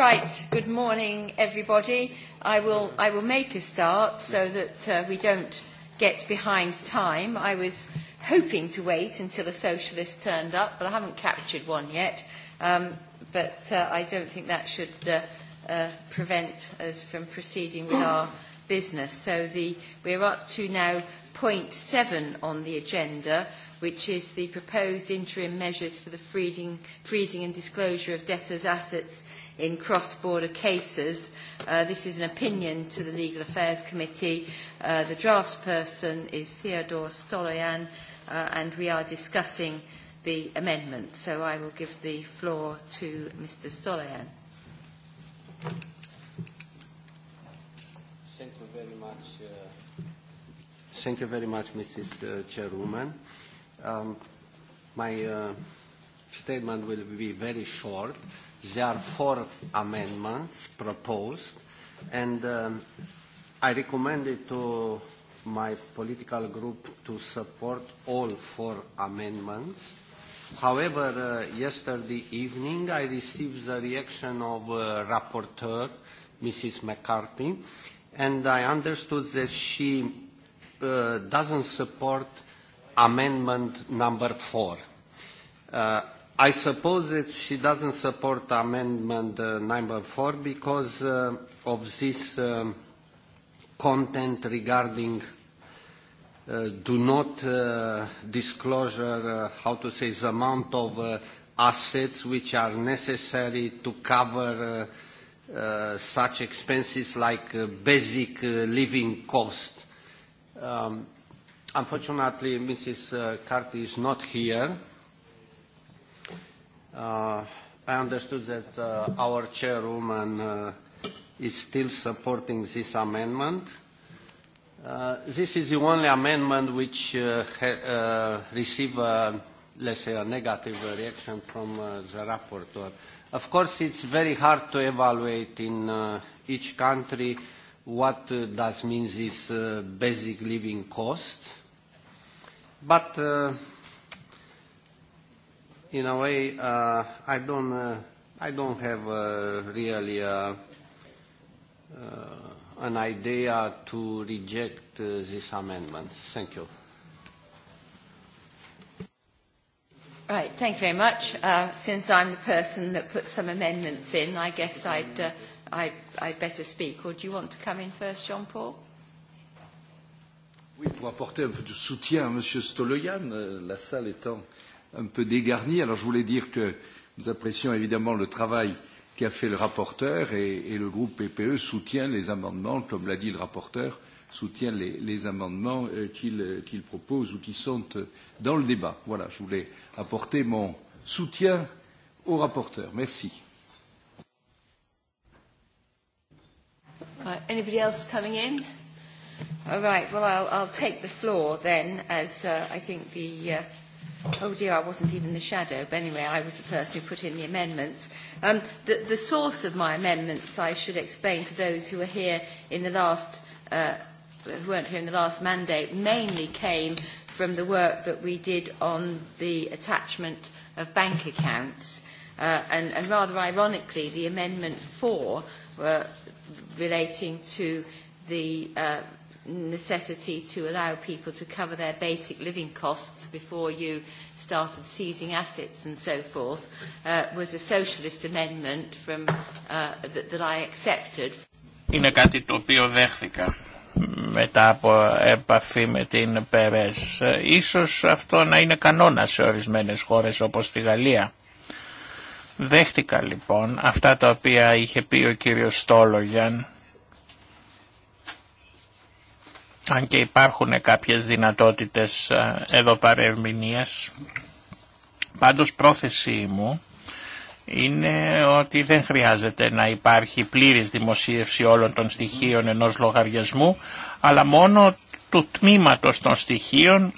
Right, good morning everybody. I will, I will make a start so that we don't get behind time. I was hoping to wait until a socialist turned up, but I haven't captured one yet. but I don't think that should prevent us from proceeding with our business. So the, we're up to now point seven on the agenda, which is the proposed interim measures for the freezing and disclosure of debtors' assets in cross-border cases. This is an opinion to the Legal Affairs Committee. The draftsperson is Theodore Stoloyan, and we are discussing the amendment. So I will give the floor to Mr. Stoloyan. Thank you very much. Thank you very much, Mrs. Chairwoman. My statement will be very short. There are four amendments proposed, and I recommended to my political group to support all four amendments. However, yesterday evening I received the reaction of Rapporteur Mrs. McCarthy, and I understood that she doesn't support amendment number four. I suppose that she doesn't support amendment number four because of this content regarding do not disclosure, how to say, the amount of assets which are necessary to cover such expenses like basic living cost. Unfortunately, Mrs. Carty is not here I understood that our chairwoman is still supporting this amendment. This is the only amendment which received, let's say, a negative reaction from the rapporteur. Of course, it's very hard to evaluate in each country what does mean this basic living cost. But in a way, uh, I don't, I don't have really an idea to reject uh, this amendment. Thank you. Right, thank you very much. Uh, since I'm the person that put some amendments in, I guess I'd, uh, I, better speak. Or do you want to come in first, Jean-Paul? Oui, pour apporter un peu de soutien à M. Stoloyan, la salle étant un peu dégarni. Alors je voulais dire que nous apprécions évidemment le travail qu'a fait le rapporteur et le groupe PPE soutient les amendements, comme l'a dit le rapporteur, soutient les amendements qu'il propose ou qui sont dans le débat. Voilà, je voulais apporter mon soutien au rapporteur. Merci. right, Oh dear, I wasn't even the shadow, but anyway, I was the person who put in the amendments. the, the source of my amendments, I should explain to those who were here in the last, who weren't here in the last mandate, mainly came from the work that we did on the attachment of bank accounts. and, rather ironically, the amendment four were relating to the necessity to allow people to cover their basic living costs before you started seizing assets and so forth uh, was a socialist amendment from, uh, that I accepted. Είναι κάτι το οποίο δέχθηκα μετά από επαφή με την ΠΕΡΕΣ. Ίσως αυτό να είναι κανόνα σε ορισμένες χώρες όπως τη Γαλλία. Δέχτηκα λοιπόν αυτά τα οποία είχε πει ο κύριος Στόλογιαν αν και υπάρχουν κάποιες δυνατότητες ε, εδώ παρεμηνίας, Πάντως πρόθεσή μου είναι ότι δεν χρειάζεται να υπάρχει πλήρης δημοσίευση όλων των στοιχείων ενός λογαριασμού, αλλά μόνο του τμήματος των στοιχείων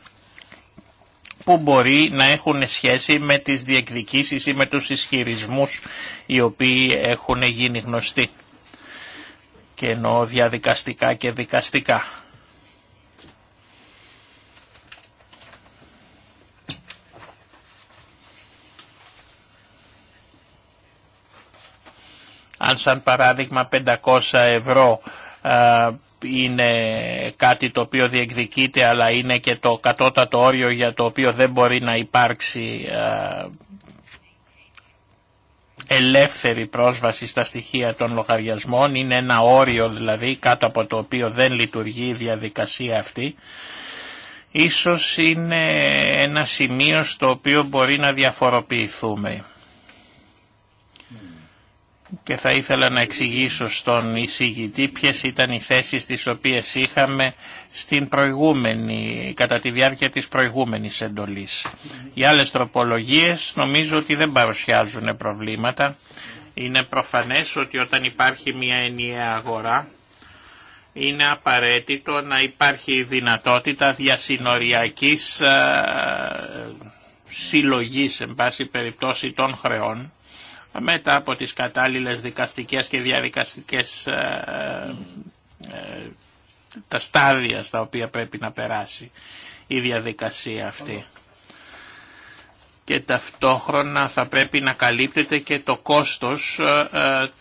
που μπορεί να έχουν σχέση με τις διεκδικήσεις ή με τους ισχυρισμούς οι οποίοι έχουν γίνει γνωστοί. Και εννοώ διαδικαστικά και δικαστικά. Αν σαν παράδειγμα 500 ευρώ είναι κάτι το οποίο διεκδικείται αλλά είναι και το κατώτατο όριο για το οποίο δεν μπορεί να υπάρξει ελεύθερη πρόσβαση στα στοιχεία των λογαριασμών, είναι ένα όριο δηλαδή κάτω από το οποίο δεν λειτουργεί η διαδικασία αυτή, ίσως είναι ένα σημείο στο οποίο μπορεί να διαφοροποιηθούμε και θα ήθελα να εξηγήσω στον εισηγητή ποιες ήταν οι θέσεις τις οποίες είχαμε στην προηγούμενη, κατά τη διάρκεια της προηγούμενης εντολής. Οι άλλες τροπολογίες νομίζω ότι δεν παρουσιάζουν προβλήματα. Είναι προφανές ότι όταν υπάρχει μια ενιαία αγορά είναι απαραίτητο να υπάρχει δυνατότητα διασυνοριακής ε, συλλογής, εν πάση περιπτώσει, των χρεών μετά από τις κατάλληλες δικαστικές και διαδικαστικές ε, ε, ε, τα στάδια στα οποία πρέπει να περάσει η διαδικασία αυτή. Και ταυτόχρονα θα πρέπει να καλύπτεται και το κόστος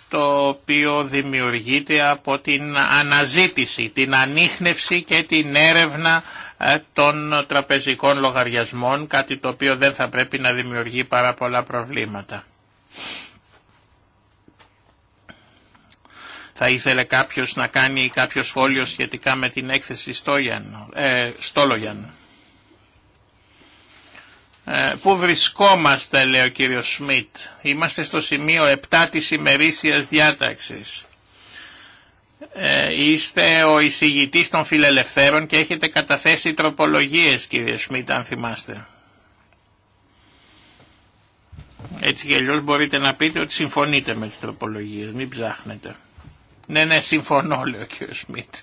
το οποίο δημιουργείται από την αναζήτηση, την ανείχνευση και την έρευνα των τραπεζικών λογαριασμών, κάτι το οποίο δεν θα πρέπει να δημιουργεί πάρα πολλά προβλήματα. Θα ήθελε κάποιος να κάνει κάποιο σχόλιο σχετικά με την έκθεση Στόγιαν, ε, ε, πού βρισκόμαστε λέει ο κύριος Σμιτ. Είμαστε στο σημείο 7 της ημερήσιας διάταξης. Ε, είστε ο εισηγητής των φιλελευθέρων και έχετε καταθέσει τροπολογίες κύριε Σμιτ αν θυμάστε. Έτσι και αλλιώς μπορείτε να πείτε ότι συμφωνείτε με τις τροπολογίες, μην ψάχνετε. Ναι, ναι, συμφωνώ, λέει ο κ. Σμιτ.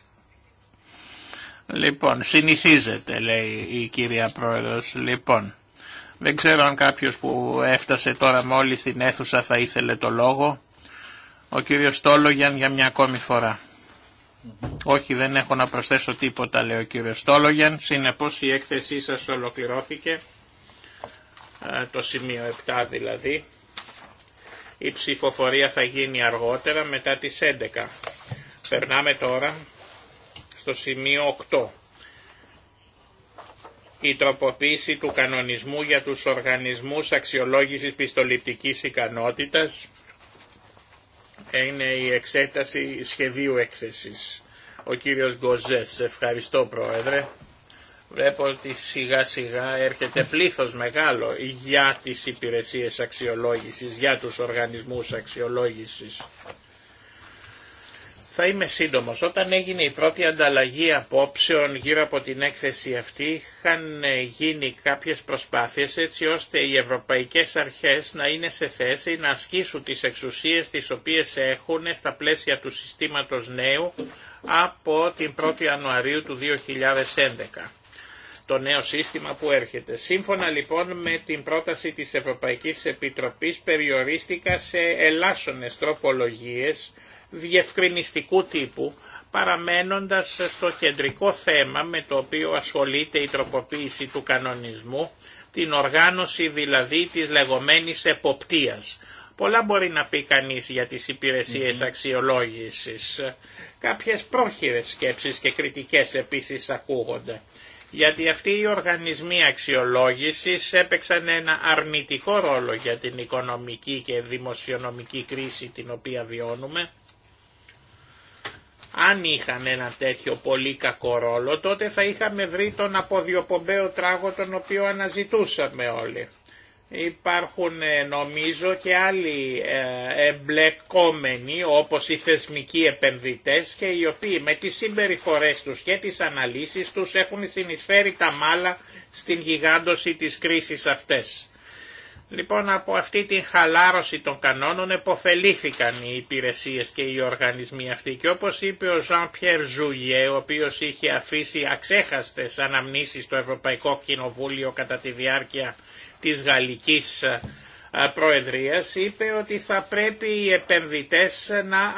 Λοιπόν, συνηθίζεται, λέει η κυρία Πρόεδρος. Λοιπόν, δεν ξέρω αν κάποιος που έφτασε τώρα μόλις στην αίθουσα θα ήθελε το λόγο. Ο κύριος Στόλογιαν για μια ακόμη φορά. Όχι, δεν έχω να προσθέσω τίποτα, λέει ο κ. Στόλογιαν. Συνεπώς η έκθεσή σας ολοκληρώθηκε. Ε, το σημείο 7 δηλαδή. Η ψηφοφορία θα γίνει αργότερα μετά τις 11. Περνάμε τώρα στο σημείο 8. Η τροποποίηση του κανονισμού για τους οργανισμούς αξιολόγησης πιστοληπτικής ικανότητας είναι η εξέταση σχεδίου έκθεσης. Ο κύριος Γκοζές, ευχαριστώ πρόεδρε. Βλέπω ότι σιγά σιγά έρχεται πλήθος μεγάλο για τις υπηρεσίες αξιολόγησης, για τους οργανισμούς αξιολόγησης. Θα είμαι σύντομος. Όταν έγινε η πρώτη ανταλλαγή απόψεων γύρω από την έκθεση αυτή, είχαν γίνει κάποιες προσπάθειες έτσι ώστε οι ευρωπαϊκές αρχές να είναι σε θέση να ασκήσουν τις εξουσίες τις οποίες έχουν στα πλαίσια του συστήματος νέου από την 1η Ιανουαρίου του 2011 το νέο σύστημα που έρχεται. Σύμφωνα λοιπόν με την πρόταση της Ευρωπαϊκής Επιτροπής περιορίστηκα σε ελάσσονες τροπολογίες διευκρινιστικού τύπου παραμένοντας στο κεντρικό θέμα με το οποίο ασχολείται η τροποποίηση του κανονισμού, την οργάνωση δηλαδή της λεγόμενης εποπτείας. Πολλά μπορεί να πει κανείς για τις υπηρεσίες αξιολόγησης. Κάποιες πρόχειρες σκέψεις και κριτικές επίσης ακούγονται γιατί αυτοί οι οργανισμοί αξιολόγησης έπαιξαν ένα αρνητικό ρόλο για την οικονομική και δημοσιονομική κρίση την οποία βιώνουμε. Αν είχαν ένα τέτοιο πολύ κακό ρόλο τότε θα είχαμε βρει τον αποδιοπομπαίο τράγο τον οποίο αναζητούσαμε όλοι. Υπάρχουν ε, νομίζω και άλλοι ε, εμπλεκόμενοι όπως οι θεσμικοί επενδυτές και οι οποίοι με τις συμπεριφορές τους και τις αναλύσεις τους έχουν συνεισφέρει τα μάλα στην γιγάντωση της κρίσης αυτές. Λοιπόν από αυτή την χαλάρωση των κανόνων εποφελήθηκαν οι υπηρεσίες και οι οργανισμοί αυτοί και όπως είπε ο Ζαν Πιέρ ο οποίος είχε αφήσει αξέχαστες αναμνήσεις στο Ευρωπαϊκό Κοινοβούλιο κατά τη διάρκεια της γαλλικής ε, προεδρίας είπε ότι θα πρέπει οι επενδυτές να,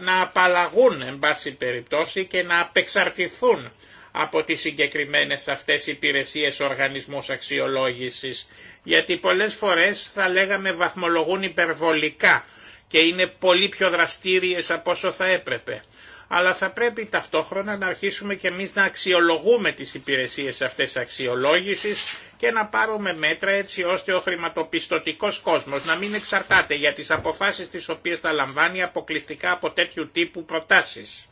να απαλλαγούν εν πάση περιπτώσει και να απεξαρτηθούν από τις συγκεκριμένες αυτές υπηρεσίες οργανισμούς αξιολόγησης, γιατί πολλές φορές θα λέγαμε βαθμολογούν υπερβολικά και είναι πολύ πιο δραστήριες από όσο θα έπρεπε. Αλλά θα πρέπει ταυτόχρονα να αρχίσουμε και εμείς να αξιολογούμε τις υπηρεσίες αυτές αξιολόγησης και να πάρουμε μέτρα έτσι ώστε ο χρηματοπιστωτικός κόσμος να μην εξαρτάται για τις αποφάσεις τις οποίες θα λαμβάνει αποκλειστικά από τέτοιου τύπου προτάσεις.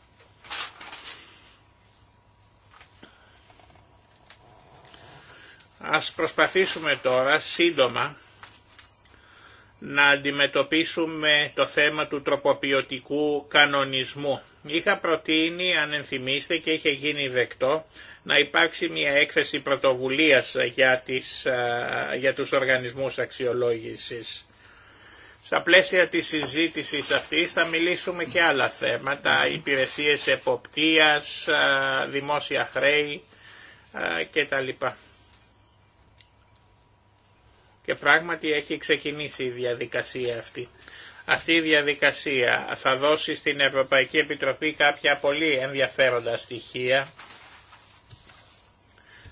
Ας προσπαθήσουμε τώρα σύντομα να αντιμετωπίσουμε το θέμα του τροποποιωτικού κανονισμού. Είχα προτείνει, αν ενθυμίστε και είχε γίνει δεκτό, να υπάρξει μια έκθεση πρωτοβουλίας για, τις, για τους οργανισμούς αξιολόγησης. Στα πλαίσια της συζήτησης αυτής θα μιλήσουμε και άλλα θέματα, υπηρεσίες εποπτείας, δημόσια χρέη κτλ. Και πράγματι έχει ξεκινήσει η διαδικασία αυτή. Αυτή η διαδικασία θα δώσει στην Ευρωπαϊκή Επιτροπή κάποια πολύ ενδιαφέροντα στοιχεία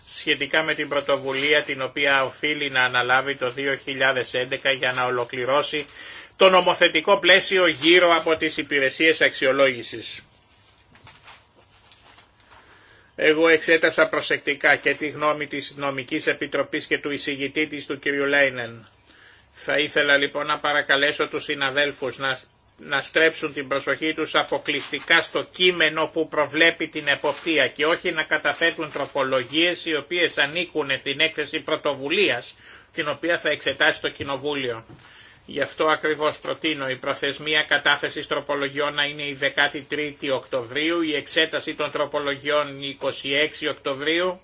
σχετικά με την πρωτοβουλία την οποία οφείλει να αναλάβει το 2011 για να ολοκληρώσει το νομοθετικό πλαίσιο γύρω από τις υπηρεσίες αξιολόγησης. Εγώ εξέτασα προσεκτικά και τη γνώμη της Νομικής Επιτροπής και του εισηγητή της του κ. Λέινεν. Θα ήθελα λοιπόν να παρακαλέσω τους συναδέλφους να, να στρέψουν την προσοχή τους αποκλειστικά στο κείμενο που προβλέπει την εποπτεία και όχι να καταθέτουν τροπολογίες οι οποίες ανήκουν στην έκθεση πρωτοβουλίας την οποία θα εξετάσει το Κοινοβούλιο. Γι' αυτό ακριβώς προτείνω η προθεσμία κατάθεσης τροπολογιών να είναι η 13η Οκτωβρίου, η εξέταση των τροπολογιών 26 Οκτωβρίου,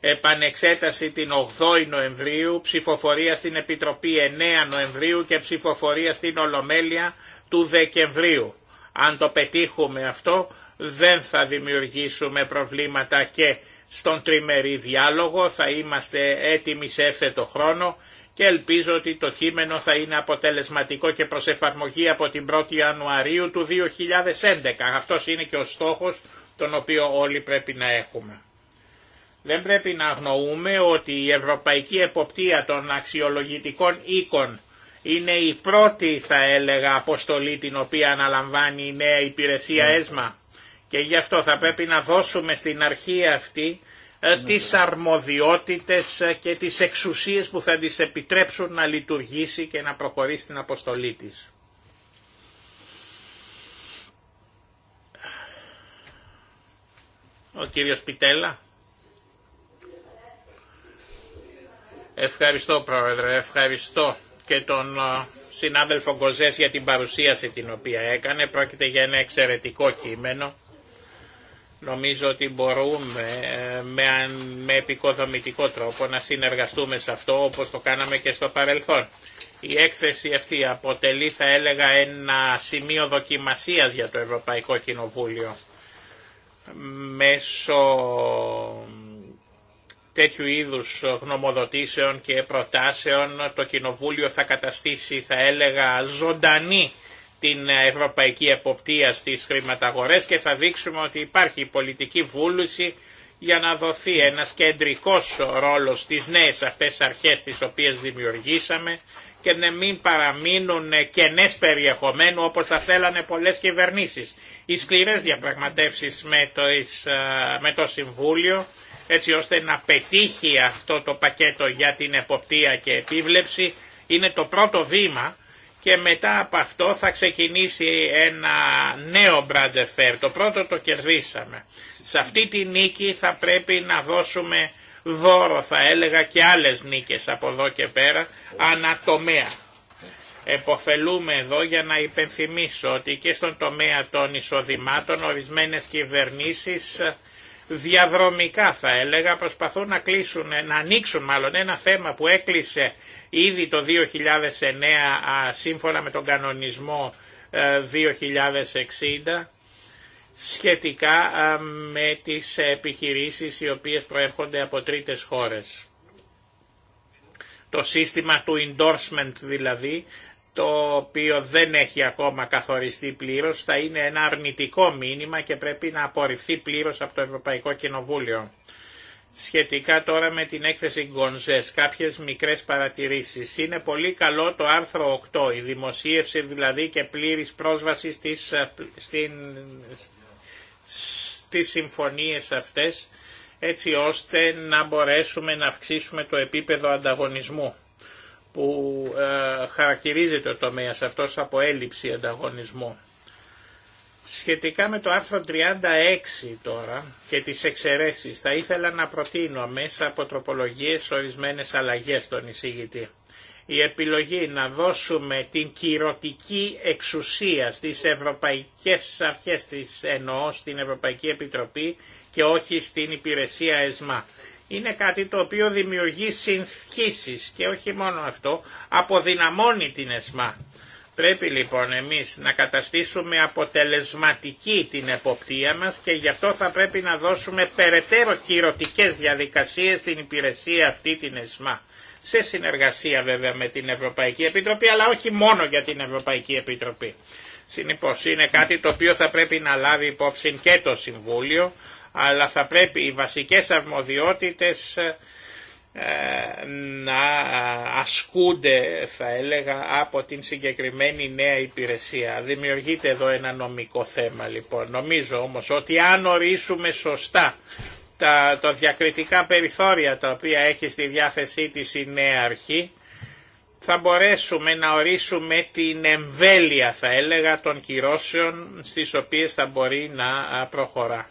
επανεξέταση την 8η Νοεμβρίου, ψηφοφορία στην Επιτροπή 9 Νοεμβρίου και ψηφοφορία στην Ολομέλεια του Δεκεμβρίου. Αν το πετύχουμε αυτό δεν θα δημιουργήσουμε προβλήματα και στον τριμερή διάλογο, θα είμαστε έτοιμοι σε έφετο χρόνο και ελπίζω ότι το κείμενο θα είναι αποτελεσματικό και προς εφαρμογή από την 1η Ιανουαρίου του 2011. Αυτός είναι και ο στόχος τον οποίο όλοι πρέπει να έχουμε. Δεν πρέπει να αγνοούμε ότι η ευρωπαϊκή εποπτεία των αξιολογητικών οίκων είναι η πρώτη θα έλεγα αποστολή την οποία αναλαμβάνει η νέα υπηρεσία ναι. ΕΣΜΑ και γι' αυτό θα πρέπει να δώσουμε στην αρχή αυτή ε, τις αρμοδιότητες ε, και τις εξουσίες που θα της επιτρέψουν να λειτουργήσει και να προχωρήσει την αποστολή της. Ο κύριος Πιτέλα. Ευχαριστώ πρόεδρε, ευχαριστώ και τον ε, συνάδελφο Γκοζές για την παρουσίαση την οποία έκανε. Πρόκειται για ένα εξαιρετικό κείμενο Νομίζω ότι μπορούμε ε, με, με επικοδομητικό τρόπο να συνεργαστούμε σε αυτό όπως το κάναμε και στο παρελθόν. Η έκθεση αυτή αποτελεί θα έλεγα ένα σημείο δοκιμασίας για το Ευρωπαϊκό Κοινοβούλιο. Μέσω τέτοιου είδους γνωμοδοτήσεων και προτάσεων το Κοινοβούλιο θα καταστήσει θα έλεγα ζωντανή την ε, ευρωπαϊκή εποπτεία στις χρηματαγορές και θα δείξουμε ότι υπάρχει πολιτική βούληση για να δοθεί ένας κεντρικός ρόλος στις νέες αυτές αρχές τις οποίες δημιουργήσαμε και να μην παραμείνουν κενές περιεχομένου όπως θα θέλανε πολλές κυβερνήσεις. Οι σκληρές διαπραγματεύσεις με το, ε, με το Συμβούλιο έτσι ώστε να πετύχει αυτό το πακέτο για την εποπτεία και επίβλεψη είναι το πρώτο βήμα και μετά από αυτό θα ξεκινήσει ένα νέο μπραντεφέρ. Το πρώτο το κερδίσαμε. Σε αυτή τη νίκη θα πρέπει να δώσουμε δώρο θα έλεγα και άλλες νίκες από εδώ και πέρα ανατομέα. Εποφελούμε εδώ για να υπενθυμίσω ότι και στον τομέα των εισοδημάτων ορισμένες κυβερνήσεις διαδρομικά θα έλεγα προσπαθούν να κλείσουν, να ανοίξουν μάλλον ένα θέμα που έκλεισε ήδη το 2009 σύμφωνα με τον κανονισμό 2060 ε, σχετικά με τις επιχειρήσεις οι οποίες προέρχονται από τρίτες χώρες. Το σύστημα του endorsement δηλαδή το οποίο δεν έχει ακόμα καθοριστεί πλήρως θα είναι ένα αρνητικό μήνυμα και πρέπει να απορριφθεί πλήρως από το Ευρωπαϊκό Κοινοβούλιο. Σχετικά τώρα με την έκθεση Γκονζές, κάποιες μικρές παρατηρήσεις. Είναι πολύ καλό το άρθρο 8, η δημοσίευση δηλαδή και πλήρης πρόσβαση στις, ε, στην, στις συμφωνίες αυτές, έτσι ώστε να μπορέσουμε να αυξήσουμε το επίπεδο ανταγωνισμού που ε, χαρακτηρίζεται ο τομέας αυτός από έλλειψη ανταγωνισμού. Σχετικά με το άρθρο 36 τώρα και τις εξαιρέσεις, θα ήθελα να προτείνω μέσα από τροπολογίες ορισμένες αλλαγές στον εισηγητή. Η επιλογή να δώσουμε την κυρωτική εξουσία στις ευρωπαϊκές αρχές της εννοώ στην Ευρωπαϊκή Επιτροπή και όχι στην υπηρεσία ΕΣΜΑ είναι κάτι το οποίο δημιουργεί συνθήσεις και όχι μόνο αυτό, αποδυναμώνει την ΕΣΜΑ. Πρέπει λοιπόν εμείς να καταστήσουμε αποτελεσματική την εποπτεία μας και γι' αυτό θα πρέπει να δώσουμε περαιτέρω κυρωτικές διαδικασίες στην υπηρεσία αυτή την ΕΣΜΑ. Σε συνεργασία βέβαια με την Ευρωπαϊκή Επιτροπή αλλά όχι μόνο για την Ευρωπαϊκή Επιτροπή. Συνήθως είναι κάτι το οποίο θα πρέπει να λάβει υπόψη και το Συμβούλιο αλλά θα πρέπει οι βασικές αρμοδιότητες ε, να ασκούνται θα έλεγα από την συγκεκριμένη νέα υπηρεσία. Δημιουργείται εδώ ένα νομικό θέμα λοιπόν. Νομίζω όμως ότι αν ορίσουμε σωστά τα, τα διακριτικά περιθώρια τα οποία έχει στη διάθεσή της η νέα αρχή θα μπορέσουμε να ορίσουμε την εμβέλεια θα έλεγα των κυρώσεων στις οποίες θα μπορεί να προχωρά.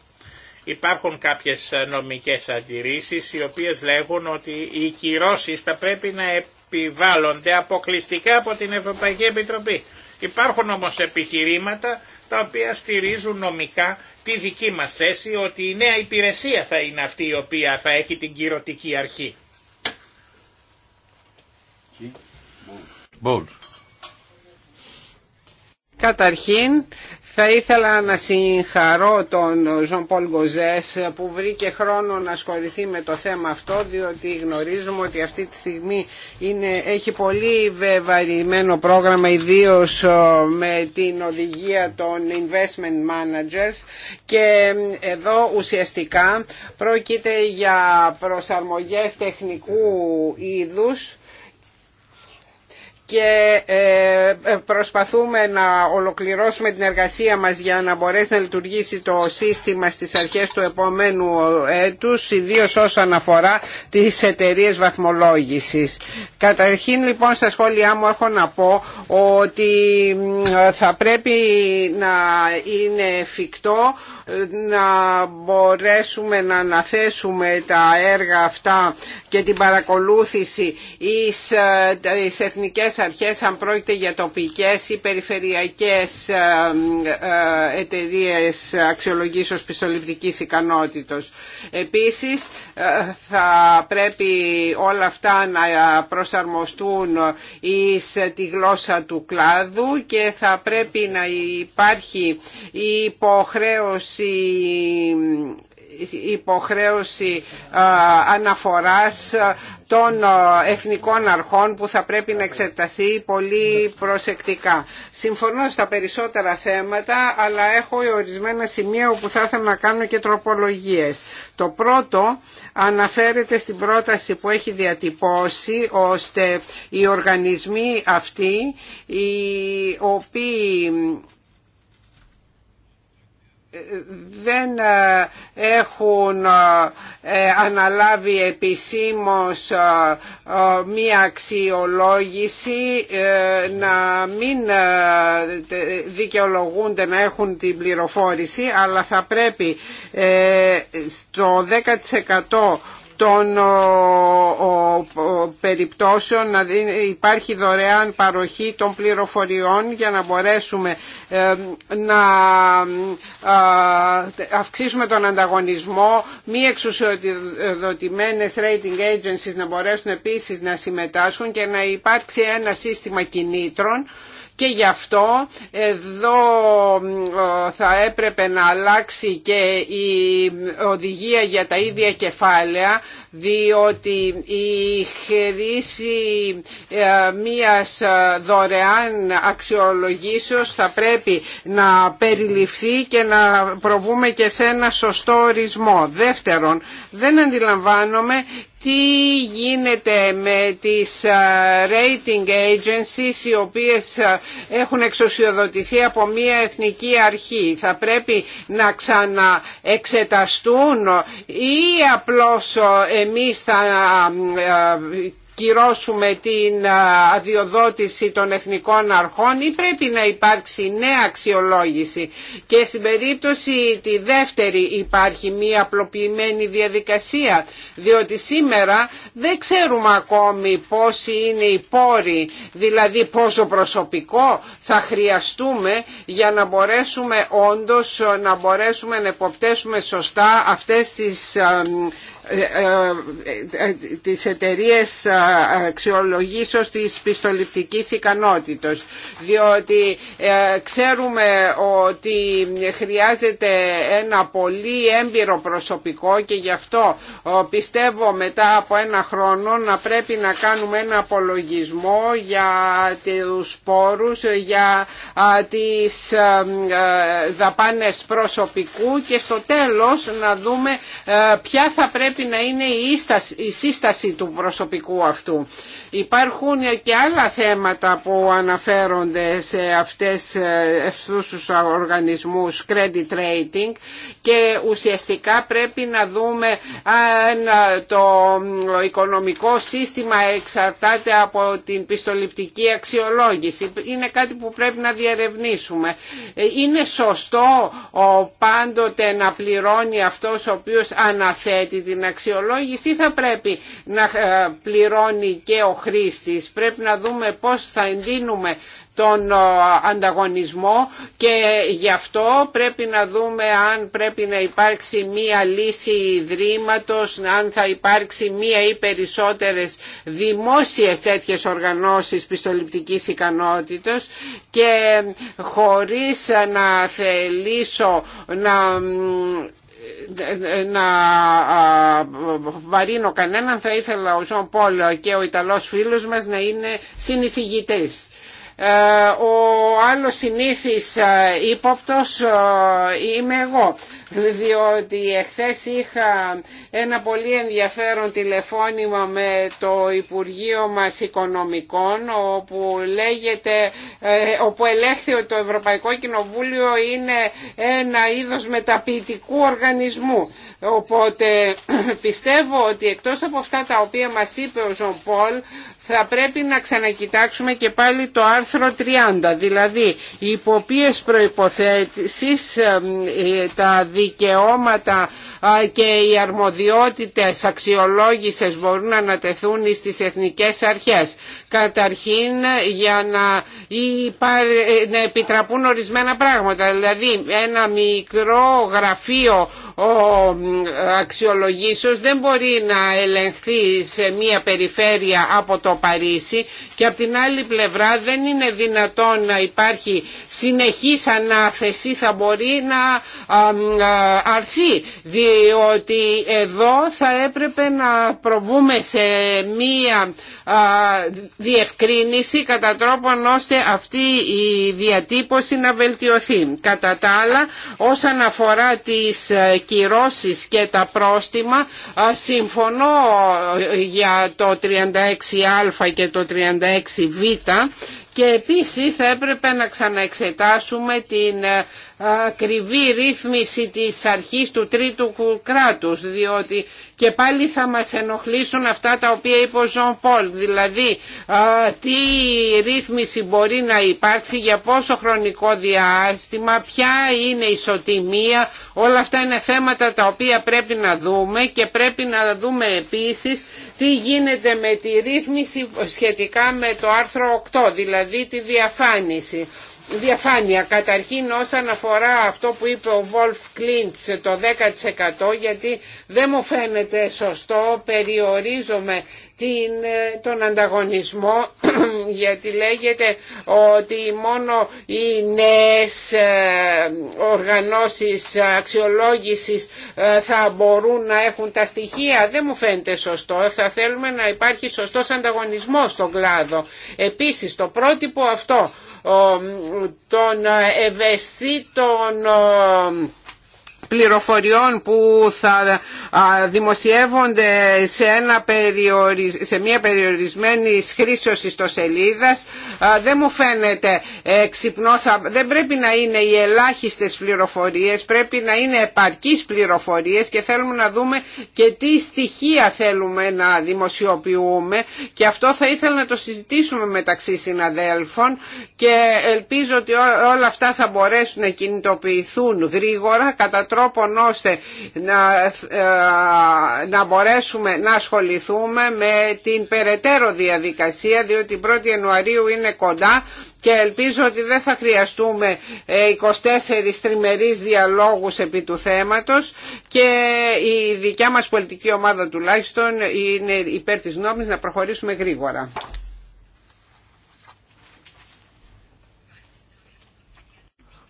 Υπάρχουν κάποιες ε, νομικές αντιρρήσεις οι οποίες λέγουν ότι οι κυρώσεις θα πρέπει να επιβάλλονται αποκλειστικά από την Ευρωπαϊκή Επιτροπή. Υπάρχουν όμως επιχειρήματα τα οποία στηρίζουν νομικά τη δική μας θέση ότι η νέα υπηρεσία θα είναι αυτή η οποία θα έχει την κυρωτική αρχή. Καταρχήν θα ήθελα να συγχαρώ τον Ζων Πολ Γκοζές που βρήκε χρόνο να ασχοληθεί με το θέμα αυτό διότι γνωρίζουμε ότι αυτή τη στιγμή είναι, έχει πολύ βεβαρημένο πρόγραμμα ιδίως ε, με την οδηγία των investment managers και εδώ ουσιαστικά πρόκειται για προσαρμογές τεχνικού είδους και ε, ε, προσπαθούμε να ολοκληρώσουμε την εργασία μας για να μπορέσει να λειτουργήσει το σύστημα στις αρχές του επόμενου έτους, ιδίως όσον αφορά τις εταιρείες βαθμολόγησης. Καταρχήν λοιπόν στα σχόλιά μου έχω να πω ότι θα πρέπει να είναι εφικτό να μπορέσουμε να αναθέσουμε τα έργα αυτά και την παρακολούθηση εις ε, εθνικές αρχές αν πρόκειται για τοπικές ή περιφερειακές ε, ε, εταιρείες αξιολογήσεως πιστοληπτικής ικανότητος. Επίσης θα πρέπει όλα αυτά να προσαρμοστούν εις τη γλώσσα του κλάδου και θα πρέπει να υπάρχει η υποχρέωση υποχρέωση αναφοράς των εθνικών αρχών που θα πρέπει να εξεταθεί πολύ προσεκτικά. Συμφωνώ στα περισσότερα θέματα, αλλά έχω ορισμένα σημεία όπου θα ήθελα να κάνω και τροπολογίες. Το πρώτο αναφέρεται στην πρόταση που έχει διατυπώσει ώστε οι οργανισμοί αυτοί οι οποίοι δεν ε, έχουν ε, αναλάβει επισήμως ε, μία αξιολόγηση να μην δικαιολογούνται να έχουν την πληροφόρηση αλλά θα πρέπει στο 10% των περιπτώσεων να υπάρχει δωρεάν παροχή των πληροφοριών για να μπορέσουμε ε, να ε, αυξήσουμε τον ανταγωνισμό μη εξουσιοδοτημένες rating agencies να μπορέσουν επίσης να συμμετάσχουν και να υπάρξει ένα σύστημα κινήτρων και γι' αυτό εδώ ε, θα έπρεπε να αλλάξει και η οδηγία για τα ίδια κεφάλαια διότι η χρήση ε, μίας δωρεάν αξιολογήσεως θα πρέπει να περιληφθεί και να προβούμε και σε ένα σωστό ορισμό. Δεύτερον, δεν αντιλαμβάνομαι τι γίνεται με τις ε, rating agencies οι οποίες ε, έχουν εξουσιοδοτηθεί από μια εθνική αρχή. Θα πρέπει να ξαναεξεταστούν ή απλώς εμείς θα ε, κυρώσουμε την ε, αδειοδότηση των εθνικών αρχών ή πρέπει να υπάρξει νέα αξιολόγηση και στην περίπτωση τη δεύτερη υπάρχει μία απλοποιημένη διαδικασία διότι σήμερα δεν ξέρουμε ακόμη πόσοι είναι οι πόροι δηλαδή πόσο προσωπικό θα χρειαστούμε για να μπορέσουμε όντως να μπορέσουμε να υποπτέσουμε σωστά αυτές τις ε, ε, ε, ε, τις εταιρείες αξιολογήσεως της πιστοληπτικής ικανότητος διότι ξέρουμε ότι χρειάζεται ένα πολύ έμπειρο προσωπικό και γι' αυτό πιστεύω μετά από ένα χρόνο να πρέπει να κάνουμε ένα απολογισμό για τους πόρους, για τις δαπάνες προσωπικού και στο τέλος να δούμε ποια θα πρέπει πρέπει να είναι η σύσταση του προσωπικού αυτού. Υπάρχουν και άλλα θέματα που αναφέρονται σε αυτές, ε, αυτούς τους οργανισμούς credit rating και ουσιαστικά πρέπει να δούμε αν ε, το οικονομικό σύστημα εξαρτάται από την πιστοληπτική αξιολόγηση. Είναι κάτι που πρέπει να διερευνήσουμε. Ε, είναι σωστό ο πάντοτε να πληρώνει αυτός ο οποίος αναθέτει την αξιολόγηση θα πρέπει να ε, πληρώνει και ο χρήστης. Πρέπει να δούμε πώς θα εντείνουμε τον ε, ανταγωνισμό και γι' αυτό πρέπει να δούμε αν πρέπει να υπάρξει μία λύση ιδρύματος, αν θα υπάρξει μία ή περισσότερες δημόσιες τέτοιες οργανώσεις πιστοληπτικής ικανότητας και χωρίς να θελήσω να να βαρύνω κανέναν θα ήθελα ο Ζων Πόλο και ο Ιταλός φίλος μας να είναι συνεισηγητές ε, ο άλλος συνήθις ε, ύποπτος ε, είμαι εγώ διότι εχθές είχα ένα πολύ ενδιαφέρον τηλεφώνημα με το Υπουργείο μας Οικονομικών όπου λέγεται, όπου ελέγχθη ότι το Ευρωπαϊκό Κοινοβούλιο είναι ένα είδος μεταποιητικού οργανισμού. Οπότε πιστεύω ότι εκτός από αυτά τα οποία μας είπε ο Ζων θα πρέπει να ξανακοιτάξουμε και πάλι το άρθρο 30, δηλαδή υπό ποιες προϋποθέσεις ε, τα δικαιώματα και οι αρμοδιότητες αξιολόγησης μπορούν να ανατεθούν στις εθνικές αρχές. Καταρχήν για να, να επιτραπούν ορισμένα πράγματα, δηλαδή ένα μικρό γραφείο ο αξιολογήσεως δεν μπορεί να ελεγχθεί σε μία περιφέρεια από το Παρίσι και από την άλλη πλευρά δεν είναι δυνατόν να υπάρχει συνεχής ανάθεση θα μπορεί να αρθεί ότι εδώ θα έπρεπε να προβούμε σε μία διευκρίνηση κατά τρόπον ώστε αυτή η διατύπωση να βελτιωθεί. Κατά τα άλλα, όσον αφορά τις ε, κυρώσεις και τα πρόστιμα, συμφωνώ για το 36α και το 36β και επίσης θα έπρεπε να ξαναεξετάσουμε την ε, ακριβή ρύθμιση της αρχής του τρίτου κράτους διότι και πάλι θα μας ενοχλήσουν αυτά τα οποία είπε ο Ζων Πολ δηλαδή τι ρύθμιση μπορεί να υπάρξει για πόσο χρονικό διάστημα ποια είναι η ισοτιμία όλα αυτά είναι θέματα τα οποία πρέπει να δούμε και πρέπει να δούμε επίσης τι γίνεται με τη ρύθμιση σχετικά με το άρθρο 8 δηλαδή τη διαφάνιση διαφάνεια. Καταρχήν όσον αφορά αυτό που είπε ο Βολφ σε το 10% γιατί δεν μου φαίνεται σωστό περιορίζομαι ε, τον ανταγωνισμό γιατί λέγεται ότι μόνο οι νέες ε, οργανώσεις αξιολόγησης ε, θα μπορούν να έχουν τα στοιχεία. Δεν μου φαίνεται σωστό. Θα θέλουμε να υπάρχει σωστός ανταγωνισμός στον κλάδο. Επίσης το πρότυπο αυτό των ευαισθήτων πληροφοριών που θα δημοσιεύονται σε, ένα περιορι... σε μια περιορισμένη χρήση ιστοσελίδας δεν μου φαίνεται ξυπνό θα... δεν πρέπει να είναι οι ελάχιστες πληροφορίες πρέπει να είναι επαρκείς πληροφορίες και θέλουμε να δούμε και τι στοιχεία θέλουμε να δημοσιοποιούμε και αυτό θα ήθελα να το συζητήσουμε μεταξύ συναδέλφων και ελπίζω ότι όλα αυτά θα μπορέσουν να κινητοποιηθούν γρήγορα κατά τρόπον ώστε να, ε, να μπορέσουμε να ασχοληθούμε με την περαιτέρω διαδικασία διότι 1η Ιανουαρίου είναι κοντά και ελπίζω ότι δεν θα χρειαστούμε 24 ε, τριμερείς διαλόγους επί του θέματος και η δικιά μας πολιτική ομάδα τουλάχιστον είναι υπέρ της νόμης να προχωρήσουμε γρήγορα.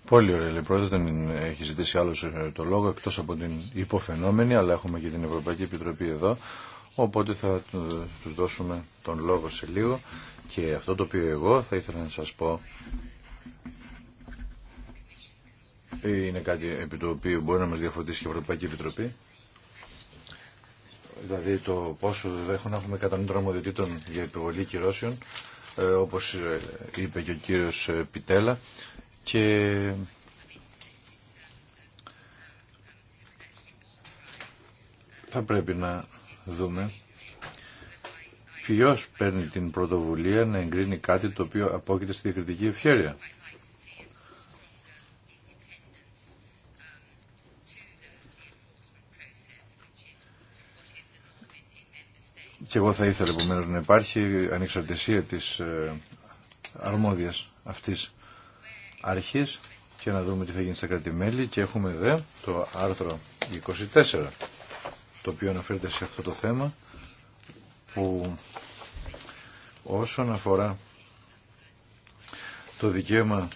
Πολύ ωραία, λοιπόν, δεν έχει ζητήσει άλλο ε, το λόγο εκτός από την υποφαινόμενη, αλλά έχουμε και την Ευρωπαϊκή Επιτροπή εδώ, οπότε θα τους δώσουμε τον λόγο σε λίγο και αυτό το οποίο εγώ θα ήθελα να σας πω είναι κάτι επί το οποίο μπορεί να μας διαφωτίσει και η Ευρωπαϊκή Επιτροπή. Δηλαδή το πόσο έχουν να έχουμε κατά νομιμότητα για επιβολή κυρώσεων, ε, όπως ε, είπε και ο κύριος Πιτέλα, και θα πρέπει να δούμε ποιος παίρνει την πρωτοβουλία να εγκρίνει κάτι το οποίο απόκειται στη διακριτική ευχέρεια. Και εγώ θα ήθελα επομένως να υπάρχει ανεξαρτησία της ε, αρμόδιας αυτής και να δούμε τι θα γίνει στα κράτη-μέλη και έχουμε δε το άρθρο 24 το οποίο αναφέρεται σε αυτό το θέμα που όσον αφορά το δικαίωμα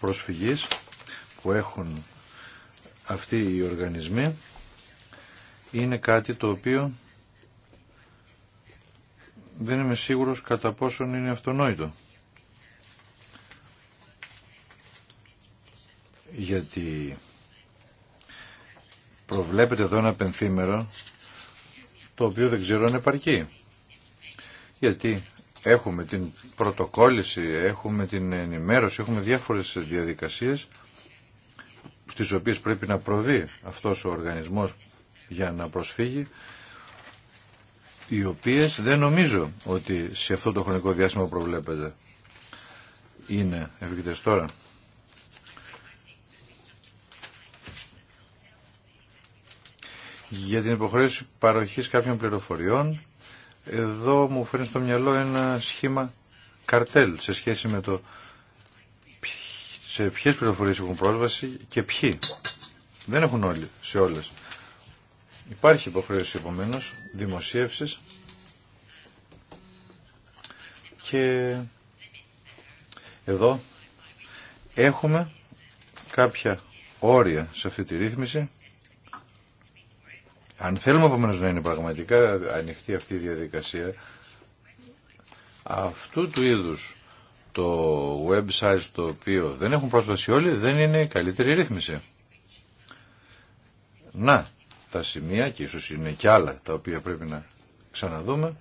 προσφυγής που έχουν αυτοί οι οργανισμοί είναι κάτι το οποίο δεν είμαι σίγουρος κατά πόσον είναι αυτονόητο. γιατί προβλέπεται εδώ ένα πενθήμερο το οποίο δεν ξέρω αν επαρκεί. Γιατί έχουμε την πρωτοκόλληση, έχουμε την ενημέρωση, έχουμε διάφορες διαδικασίες στις οποίες πρέπει να προβεί αυτός ο οργανισμός για να προσφύγει οι οποίες δεν νομίζω ότι σε αυτό το χρονικό διάστημα προβλέπεται. Είναι ευκαιρίες τώρα. για την υποχρέωση παροχής κάποιων πληροφοριών. Εδώ μου φέρνει στο μυαλό ένα σχήμα καρτέλ σε σχέση με το σε ποιες πληροφορίες έχουν πρόσβαση και ποιοι. Δεν έχουν όλοι σε όλες. Υπάρχει υποχρέωση επομένω δημοσίευσης και εδώ έχουμε κάποια όρια σε αυτή τη ρύθμιση αν θέλουμε επομένω να είναι πραγματικά ανοιχτή αυτή η διαδικασία, αυτού του είδους το website στο οποίο δεν έχουν πρόσβαση όλοι δεν είναι καλύτερη ρύθμιση. Να, τα σημεία και ίσως είναι και άλλα τα οποία πρέπει να ξαναδούμε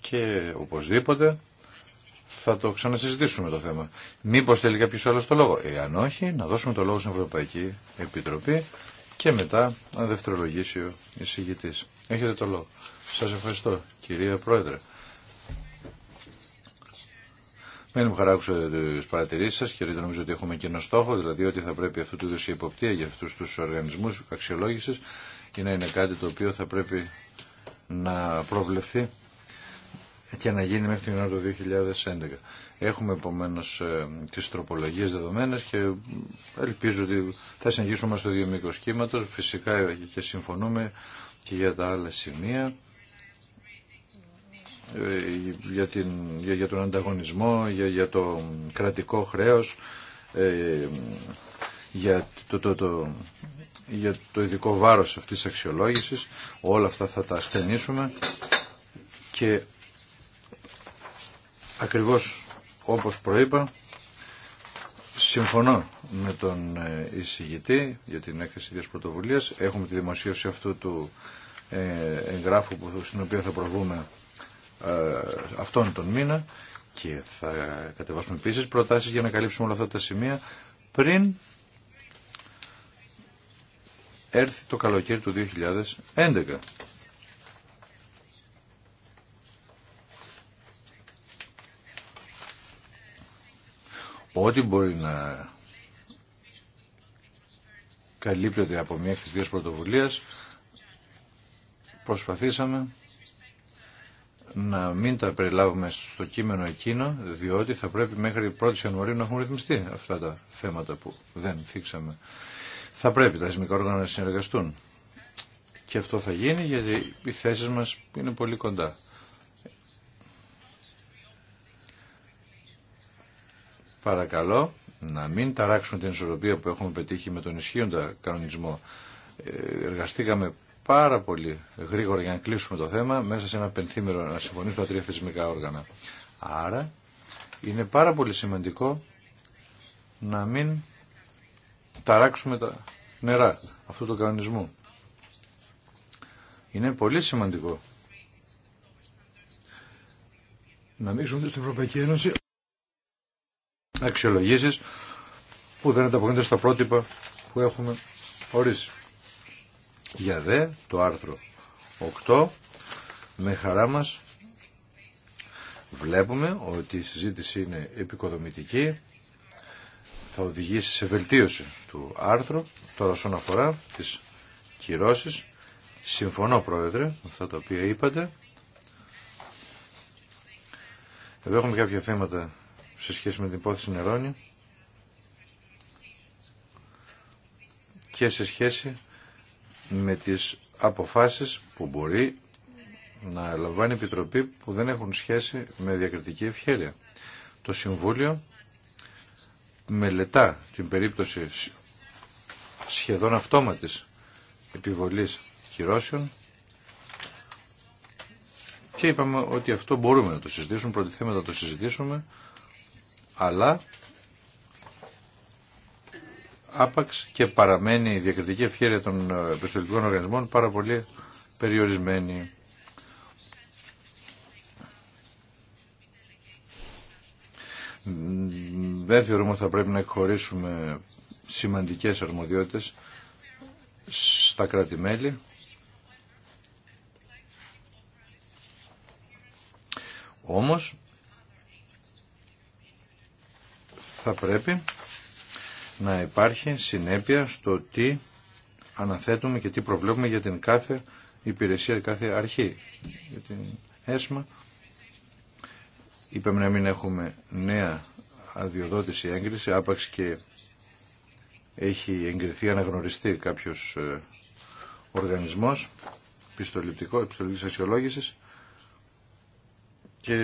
και οπωσδήποτε θα το ξανασυζητήσουμε το θέμα. Μήπω θέλει κάποιο άλλο το λόγο. Εάν όχι, να δώσουμε το λόγο στην Ευρωπαϊκή Επιτροπή και μετά να δευτερολογήσει ο εισηγητή. Έχετε το λόγο. Σα ευχαριστώ κυρία Πρόεδρε. Μένει μου χαρά τι παρατηρήσει σα και νομίζω ότι έχουμε κοινό στόχο, δηλαδή ότι θα πρέπει αυτού του είδου η υποπτία για αυτού του οργανισμού αξιολόγηση είναι, είναι κάτι το οποίο θα πρέπει να προβλεφθεί και να γίνει μέχρι την ώρα του 2011. Έχουμε επομένω ε, τι τροπολογίε δεδομένε και ελπίζω ότι θα συνεχίσουμε στο ίδιο μήκο κύματο. Φυσικά και συμφωνούμε και για τα άλλα σημεία ε, για, την, για, τον ανταγωνισμό, για, το κρατικό χρέος, ε, για, το, το, το, για το ειδικό βάρος αυτής της αξιολόγησης. Όλα αυτά θα τα ασθενήσουμε και Ακριβώς όπως προείπα, συμφωνώ με τον ε, εισηγητή για την έκθεση της πρωτοβουλίας. Έχουμε τη δημοσίευση αυτού του ε, εγγράφου που, στην οποία θα προβούμε ε, αυτόν τον μήνα και θα κατεβάσουμε επίση προτάσεις για να καλύψουμε όλα αυτά τα σημεία πριν έρθει το καλοκαίρι του 2011. ό,τι μπορεί να καλύπτεται από μια δύο πρωτοβουλία προσπαθήσαμε να μην τα περιλάβουμε στο κείμενο εκείνο, διότι θα πρέπει μέχρι 1η Ιανουαρίου να έχουν ρυθμιστεί αυτά τα θέματα που δεν θίξαμε. Θα πρέπει τα θεσμικά όργανα να συνεργαστούν. Και αυτό θα γίνει γιατί οι θέσεις μας είναι πολύ κοντά. Παρακαλώ να μην ταράξουμε την ισορροπία που έχουμε πετύχει με τον ισχύοντα κανονισμό. Ε, εργαστήκαμε πάρα πολύ γρήγορα για να κλείσουμε το θέμα μέσα σε ένα πενθήμερο να συμφωνήσουν τα τρία θεσμικά όργανα. Άρα είναι πάρα πολύ σημαντικό να μην ταράξουμε τα νερά αυτού του κανονισμού. Είναι πολύ σημαντικό να μην ζούμε στην Ευρωπαϊκή Ένωση αξιολογήσεις που δεν ανταποκρίνονται στα πρότυπα που έχουμε ορίσει. Για δε το άρθρο 8 με χαρά μας βλέπουμε ότι η συζήτηση είναι επικοδομητική θα οδηγήσει σε βελτίωση του άρθρου τώρα όσον αφορά τις κυρώσεις συμφωνώ πρόεδρε με αυτά τα οποία είπατε εδώ έχουμε κάποια θέματα σε σχέση με την υπόθεση Νερόνι και σε σχέση με τις αποφάσεις που μπορεί να λαμβάνει η Επιτροπή που δεν έχουν σχέση με διακριτική ευχέρεια. Το Συμβούλιο μελετά την περίπτωση σχεδόν αυτόματης επιβολής κυρώσεων και είπαμε ότι αυτό μπορούμε να το συζητήσουμε, προτιθέμετα να το συζητήσουμε αλλά άπαξ και παραμένει η διακριτική ευχαίρεια των ε, επιστολικών οργανισμών πάρα πολύ περιορισμένη. Δεν θεωρούμε ότι θα πρέπει να εκχωρήσουμε σημαντικές αρμοδιότητες στα κράτη-μέλη. Όμως, θα πρέπει να υπάρχει συνέπεια στο τι αναθέτουμε και τι προβλέπουμε για την κάθε υπηρεσία, κάθε αρχή, για την ΕΣΜΑ. Είπαμε να μην έχουμε νέα αδειοδότηση έγκριση, άπαξ και έχει εγκριθεί, αναγνωριστεί κάποιος ε, οργανισμός πιστοληπτικό, πιστοληπτικής αξιολόγησης. Και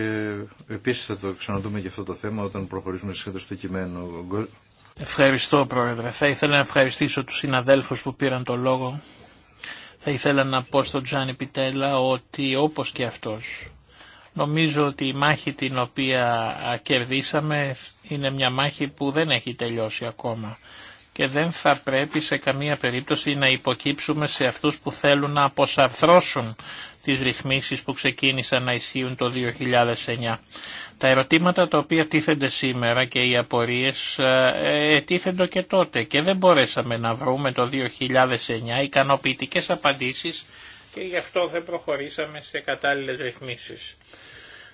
επίσης θα το ξαναδούμε και αυτό το θέμα όταν προχωρήσουμε σχέτω στο κειμένο. Ευχαριστώ Πρόεδρε. Θα ήθελα να ευχαριστήσω τους συναδέλφους που πήραν το λόγο. Θα ήθελα να πω στον Τζάνι Πιτέλα ότι όπως και αυτός νομίζω ότι η μάχη την οποία κερδίσαμε είναι μια μάχη που δεν έχει τελειώσει ακόμα και δεν θα πρέπει σε καμία περίπτωση να υποκύψουμε σε αυτούς που θέλουν να αποσαρθρώσουν τις ρυθμίσεις που ξεκίνησαν να ισχύουν το 2009. Τα ερωτήματα τα οποία τίθενται σήμερα και οι απορίες ε, ε τίθενται και τότε και δεν μπορέσαμε να βρούμε το 2009 ικανοποιητικές απαντήσεις και γι' αυτό δεν προχωρήσαμε σε κατάλληλες ρυθμίσεις.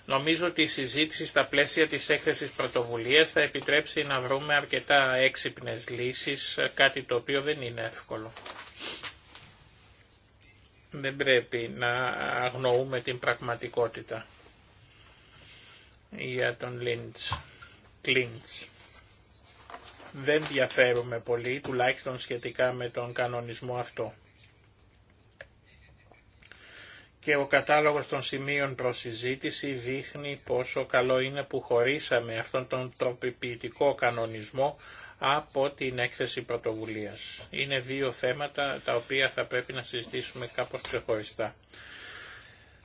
Νομίζω ότι η συζήτηση στα πλαίσια της έκθεσης πρωτοβουλίας θα επιτρέψει να βρούμε αρκετά έξυπνες λύσεις, ε, κάτι το οποίο δεν είναι εύκολο. Δεν πρέπει να αγνοούμε την πραγματικότητα για τον Λίντς. Κλίντς. Δεν διαφέρουμε πολύ, τουλάχιστον σχετικά με τον κανονισμό αυτό. Και ο κατάλογος των σημείων προς συζήτηση δείχνει πόσο καλό είναι που χωρίσαμε αυτόν τον τροπιποιητικό κανονισμό από την έκθεση πρωτοβουλίας. Είναι δύο θέματα τα οποία θα πρέπει να συζητήσουμε κάπως ξεχωριστά.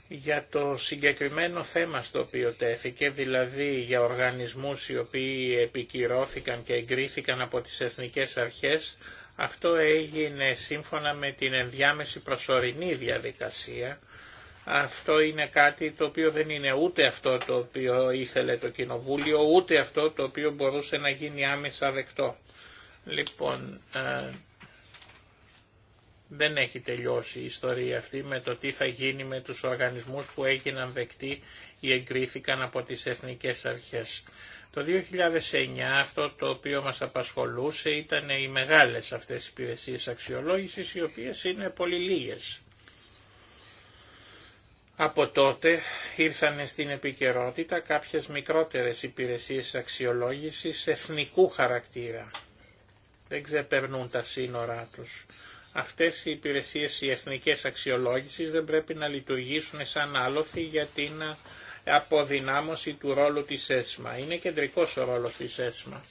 Για το συγκεκριμένο θέμα στο οποίο τέθηκε, δηλαδή για οργανισμούς οι οποίοι επικυρώθηκαν και εγκρίθηκαν από τις εθνικές αρχές, αυτό έγινε σύμφωνα με την ενδιάμεση προσωρινή διαδικασία, αυτό είναι κάτι το οποίο δεν είναι ούτε αυτό το οποίο ήθελε το Κοινοβούλιο, ούτε αυτό το οποίο μπορούσε να γίνει άμεσα δεκτό. Λοιπόν, ε, δεν έχει τελειώσει η ιστορία αυτή με το τι θα γίνει με τους οργανισμούς που έγιναν δεκτοί ή εγκρίθηκαν από τις εθνικές αρχές. Το 2009 αυτό το οποίο μας απασχολούσε ήταν οι μεγάλες αυτές υπηρεσίες αξιολόγησης, οι οποίες είναι πολύ λίγες. Από τότε ήρθαν στην επικαιρότητα κάποιες μικρότερες υπηρεσίες αξιολόγησης εθνικού χαρακτήρα. Δεν ξεπερνούν τα σύνορά τους. Αυτές οι υπηρεσίες οι εθνικές αξιολόγησης δεν πρέπει να λειτουργήσουν σαν άλοθη για την αποδυνάμωση του ρόλου της ΕΣΜΑ. Είναι κεντρικός ο ρόλος της ΕΣΜΑ.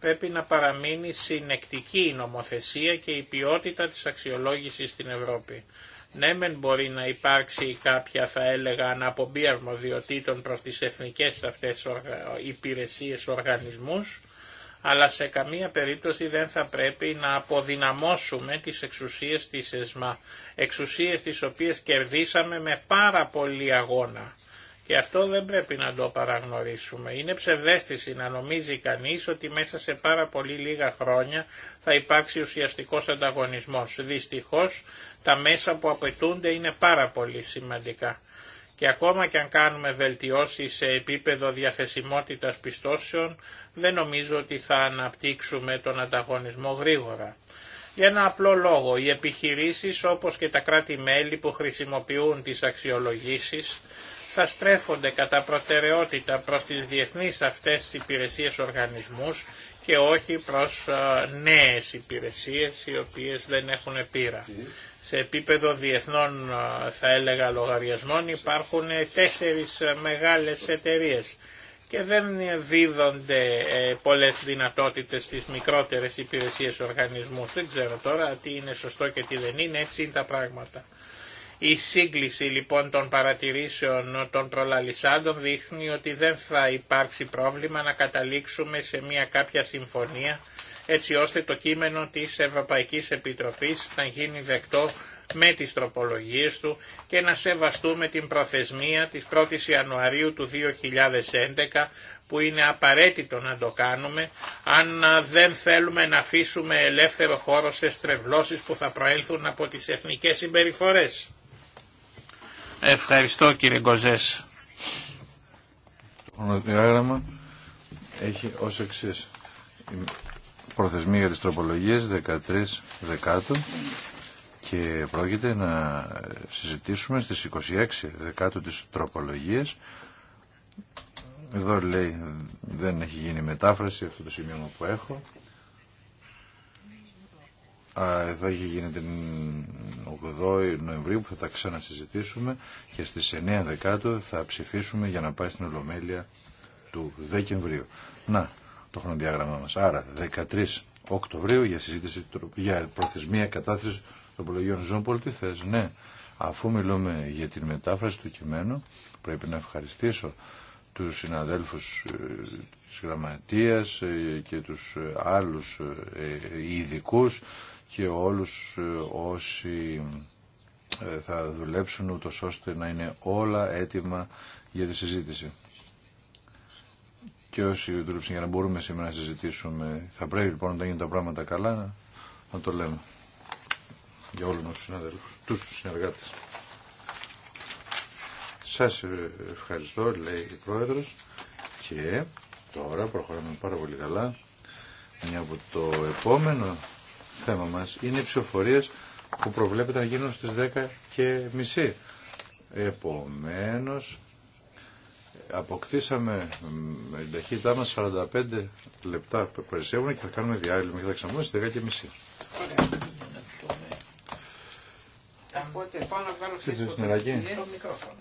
Πρέπει να παραμείνει συνεκτική η νομοθεσία και η ποιότητα της αξιολόγησης στην Ευρώπη. Ναι, μεν μπορεί να υπάρξει κάποια θα έλεγα αναπομπή αρμοδιοτήτων προς τις εθνικές αυτές υπηρεσίες οργανισμούς, αλλά σε καμία περίπτωση δεν θα πρέπει να αποδυναμώσουμε τις εξουσίες της ΕΣΜΑ, εξουσίες τις οποίες κερδίσαμε με πάρα πολύ αγώνα. Και αυτό δεν πρέπει να το παραγνωρίσουμε. Είναι ψευδέστηση να νομίζει κανείς ότι μέσα σε πάρα πολύ λίγα χρόνια θα υπάρξει ουσιαστικός ανταγωνισμός. Δυστυχώς τα μέσα που απαιτούνται είναι πάρα πολύ σημαντικά. Και ακόμα και αν κάνουμε βελτιώσεις σε επίπεδο διαθεσιμότητας πιστώσεων, δεν νομίζω ότι θα αναπτύξουμε τον ανταγωνισμό γρήγορα. Για ένα απλό λόγο, οι επιχειρήσεις όπως και τα κράτη-μέλη που χρησιμοποιούν τις αξιολογήσεις θα στρέφονται κατά προτεραιότητα προς τις διεθνείς αυτές υπηρεσίες οργανισμούς και όχι προς ε, νέες υπηρεσίες οι οποίες δεν έχουν πείρα σε επίπεδο διεθνών θα έλεγα λογαριασμών υπάρχουν τέσσερις μεγάλες εταιρείες και δεν δίδονται ε, πολλές δυνατότητες στις μικρότερες υπηρεσίες οργανισμούς. Δεν ξέρω τώρα τι είναι σωστό και τι δεν είναι, έτσι είναι τα πράγματα. Η σύγκληση λοιπόν των παρατηρήσεων των προλαλισσάντων δείχνει ότι δεν θα υπάρξει πρόβλημα να καταλήξουμε σε μια κάποια συμφωνία έτσι ώστε το κείμενο της Ευρωπαϊκής Επιτροπής να γίνει δεκτό με τις τροπολογίες του και να σεβαστούμε την προθεσμία της 1ης Ιανουαρίου του 2011 που είναι απαραίτητο να το κάνουμε αν δεν θέλουμε να αφήσουμε ελεύθερο χώρο σε στρεβλώσεις που θα προέλθουν από τις εθνικές συμπεριφορές. Ευχαριστώ κύριε Γκοζές. έχει ως εξής. Προθεσμία για τις τροπολογίες 13 Δεκάτου και πρόκειται να συζητήσουμε στις 26 Δεκάτου τις τροπολογίες. Εδώ λέει δεν έχει γίνει μετάφραση αυτό το σημείο που έχω. Εδώ έχει γίνει την 8η Νοεμβρίου που θα τα ξανασυζητήσουμε και στις 9 Δεκάτου θα ψηφίσουμε για να πάει στην Ολομέλεια του Δεκεμβρίου. Να, το χρονοδιάγραμμά μας. Άρα 13 Οκτωβρίου για συζήτηση για προθεσμία κατάθεση των Ζούμπολ. Τι ναι. Αφού μιλούμε για την μετάφραση του κειμένου, πρέπει να ευχαριστήσω τους συναδέλφους ε, της Γραμματείας ε, και τους ε, άλλους ειδικού και όλους όσοι θα δουλέψουν ούτως ώστε να είναι όλα έτοιμα για τη συζήτηση και όσοι δουλέψαν για να μπορούμε σήμερα να συζητήσουμε. Θα πρέπει λοιπόν όταν γίνουν τα πράγματα καλά να το λέμε για όλους τους συναδέλφους, συνεργάτες. Σας ευχαριστώ, λέει η Πρόεδρος και τώρα προχωράμε πάρα πολύ καλά μια από το επόμενο θέμα μας είναι οι ψηφοφορίες που προβλέπεται να γίνουν στις 10 και μισή. Επομένως αποκτήσαμε με την ταχύτητά μας 45 λεπτά που περισσεύουν και θα κάνουμε διάλειμμα και θα ξαναμούμε στις 10.30. Οπότε πάω να βγάλω χθες το μικρόφωνο.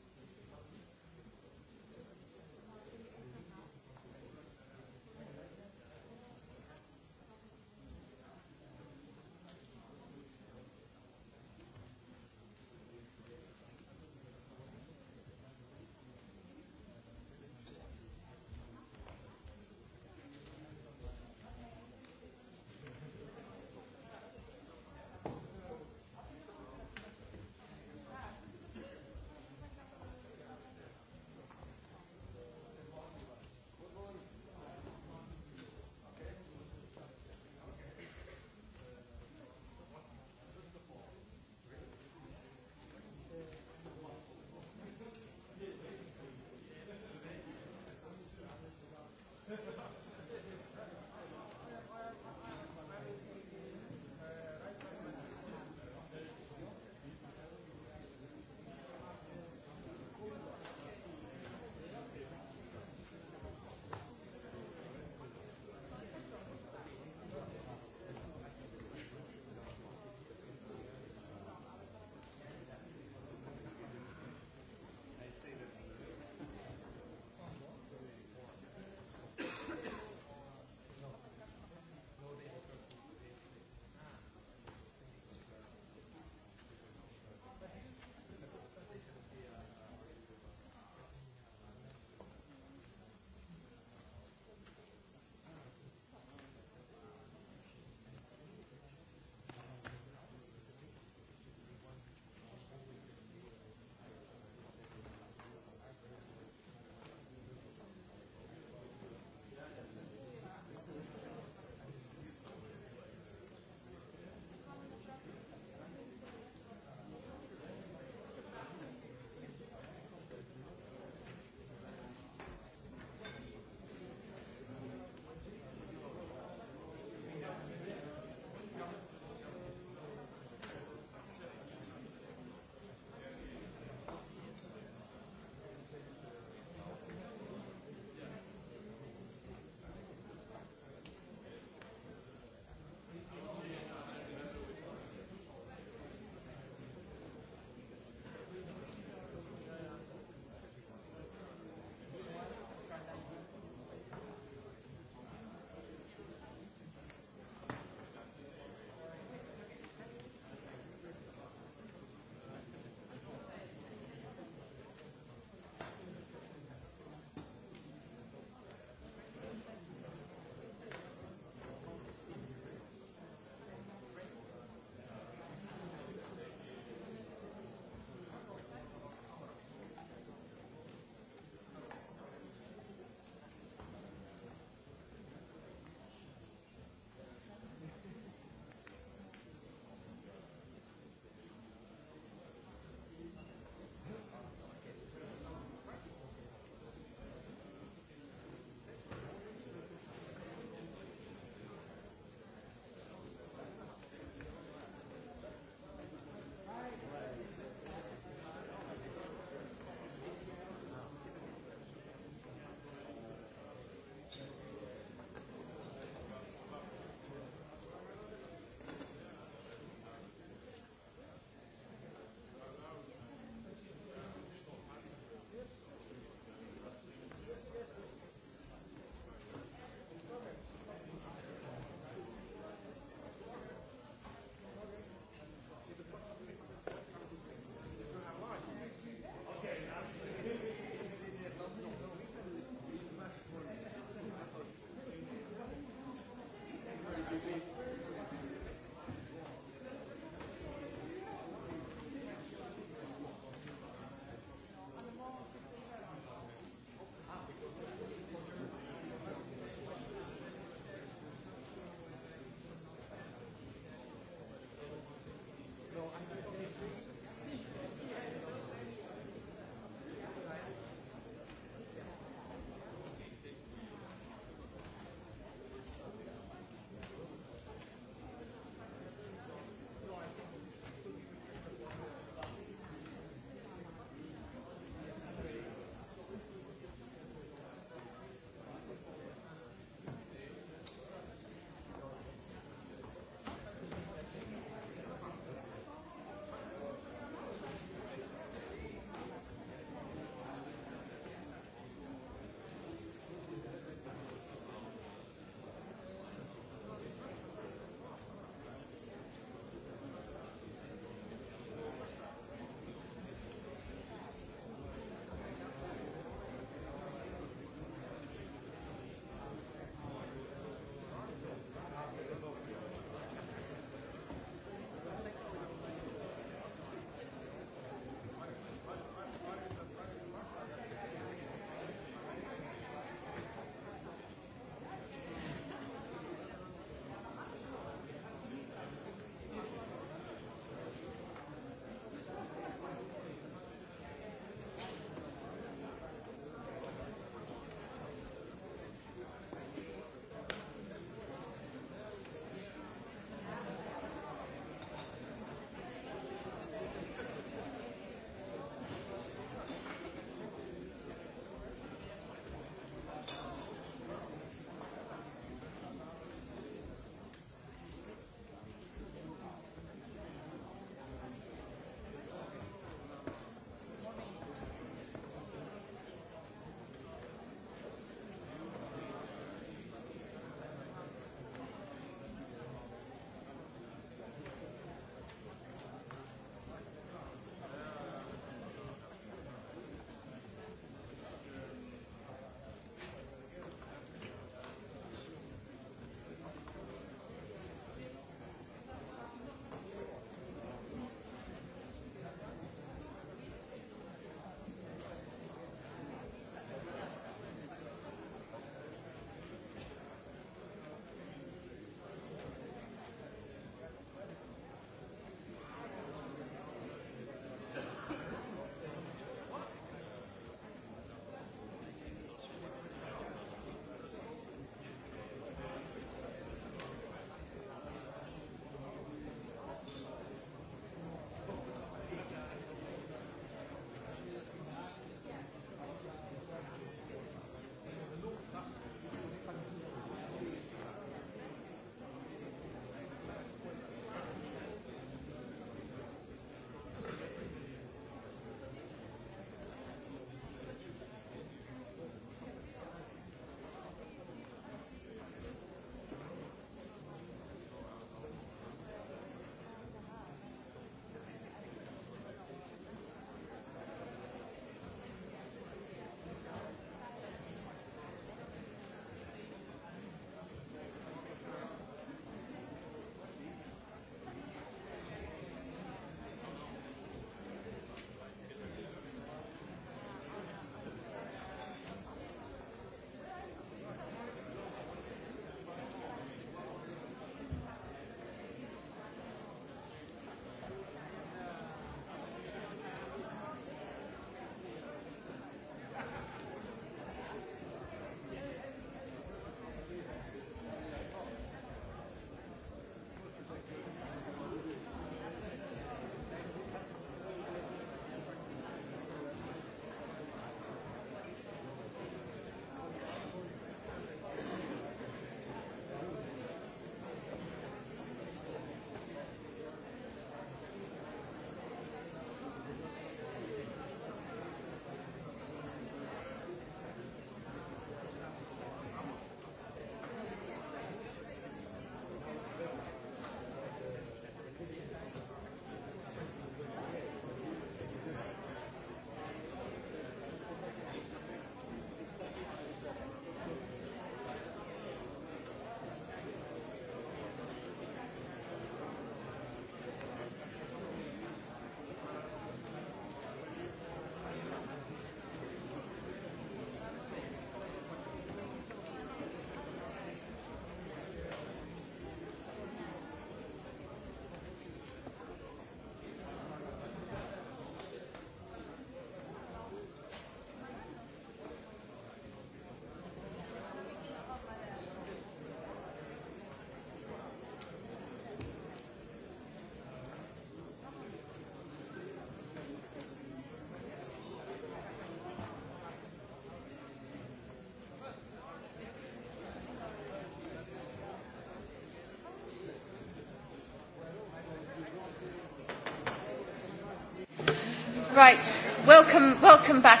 Right. Welcome, welcome back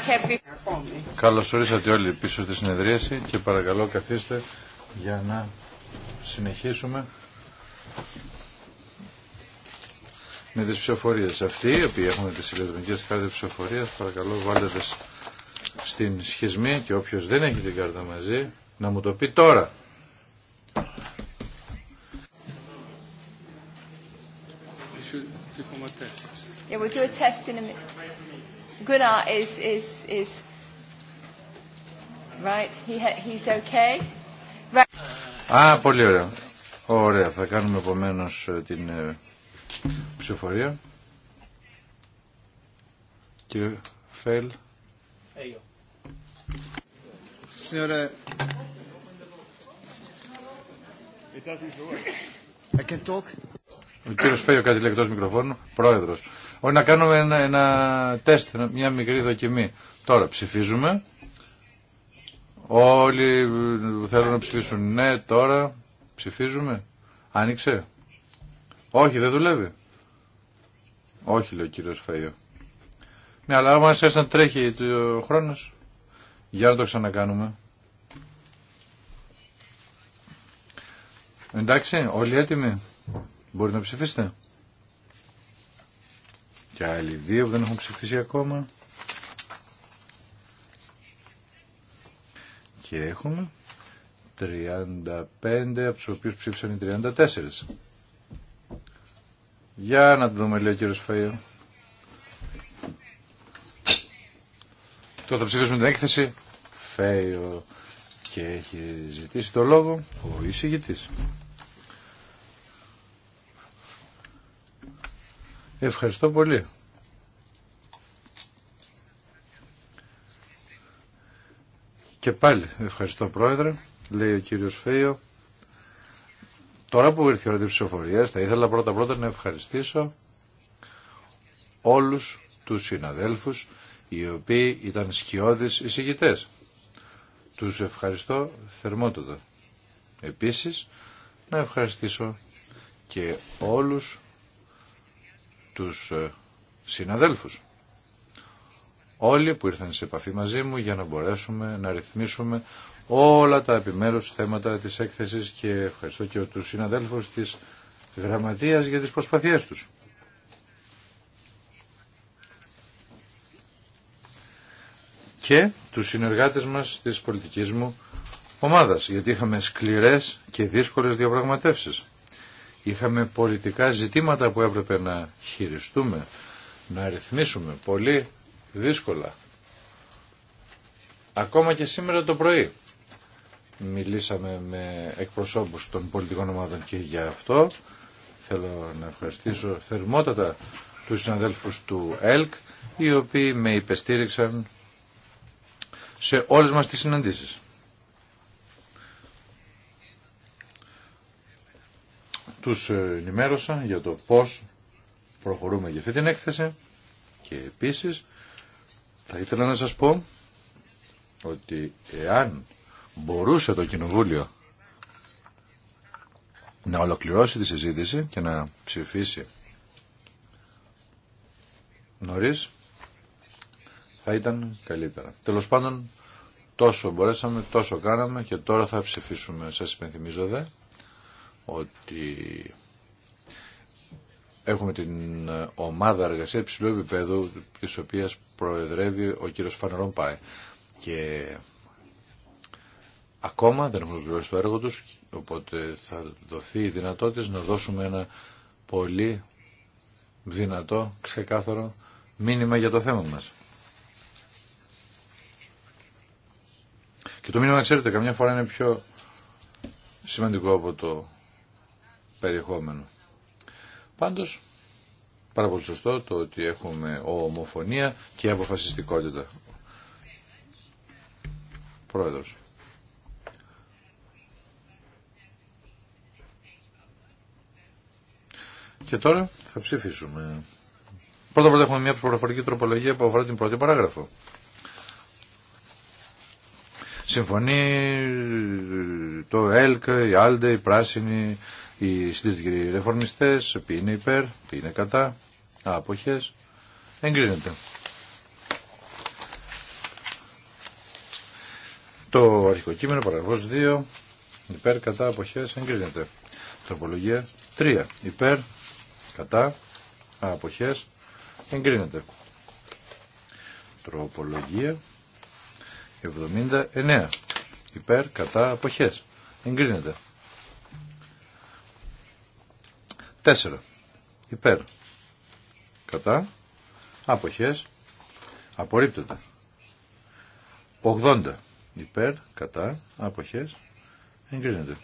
Καλώς ορίσατε όλοι πίσω στη συνεδρίαση και παρακαλώ καθίστε για να συνεχίσουμε με τις ψηφοφορίες. Αυτοί οι οποίοι έχουν τις ηλεκτρονικές κάρτες ψηφοφορίας παρακαλώ βάλτε στην σχισμή και όποιος δεν έχει την κάρτα μαζί να μου το πει τώρα. in a minute. Gunnar is, is, is right. He, ha- he's okay. Right. Α, πολύ ωραία. Ωραία. Θα κάνουμε επομένω ε, την ε, ψηφορία. Κύριε Φέλ. Signora. It doesn't work. I can talk. Ο κύριος Φέιο κάτι λέει εκτός Πρόεδρος. Όχι να κάνουμε ένα, ένα τεστ, μια μικρή δοκιμή. Τώρα ψηφίζουμε. Όλοι θέλουν να ψηφίσουν ναι, τώρα ψηφίζουμε. Άνοιξε. Όχι, δεν δουλεύει. Όχι, λέει ο κύριο Φαϊό. Ναι, αλλά άμα σας να τρέχει ο χρόνος, για να το ξανακάνουμε. Εντάξει, όλοι έτοιμοι. Μπορείτε να ψηφίσετε και άλλοι δύο που δεν έχουν ψηφίσει ακόμα. Και έχουμε 35 από τους οποίους ψήφισαν οι 34. Για να το δούμε λέει ο κύριος Φαΐο. Τώρα θα ψηφίσουμε την έκθεση Φαΐο και έχει ζητήσει το λόγο ο εισηγητής. Ευχαριστώ πολύ. Και πάλι ευχαριστώ πρόεδρε, λέει ο κύριος Φέιο. Τώρα που ήρθε η ώρα της ψηφοφορίας θα ήθελα πρώτα πρώτα να ευχαριστήσω όλους τους συναδέλφους οι οποίοι ήταν σκιώδεις εισηγητές. Τους ευχαριστώ θερμότατα. Επίσης να ευχαριστήσω και όλους τους ε, συναδέλφους. Όλοι που ήρθαν σε επαφή μαζί μου για να μπορέσουμε να ρυθμίσουμε όλα τα επιμέρους θέματα της έκθεσης και ευχαριστώ και τους συναδέλφους της Γραμματείας για τις προσπαθίες τους. Και τους συνεργάτες μας της πολιτικής μου ομάδας, γιατί είχαμε σκληρές και δύσκολες διαπραγματεύσεις. Είχαμε πολιτικά ζητήματα που έπρεπε να χειριστούμε, να ρυθμίσουμε πολύ δύσκολα. Ακόμα και σήμερα το πρωί μιλήσαμε με εκπροσώπους των πολιτικών ομάδων και για αυτό. Θέλω να ευχαριστήσω θερμότατα τους συναδέλφους του ΕΛΚ, οι οποίοι με υπεστήριξαν σε όλες μας τις συναντήσεις. τους ε, ενημέρωσα για το πώς προχωρούμε για αυτή την έκθεση και επίσης θα ήθελα να σας πω ότι εάν μπορούσε το Κοινοβούλιο να ολοκληρώσει τη συζήτηση και να ψηφίσει νωρίς θα ήταν καλύτερα. Τέλος πάντων τόσο μπορέσαμε, τόσο κάναμε και τώρα θα ψηφίσουμε. Σας υπενθυμίζω δε ότι έχουμε την ομάδα εργασία υψηλού επίπεδου της οποίας προεδρεύει ο κύριος Φανερόν και ακόμα δεν έχουν ολοκληρώσει το έργο τους οπότε θα δοθεί η δυνατότητα να δώσουμε ένα πολύ δυνατό, ξεκάθαρο μήνυμα για το θέμα μας. Και το μήνυμα, ξέρετε, καμιά φορά είναι πιο σημαντικό από το περιεχόμενο. Πάντως, πάρα πολύ σωστό το ότι έχουμε ομοφωνία και αποφασιστικότητα. Πρόεδρος. Και τώρα θα ψηφίσουμε. Πρώτα όλα έχουμε μια προφορική τροπολογία που αφορά την πρώτη παράγραφο. Συμφωνεί το ΕΛΚ, η ΑΛΔΕ, η Πράσινη, οι συντηρητικοί ρεφορμιστές, ποιοι είναι υπέρ, ποιοι είναι κατά, άποχες, εγκρίνεται. Το αρχικό κείμενο, παραγωγός 2, υπέρ, κατά, αποχές, εγκρίνεται. Τροπολογία 3, υπέρ, κατά, αποχές, εγκρίνεται. Τροπολογία 79, υπέρ, κατά, αποχές, εγκρίνεται. 4. Υπέρ. Κατά. Αποχές. Απορρίπτεται. 80. Υπέρ. Κατά. Αποχές. Εγκρίνεται.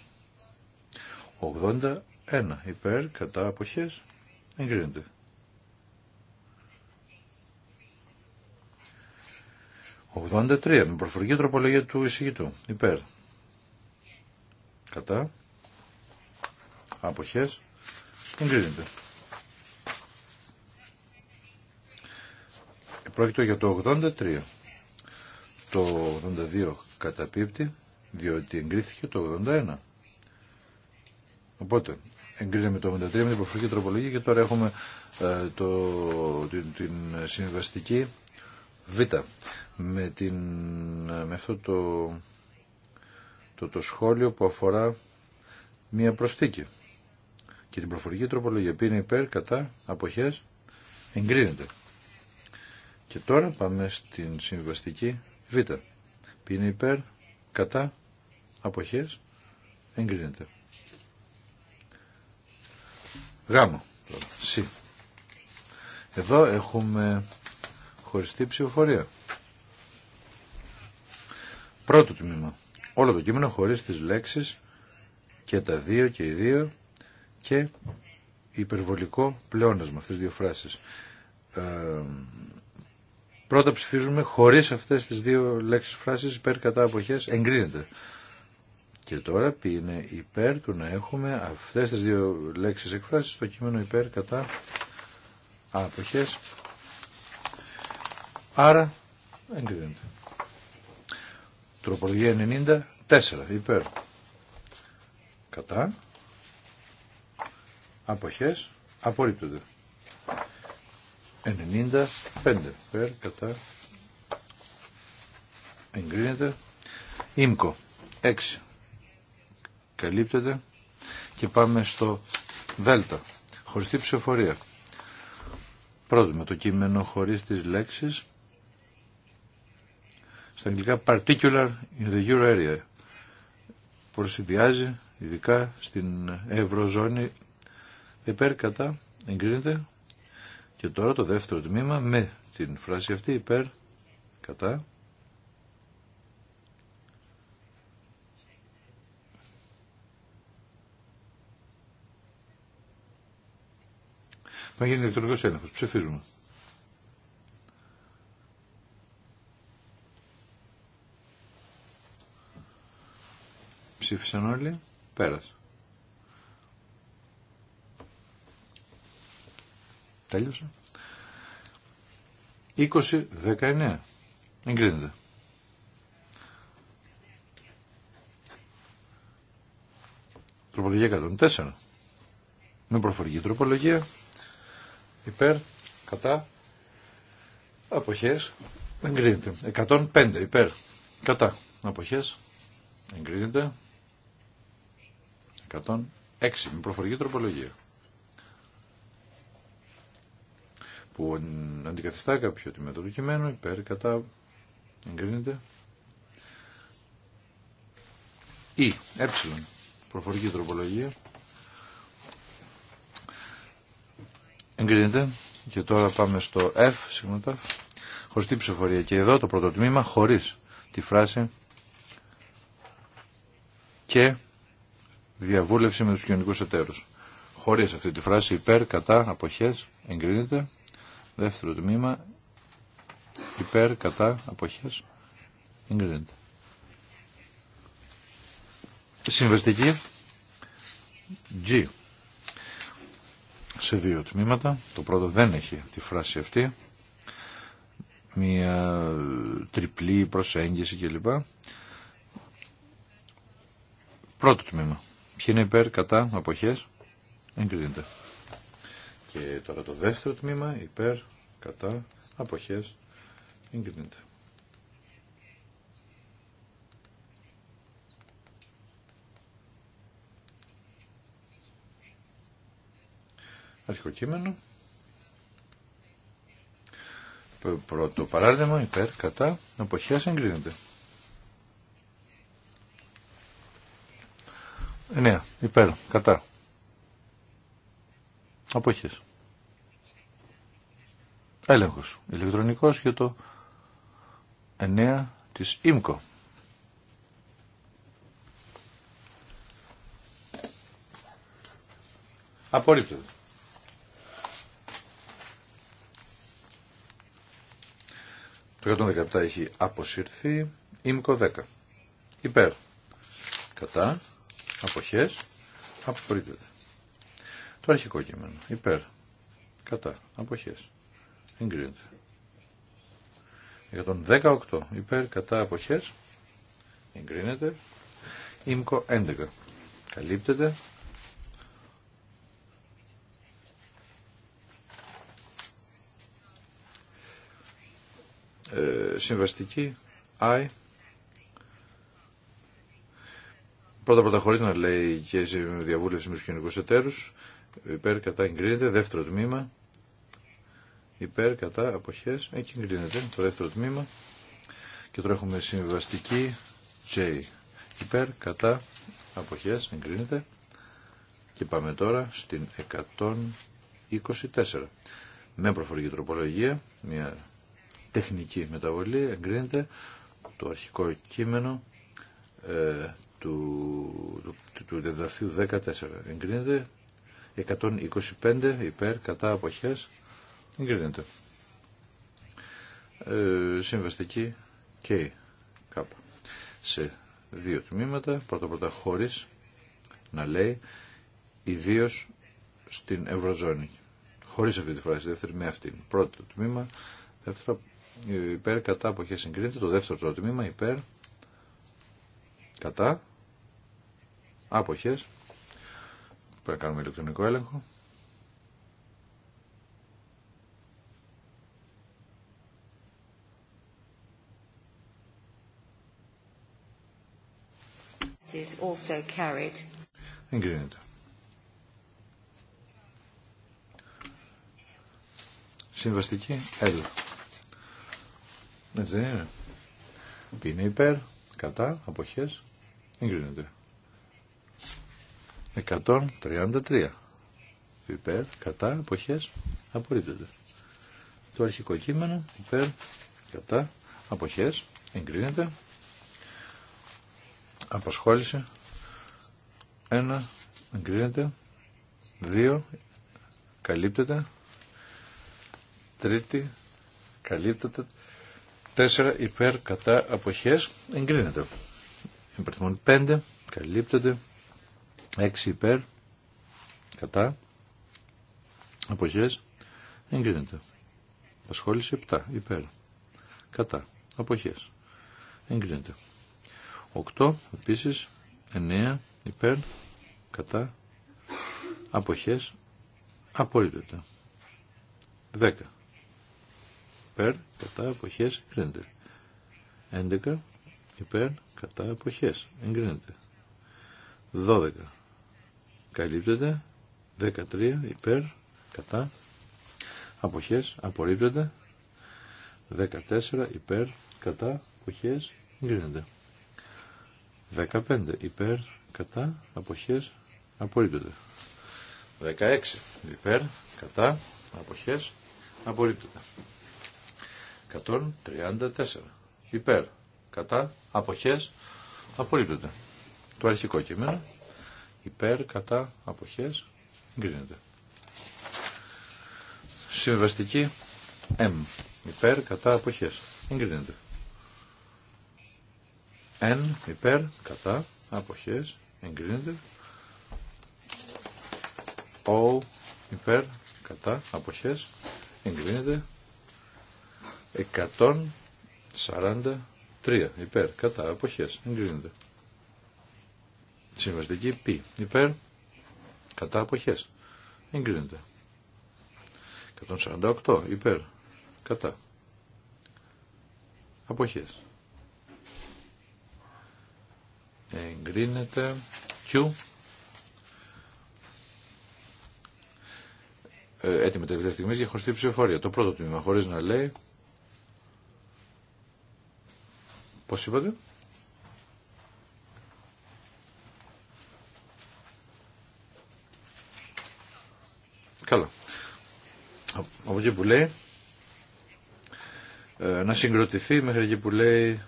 81. Υπέρ. Κατά. Αποχές. Εγκρίνεται. 83. Με προφορική τροπολογία του εισηγητού. Υπέρ. Κατά. Αποχές. Εγκρίνεται. Πρόκειται για το 83. Το 82 καταπίπτει, διότι εγκρίθηκε το 81. Οπότε, εγκρίναμε το 83 με την προφορική τροπολογία και τώρα έχουμε ε, το, την, την συμβαστική Β. Με, την, ε, με αυτό το, το, το σχόλιο που αφορά μία προστίκη και την προφορική τροπολογία που είναι υπέρ, κατά, αποχές, εγκρίνεται. Και τώρα πάμε στην συμβαστική Β. Που είναι υπέρ, κατά, αποχές, εγκρίνεται. Γ. Σ. Εδώ έχουμε χωριστή ψηφοφορία. Πρώτο τμήμα. Όλο το κείμενο χωρίς τις λέξεις και τα δύο και οι δύο και υπερβολικό πλεόνασμα, αυτές δύο φράσεις. Ε, πρώτα ψηφίζουμε χωρίς αυτές τις δύο λέξεις φράσεις υπέρ κατά αποχές εγκρίνεται. Και τώρα ποι είναι υπέρ του να έχουμε αυτές τις δύο λέξεις εκφράσεις στο κείμενο υπέρ κατά αποχές. Άρα εγκρίνεται. Τροπολογία 94 υπέρ κατά αποχές απορρίπτονται. 95 περ κατά εγκρίνεται. Ήμκο 6 καλύπτεται και πάμε στο δέλτα χωριστή ψηφοφορία. Πρώτο με το κείμενο χωρίς τις λέξεις στα αγγλικά particular in the euro area προσυνδυάζει ειδικά στην ευρωζώνη υπέρ κατά εγκρίνεται και τώρα το δεύτερο τμήμα με την φράση αυτή υπέρ κατά Θα γίνει ηλεκτρονικός έλεγχος. Ψηφίζουμε. Ψήφισαν όλοι. Πέρασε. Τέλειωσε. 20-19. Εγκρίνεται. Τροπολογία 104. Με προφορική τροπολογία. Υπέρ. Κατά. Αποχές. Εγκρίνεται. 105. Υπέρ. Κατά. Αποχές. Εγκρίνεται. 106. Με προφορική τροπολογία. που αντικαθιστά κάποιο τμήμα το κειμένου, υπέρ, κατά, εγκρίνεται. Ή, ε, προφορική τροπολογία. Εγκρίνεται. Και τώρα πάμε στο F, χωρίς την ψηφορία. Και εδώ το πρώτο τμήμα χωρίς τη φράση και διαβούλευση με τους κοινωνικούς εταίρους. Χωρίς αυτή τη φράση υπέρ, κατά, αποχές, εγκρίνεται. Δεύτερο τμήμα υπέρ, κατά, αποχές, εγκρίνεται. Συμβαστική G. Σε δύο τμήματα. Το πρώτο δεν έχει τη φράση αυτή. Μια τριπλή προσέγγιση κλπ. Πρώτο τμήμα. Ποιο είναι υπέρ, κατά, αποχές, εγκρίνεται. Και τώρα το δεύτερο τμήμα, υπέρ, κατά, αποχές, εγκρίνεται. Αρχικό κείμενο. Πρώτο παράδειγμα, υπέρ, κατά, αποχές, εγκρίνεται. 9. Υπέρ, κατά, Αποχές. Έλεγχος. Ηλεκτρονικός για το 9 της ΙΜΚΟ. Απορρίπτεται. Το 117 έχει αποσυρθεί. ΙΜΚΟ 10. Υπέρ. Κατά. Αποχές. Απορρίπτεται. Το αρχικό κείμενο. Υπέρ. Κατά. Αποχές. Εγκρίνεται. 118. Υπέρ. Κατά. Αποχές. Εγκρίνεται. Ήμκο 11. Καλύπτεται. Ε, συμβαστική. I. Πρώτα πρώτα χωρίς να λέει και διαβούλευση με τους κοινωνικούς εταίρους υπέρ κατά εγκρίνεται, δεύτερο τμήμα, υπέρ κατά αποχές, εκεί εγκρίνεται το δεύτερο τμήμα και τώρα έχουμε συμβιβαστική J, υπέρ κατά αποχές, εγκρίνεται και πάμε τώρα στην 124. Με προφορική τροπολογία, μια τεχνική μεταβολή, εγκρίνεται το αρχικό κείμενο ε, του, του, του, του 14. Εγκρίνεται 125 υπέρ κατά αποχές εγκρίνεται. Ε, συμβαστική K κάπα σε δύο τμήματα πρώτα πρώτα χωρίς να λέει ιδίω στην Ευρωζώνη χωρίς αυτή τη φράση δεύτερη με αυτήν πρώτο τμήμα δεύτερο ε, υπέρ κατά αποχές εγκρίνεται το δεύτερο τμήμα υπέρ κατά αποχές Πρέπει να κάνουμε ηλεκτρονικό έλεγχο. Εγκρίνεται. Συμβαστική L. Έτσι δεν είναι. είναι υπέρ, κατά, αποχές, εγκρίνεται. 133 υπέρ, κατά, αποχές, απορρίπτεται. Το αρχικό κείμενο υπέρ, κατά, αποχές, εγκρίνεται. Απασχόληση 1 εγκρίνεται. 2 καλύπτεται. 3 καλύπτεται. 4 υπέρ, κατά, αποχές, εγκρίνεται. 5 καλύπτεται. 6 υπέρ κατά αποχές εγκρίνεται. ασχόληση 7 υπέρ κατά αποχές εγκρίνεται. 8 επίσης 9 υπέρ κατά αποχές απορρίπτεται. 10 υπέρ κατά αποχές εγκρίνεται. 11 υπέρ κατά αποχές εγκρίνεται. 12 καλύπτεται 13 υπέρ κατά αποχές απορρίπτεται 14 υπέρ κατά αποχές γκρίνεται 15 υπέρ κατά αποχές απορρίπτεται 16 υπέρ κατά αποχές απορρίπτεται 134 υπέρ κατά αποχές απορρίπτεται το αρχικό κείμενο υπέρ, κατά, αποχές, εγκρίνεται. Συμβαστική M, υπέρ, κατά, αποχές, εγκρίνεται. N, υπέρ, κατά, αποχές, εγκρίνεται. O, υπέρ, κατά, αποχές, εγκρίνεται. 143, υπέρ, κατά, αποχές, εγκρίνεται. Συμβαστική π. Υπέρ. Κατά αποχές. Εγκρίνεται. 148. Υπέρ. Κατά. Αποχές. Εγκρίνεται. Q. Ε, έτοιμη τελευταία στιγμή για χωριστή ψηφοφορία. Το πρώτο τμήμα χωρίς να λέει. Πώς είπατε. από εκεί που λέει ε, να συγκροτηθεί μέχρι εκεί που λέει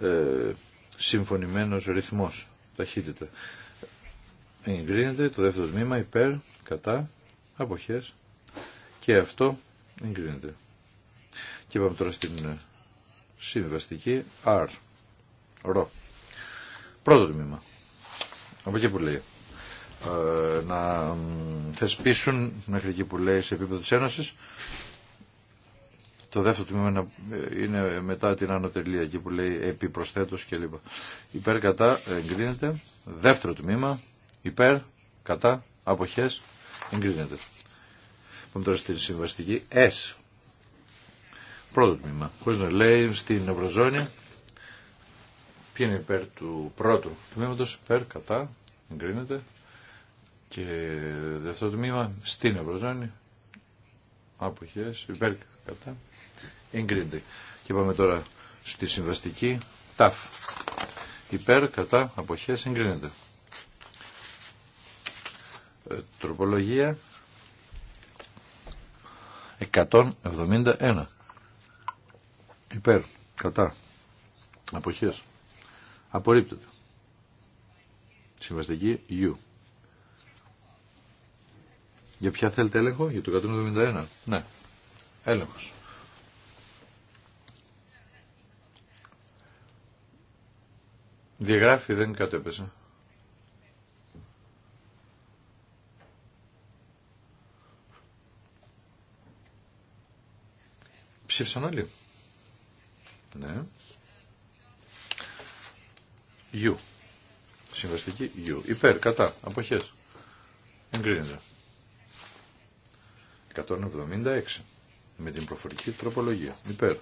ε, συμφωνημένος ρυθμός, ταχύτητα. Εγκρίνεται το δεύτερο τμήμα υπέρ, κατά, αποχές και αυτό εγκρίνεται. Και πάμε τώρα στην ε, συμβαστική R, ρο. Πρώτο τμήμα. Από εκεί που λέει. Ε, να θεσπίσουν μέχρι εκεί που λέει σε επίπεδο της Ένωσης το δεύτερο τμήμα είναι ε, μετά την άνω εκεί που λέει επί προσθέτως κλπ. Υπέρ κατά εγκρίνεται. Δεύτερο τμήμα υπέρ κατά αποχές εγκρίνεται. Πάμε τώρα στην συμβαστική S. Πρώτο τμήμα. Χωρίς να λέει στην Ευρωζώνη ποιο είναι υπέρ του πρώτου τμήματος, υπέρ, κατά, εγκρίνεται. Και δεύτερο τμήμα στην Ευρωζώνη. αποχέ, υπέρ κατά. Εγκρίνεται. Και πάμε τώρα στη συμβαστική ΤΑΦ. Υπέρ, κατά, αποχέ, εγκρίνεται. Ε, τροπολογία 171. Υπέρ, κατά, αποχές. Απορρίπτεται. Συμβαστική U. Για ποια θέλετε έλεγχο, για το 171. Ναι, έλεγχος. Διαγράφει, δεν κατέπεσε. Ψήφισαν όλοι. Ναι. U. Συμβαστική U. Υπέρ, κατά, αποχές. Εγκρίνεται. 176 με την προφορική τροπολογία. Υπέρ.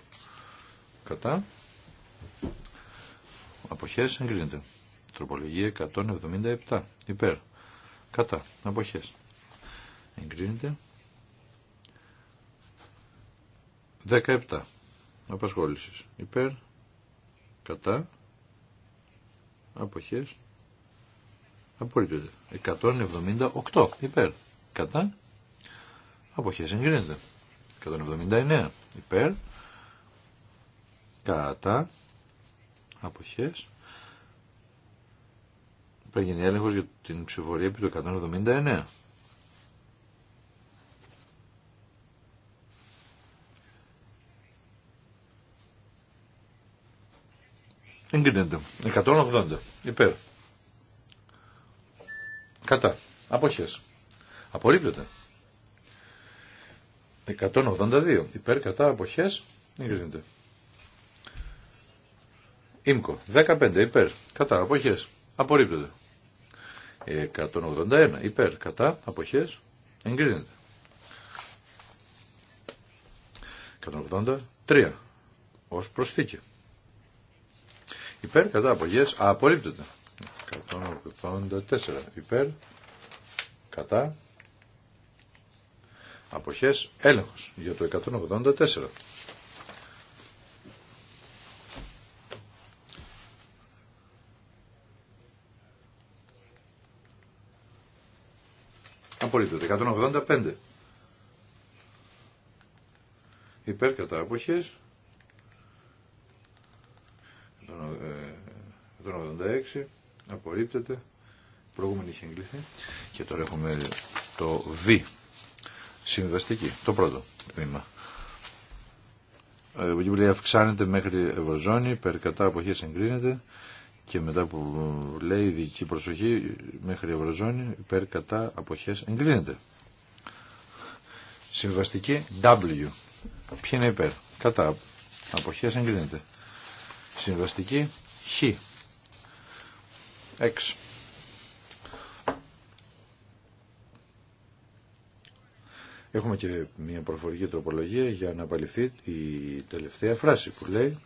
Κατά. Αποχές εγκρίνεται. Τροπολογία 177. Υπέρ. Κατά. Αποχές. Εγκρίνεται. 17. Απασχόλησης. Υπέρ. Κατά. Αποχές. Απορρίπτεται. 178. Υπέρ. Κατά. Αποχές εγκρίνεται. 179 υπέρ. Κατά. Αποχές. Πρέπει έλεγχο για την ψηφορία επί του 179. Εγκρίνεται. 180. Υπέρ. Κατά. Αποχές. Απορρίπτεται. 182. Υπέρ κατά αποχές εγκρίνεται. Ήμκο. 15. Υπέρ κατά αποχές. Απορρίπτεται. 181. Υπέρ κατά αποχές εγκρίνεται. 183. Ως προσθήκη. Υπέρ κατά αποχές απορρίπτεται. 184. Υπέρ κατά αποχές έλεγχος για το 184. Απορρίπτεται. 185. Υπέρ κατά αποχές. 186. Απορρίπτεται. Προηγούμενη είχε εγκλήθει. Και τώρα έχουμε το Β συμβαστική. Το πρώτο τμήμα. Ε, η αυξάνεται μέχρι ευρωζώνη, περ κατά αποχές εγκρίνεται και μετά που λέει ειδική προσοχή μέχρι ευρωζώνη, υπέρ κατά αποχές εγκρίνεται. Συμβαστική W. Ποιοι είναι υπέρ. Κατά αποχές εγκρίνεται. Συμβαστική Χ. X Έχουμε και μια προφορική τροπολογία για να απαλληφθεί η τελευταία φράση που λέει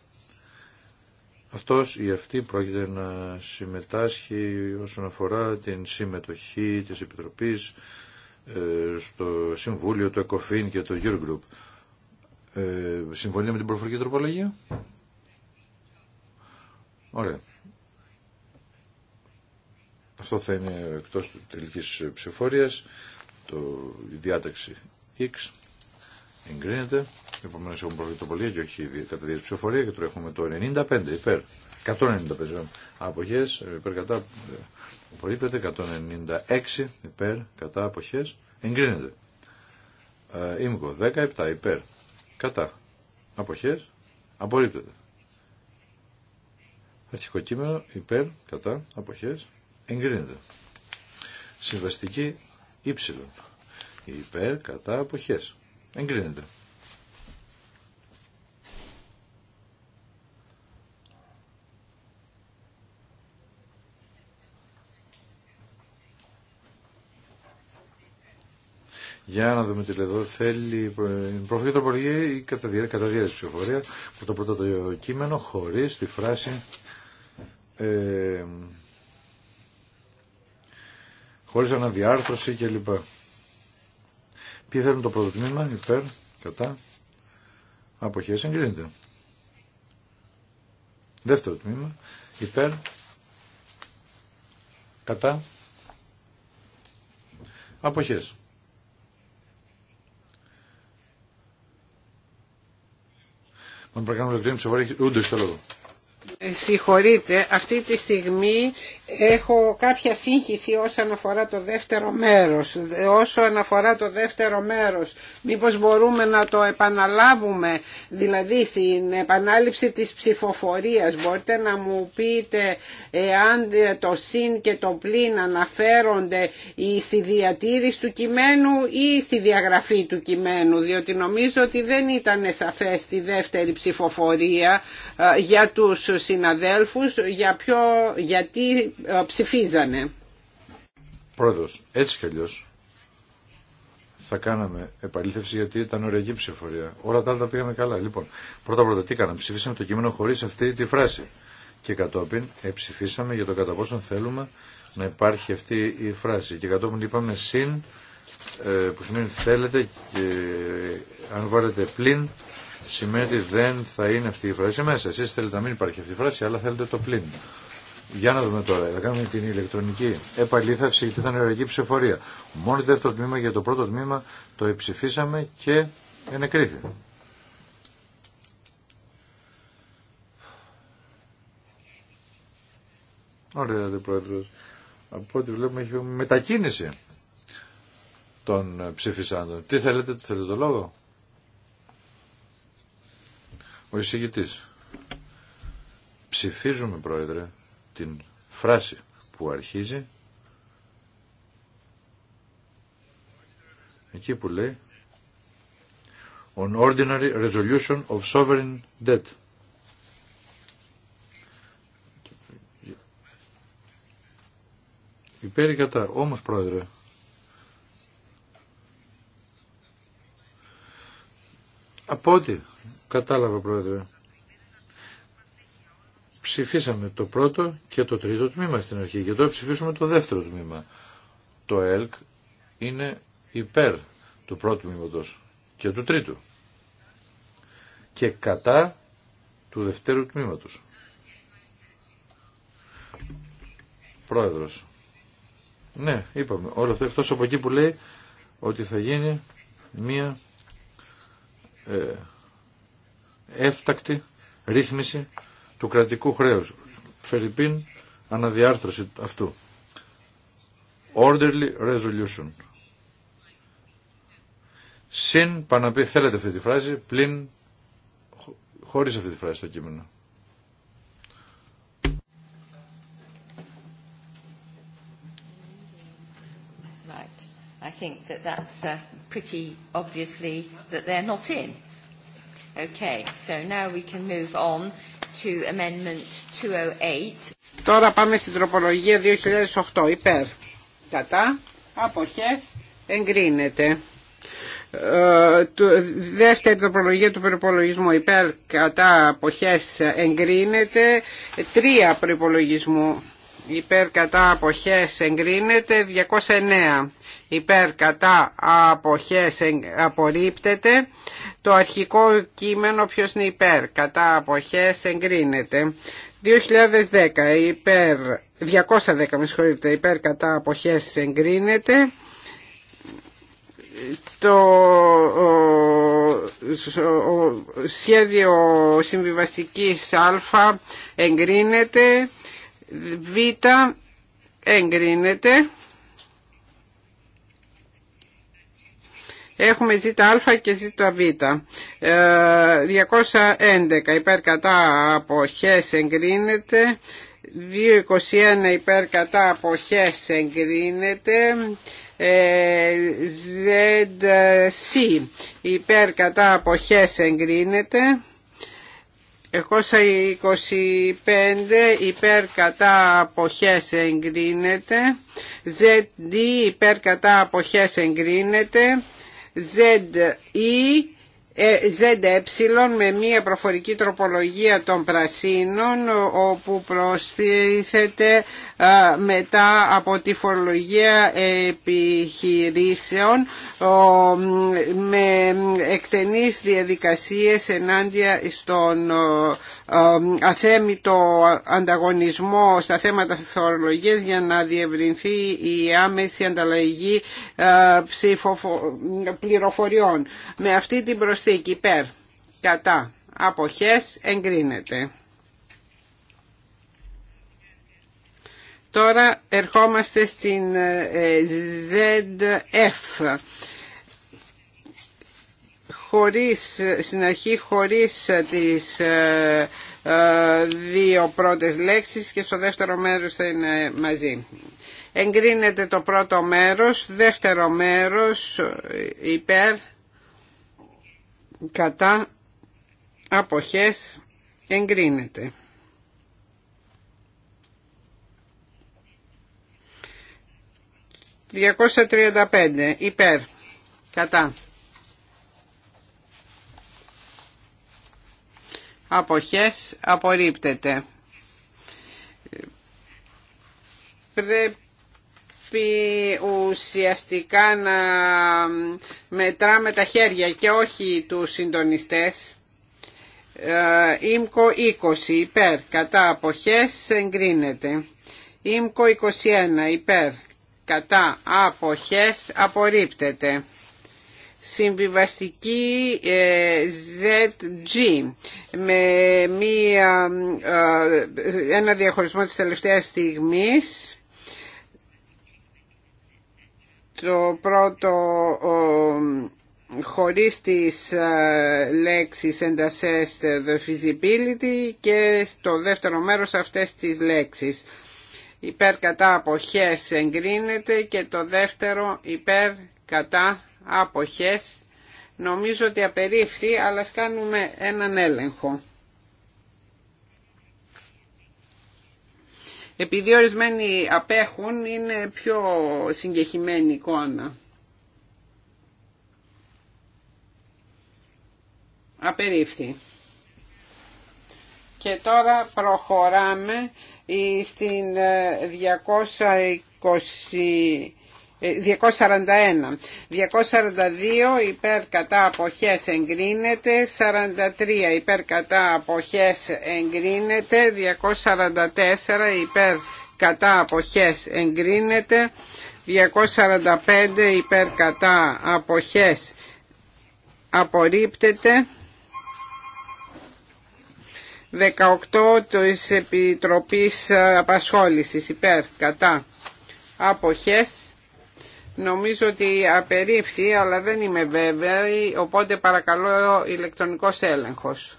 αυτός ή αυτή πρόκειται να συμμετάσχει όσον αφορά την συμμετοχή της Επιτροπής ε, στο Συμβούλιο, του ΕΚΟΦΗΝ και το Eurogroup. Ε, συμφωνεί με την προφορική τροπολογία. Ωραία. Αυτό θα είναι εκτός του τελικής ψηφορίας το, η διάταξη X εγκρίνεται. Επομένω έχουν προβλητοπολία και όχι κατά τη ψηφοφορία και τώρα έχουμε το 95 υπέρ. 195 αποχέ ε, υπέρ κατά ε, απορρίπτεται. 196 υπέρ κατά αποχέ εγκρίνεται. Ε, ήμικο 17 υπέρ κατά αποχέ απορρίπτεται. Αρχικό κείμενο υπέρ κατά αποχέ εγκρίνεται. Συμβαστική ύψιλον υπέρ κατά αποχές. Εγκρίνεται. Για να δούμε τι λέει εδώ. Θέλει προφορική τροπολογία ή κατά διάρκεια ψηφοφορία. το πρώτο το κείμενο χωρίς τη φράση. Ε, χωρίς αναδιάρθρωση κλπ. Ποιοι θέλουν το πρώτο τμήμα, υπέρ, κατά, αποχές εγκρίνεται. Δεύτερο τμήμα, υπέρ, κατά, αποχές. Μα πρέπει να κάνουμε ηλεκτρονική ψηφορία, ούτε στο λόγο. Ε, συγχωρείτε, αυτή τη στιγμή έχω κάποια σύγχυση όσον αφορά το δεύτερο μέρος. Ε, όσον αφορά το δεύτερο μέρος, μήπως μπορούμε να το επαναλάβουμε, δηλαδή στην επανάληψη της ψηφοφορίας. Μπορείτε να μου πείτε εάν ε, το συν και το πλήν αναφέρονται στη διατήρηση του κειμένου ή στη διαγραφή του κειμένου, διότι νομίζω ότι δεν ήταν σαφές στη δεύτερη ψηφοφορία για τους τους συναδέλφους για ποιο, γιατί ε, ψηφίζανε. Πρόεδρος, έτσι κι αλλιώς θα κάναμε επαλήθευση γιατί ήταν ωριακή ψηφορία. Όλα τα άλλα τα πήγαμε καλά. Λοιπόν, πρώτα πρώτα τι κάναμε. Ψηφίσαμε το κείμενο χωρίς αυτή τη φράση. Και κατόπιν ε, ψηφίσαμε για το κατά πόσο θέλουμε να υπάρχει αυτή η φράση. Και κατόπιν είπαμε συν, ε, που σημαίνει θέλετε, και αν βάλετε πλην, σημαίνει ότι δεν θα είναι αυτή η φράση μέσα. Εσείς θέλετε να μην υπάρχει αυτή η φράση, αλλά θέλετε το πλήν. Για να δούμε τώρα, θα κάνουμε την ηλεκτρονική επαλήθευση γιατί ήταν ενεργική ψηφορία. Μόνο το δεύτερο τμήμα για το πρώτο τμήμα το εψηφίσαμε και ενεκρίθη. Ωραία, δεν πρόεδρο. Από ό,τι βλέπουμε έχει μετακίνηση των ψηφισάντων. Τι θέλετε, θέλετε το λόγο. Ο εισηγητής. Ψηφίζουμε, Πρόεδρε, την φράση που αρχίζει εκεί που λέει On Ordinary Resolution of Sovereign Debt. Υπέρ κατά. Όμως, Πρόεδρε, από ό,τι Κατάλαβα, Πρόεδρε. Ψηφίσαμε το πρώτο και το τρίτο τμήμα στην αρχή και τώρα ψηφίσουμε το δεύτερο τμήμα. Το ΕΛΚ είναι υπέρ του πρώτου τμήματος και του τρίτου και κατά του δευτέρου τμήματος. Πρόεδρος. Ναι, είπαμε. Όλο αυτό εκτός από εκεί που λέει ότι θα γίνει μία ε, έφτακτη ρύθμιση του κρατικού χρέους. Φερρυπίν αναδιάρθρωση αυτού. Orderly resolution. Συν, παναπεί, θέλετε αυτή τη φράση, πλην, χωρίς αυτή τη φράση στο κείμενο. I think that that's uh, pretty obviously that they're not in. Okay, so now we can move on to amendment 208. Τώρα πάμε στην τροπολογία 2008 υπέρ. Κατά, αποχές, εγκρίνεται. Ε, δεύτερη τροπολογία του προπολογισμού υπέρ κατά αποχές εγκρίνεται τρία προπολογισμού υπέρ κατά αποχές εγκρίνεται 209 υπέρ κατά αποχές απορρίπτεται το αρχικό κείμενο ποιο είναι υπέρ, κατά αποχές εγκρίνεται. 2010 υπέρ, 210 με συγχωρείτε, υπέρ κατά αποχές εγκρίνεται. Το σχέδιο συμβιβαστικής α εγκρίνεται, β εγκρίνεται. Έχουμε ΖΑ και ΖΒ. 211 ε, υπέρ κατά αποχές εγκρίνεται. 221 υπέρ κατά αποχές εγκρίνεται. ZC ε, υπέρ κατά αποχές εγκρίνεται. 125 υπέρ κατά αποχές εγκρίνεται ZD υπέρ κατά αποχές εγκρίνεται ZE ZE ε, με μία προφορική τροπολογία των πρασίνων όπου προστίθεται ε, μετά από τη φορολογία επιχειρήσεων με εκτενείς διαδικασίες ενάντια στον αθέμητο ανταγωνισμό στα θέματα φορολογίας για να διευρυνθεί η άμεση ανταλλαγή ε, πληροφοριών. Με αυτή την προσθήκη υπέρ κατά αποχές εγκρίνεται. Τώρα ερχόμαστε στην ε, ε, ZF χωρίς, στην αρχή χωρίς τις ε, δύο πρώτες λέξεις και στο δεύτερο μέρος θα είναι μαζί. Εγκρίνεται το πρώτο μέρος, δεύτερο μέρος υπέρ, κατά, αποχές, εγκρίνεται. 235 υπέρ κατά αποχές απορρίπτεται πρέπει ουσιαστικά να μετράμε τα χέρια και όχι του συντονιστές ε, ΙΜΚΟ 20 υπέρ κατά αποχές εγκρίνεται ΙΜΚΟ 21 υπέρ κατά αποχές απορρίπτεται. Συμβιβαστική ε, ZG με μία, ε, ένα διαχωρισμό της τελευταίας στιγμής. Το πρώτο χωρίς τις ε, λέξεις and assess the feasibility και το δεύτερο μέρος αυτές τις λέξεις υπέρ κατά αποχές εγκρίνεται και το δεύτερο υπέρ κατά αποχές νομίζω ότι απερίφθη αλλά ας κάνουμε έναν έλεγχο. Επειδή ορισμένοι απέχουν είναι πιο συγκεχημένη εικόνα. Απερίφθη. Και τώρα προχωράμε στην 220 241. 242 υπέρ κατά αποχές εγκρίνεται, 43 υπέρ κατά αποχές εγκρίνεται, 244 υπέρ κατά αποχές εγκρίνεται, 245 υπέρ κατά αποχές απορρίπτεται, 18 της Επιτροπής Απασχόλησης υπέρ κατά αποχές νομίζω ότι απερίφθη αλλά δεν είμαι βέβαιη οπότε παρακαλώ ηλεκτρονικός έλεγχος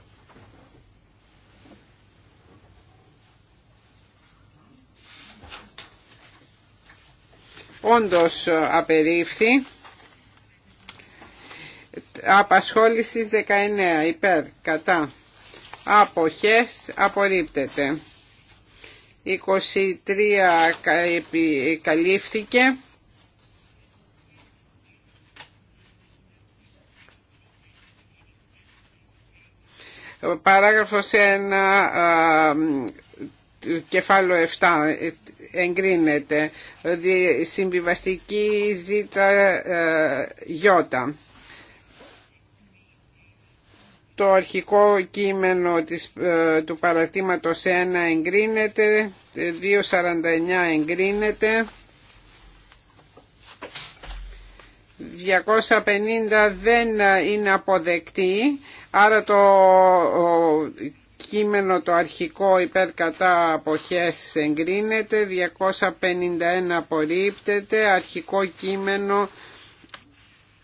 όντως απερίφθη απασχόλησης 19 υπέρ κατά αποχές απορρίπτεται 23 καλύφθηκε Παράγραφος 1, κεφάλαιο 7, ε, εγκρίνεται, συμβιβαστική ζήτα ε, γιώτα. Το αρχικό κείμενο της, ε, του παρατήματος 1 εγκρίνεται, 2.49 ε, εγκρίνεται, 250 δεν είναι αποδεκτή, άρα το κείμενο το αρχικό υπέρ κατά αποχές εγκρίνεται, 251 απορρίπτεται, αρχικό κείμενο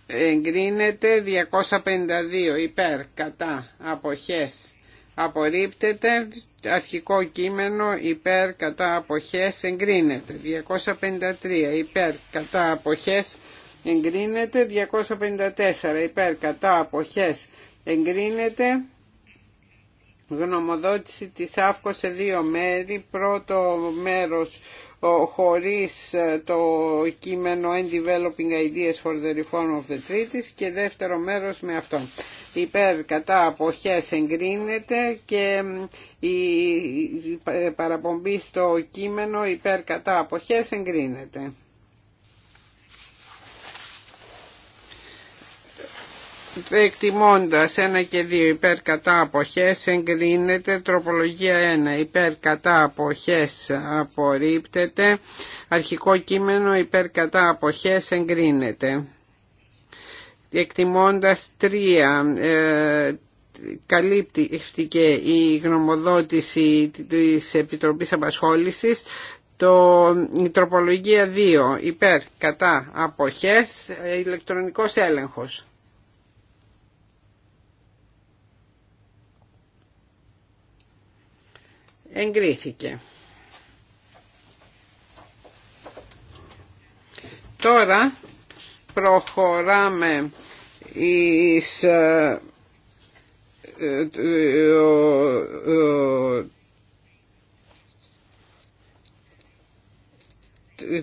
εγκρίνεται 252 υπέρ κατά αποχές απορρίπτεται αρχικό κείμενο υπέρ κατά αποχές εγκρίνεται 253 υπέρ κατά αποχές εγκρίνεται 254 υπέρ κατά αποχές εγκρίνεται γνωμοδότηση της ΑΦΚΟ σε δύο μέρη πρώτο μέρος χωρίς ε, το κείμενο «And developing ideas for the reform of the treaties» και δεύτερο μέρος με αυτό. Υπέρ κατά αποχές εγκρίνεται και η παραπομπή στο κείμενο υπέρ κατά αποχές εγκρίνεται. εκτιμώντας ένα και 2 υπέρ κατά αποχές εγκρίνεται, τροπολογία 1 υπέρ κατά αποχές απορρίπτεται, αρχικό κείμενο υπέρ κατά αποχές εγκρίνεται. Εκτιμώντας 3 ε, καλύπτηκε η γνωμοδότηση της Επιτροπής Απασχόλησης το, η τροπολογία 2 υπέρ κατά αποχές ηλεκτρονικός έλεγχος. Εγκρίθηκε. Τώρα προχωράμε εις ε, ε,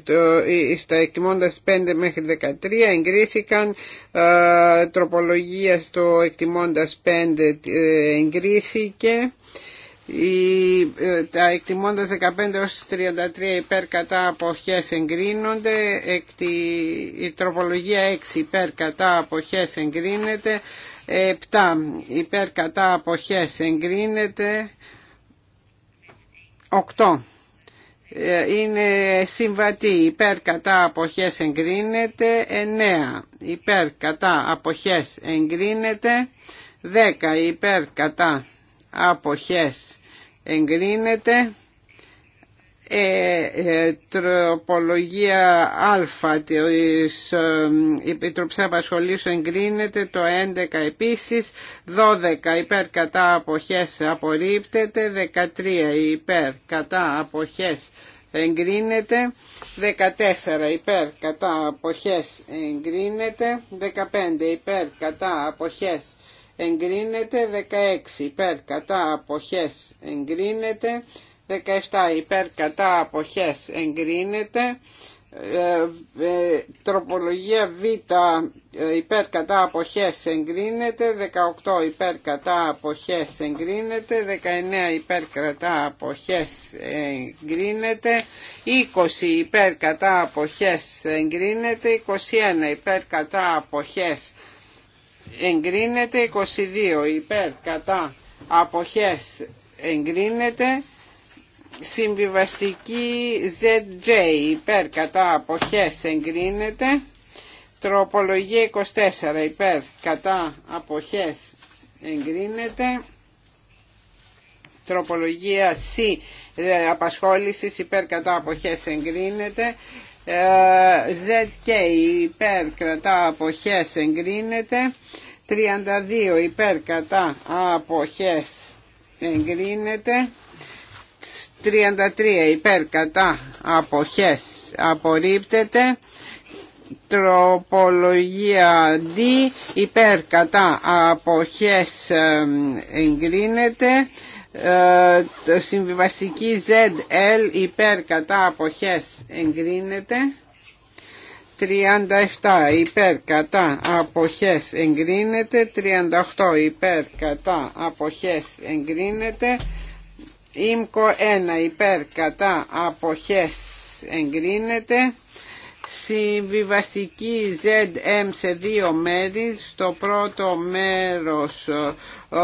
ε, στα εκτιμώντας 5 μέχρι 13 εγκρίθηκαν τροπολογία στο εκτιμώντας 5 εγκρίθηκε η ε, τα εκτιμώντας 15 έως 33 υπέρ κατά αποχές εγκρίνονται, εκτι, η τροπολογία 6 υπέρ κατά αποχές εγκρίνεται, 7 υπέρ κατά αποχές εγκρίνεται, 8 ε, είναι συμβατή υπέρ κατά αποχές εγκρίνεται 9 υπέρ κατά αποχές εγκρίνεται 10 υπέρ κατά αποχές εγκρίνεται ε, ε, τροπολογία α της ε, Επιτροπής Απασχολήσεων εγκρίνεται το 11 επίσης 12 υπέρ κατά αποχές απορρίπτεται 13 υπέρ κατά αποχές εγκρίνεται 14 υπέρ κατά αποχές εγκρίνεται 15 υπέρ κατά αποχές εγκρίνεται 16 υπέρ κατά αποχές εγκρίνεται 17 υπέρ κατά αποχές εγκρίνεται ε, ε, τροπολογία Β ε, υπέρ κατά αποχές εγκρίνεται 18 υπέρ κατά αποχές εγκρίνεται 19 υπέρ κατά αποχές εγκρίνεται 20 υπέρ κατά αποχές εγκρίνεται 21 υπέρ κατά αποχές εγκρίνεται εγκρίνεται 22 υπέρ κατά αποχές εγκρίνεται συμβιβαστική ZJ υπέρ κατά αποχές εγκρίνεται τροπολογία 24 υπέρ κατά αποχές εγκρίνεται τροπολογία C ε, απασχόλησης υπέρ κατά αποχές εγκρίνεται ε, ZK υπέρ κρατά αποχές εγκρίνεται 32 υπέρ κατά αποχές εγκρίνεται 33 υπέρ κατά αποχές απορρίπτεται τροπολογία D υπέρ κατά αποχές εγκρίνεται το ε, συμβιβαστική ZL υπέρ κατά αποχές εγκρίνεται 37 υπέρ κατά αποχές εγκρίνεται 38 υπέρ κατά αποχές εγκρίνεται ΙΜΚΟ 1 υπέρ κατά αποχές εγκρίνεται συμβιβαστική ZM σε δύο μέρη στο πρώτο μέρος ο,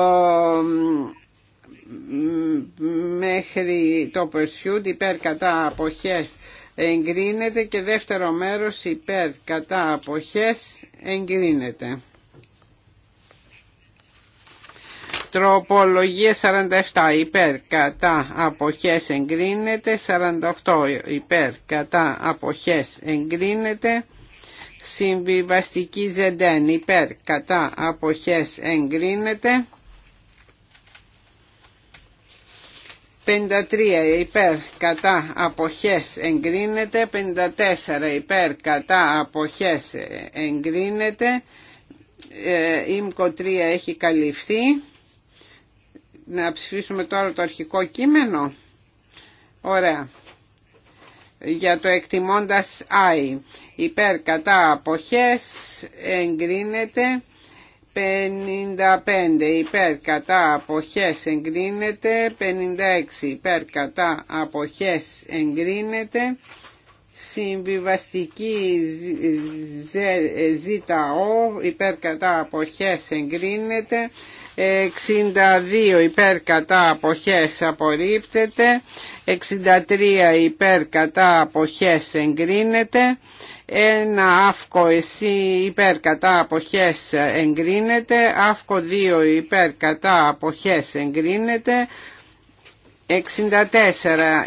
μέχρι το pursuit υπέρ κατά αποχές εγκρίνεται και δεύτερο μέρος υπέρ κατά αποχές εγκρίνεται. Τροπολογία 47 υπέρ κατά αποχές εγκρίνεται, 48 υπέρ κατά αποχές εγκρίνεται, συμβιβαστική ζεντέν υπέρ κατά αποχές εγκρίνεται. 53 υπέρ κατά αποχές εγκρίνεται, 54 υπέρ κατά αποχές εγκρίνεται, ε, ΙΜΚΟ 3 έχει καλυφθεί. Να ψηφίσουμε τώρα το αρχικό κείμενο. Ωραία. Για το εκτιμώντας I. Υπέρ κατά αποχές εγκρίνεται 55 υπέρ κατά αποχές εγκρίνεται, 56 υπέρ κατά αποχές εγκρίνεται, συμβιβαστική ε, ε, ο υπέρ κατά αποχές εγκρίνεται, 62 υπέρ κατά αποχές απορρίπτεται, 63 υπέρ κατά αποχές εγκρίνεται, ένα αύκο εσύ υπέρ κατά αποχές εγκρίνεται, αύκο 2 υπέρ κατά αποχές εγκρίνεται, 64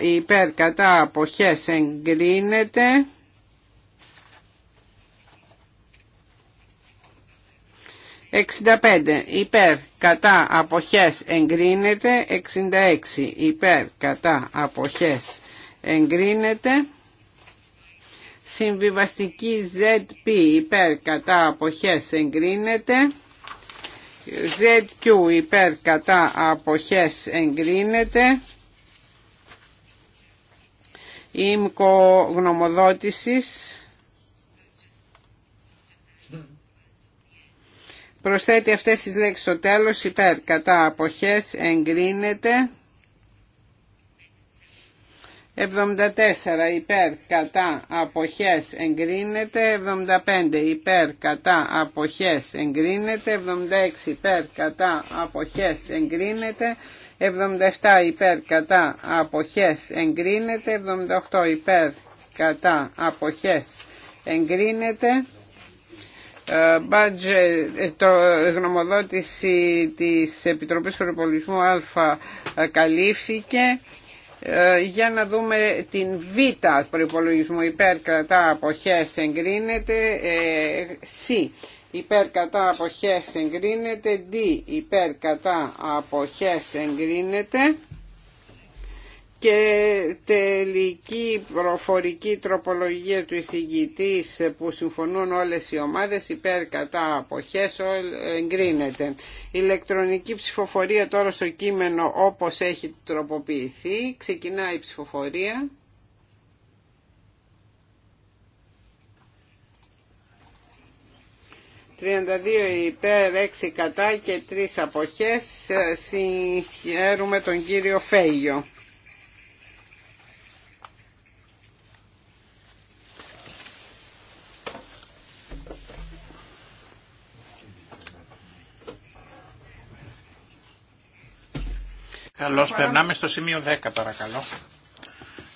υπέρ κατά αποχές εγκρίνεται, 65, υπέρ κατά αποχές εγκρίνεται, 66 υπέρ κατά αποχές εγκρίνεται. Συμβιβαστική ZP υπέρ κατά αποχές εγκρίνεται. ZQ υπέρ κατά αποχές εγκρίνεται. Ήμκο γνωμοδότησης. Προσθέτει αυτές τις λέξεις στο τέλος υπέρ κατά αποχές εγκρίνεται. 74 υπέρ κατά αποχές εγκρίνεται, 75 υπέρ κατά αποχές εγκρίνεται, 76 υπέρ κατά αποχές εγκρίνεται, 77 υπέρ κατά αποχές εγκρίνεται, 78 υπέρ κατά αποχές εγκρίνεται. Ε, ε, το γνωμοδότηση της Επιτροπής Προπολισμού Α ε, καλύφθηκε. Ε, για να δούμε την β προπολογισμού υπέρ κατά αποχές εγκρίνεται C ε, υπέρ κατά αποχές εγκρίνεται D υπέρ κατά αποχές εγκρίνεται και τελική προφορική τροπολογία του εισηγητή που συμφωνούν όλες οι ομάδες υπέρ κατά αποχές εγκρίνεται. Ηλεκτρονική ψηφοφορία τώρα στο κείμενο όπως έχει τροποποιηθεί. Ξεκινάει η ψηφοφορία. ...32 υπέρ, 6 κατά και 3 αποχές. Συγχαίρουμε τον κύριο Φέγιο. Καλώς περνάμε στο σημείο 10 παρακαλώ.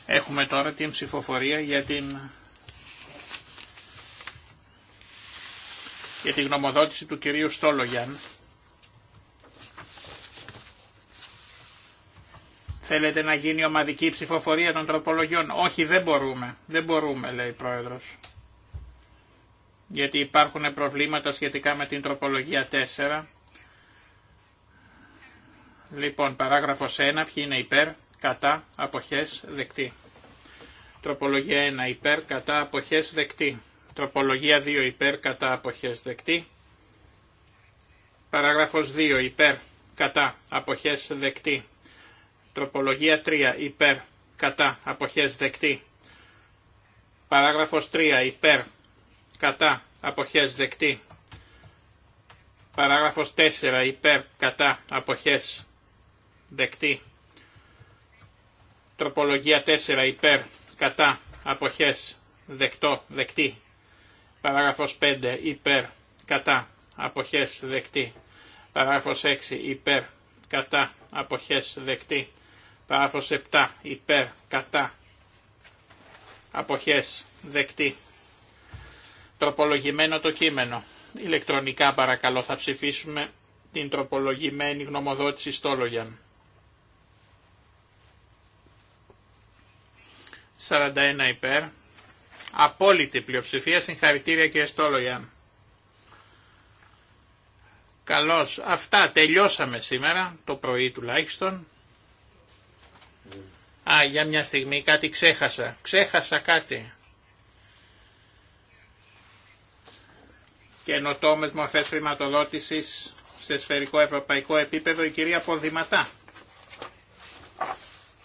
Έχουμε τώρα την ψηφοφορία για την για γνωμοδότηση του κυρίου Στόλογιαν. Θέλετε να γίνει ομαδική ψηφοφορία των τροπολογιών. Όχι, δεν μπορούμε. Δεν μπορούμε, λέει η Πρόεδρος. Γιατί υπάρχουν προβλήματα σχετικά με την τροπολογία 4 Λοιπόν, παράγραφος 1, ποιοι είναι υπέρ, κατά, αποχές, δεκτή. Τροπολογία 1, υπέρ, κατά, αποχές, δεκτή. Τροπολογία 2, υπέρ, κατά, αποχές, δεκτή. Παράγραφος 2, υπέρ, κατά, αποχές, δεκτή. Τροπολογία 3, υπέρ, κατά, αποχές, δεκτή. Παράγραφος 3, υπέρ, κατά, αποχές, δεκτή. Παράγραφος 4. Υπέρ, κατά, αποχές, δεκτή. Τροπολογία 4 υπέρ, κατά, αποχές, δεκτό, δεκτή. Παράγραφος 5 υπέρ, κατά, αποχές, δεκτή. Παράγραφος 6 υπέρ, κατά, αποχές, δεκτή. Παράγραφος 7 υπέρ, κατά, αποχές, δεκτή. Τροπολογημένο το κείμενο. Ηλεκτρονικά παρακαλώ θα ψηφίσουμε την τροπολογημένη γνωμοδότηση Στόλογιαν. 41 υπέρ. Απόλυτη πλειοψηφία. Συγχαρητήρια και Στόλογιάν. Καλώς. Αυτά τελειώσαμε σήμερα, το πρωί τουλάχιστον. Α, για μια στιγμή κάτι ξέχασα. Ξέχασα κάτι. Καινοτόμες μορφές χρηματοδότησης σε σφαιρικό ευρωπαϊκό επίπεδο η κυρία Ποδηματά.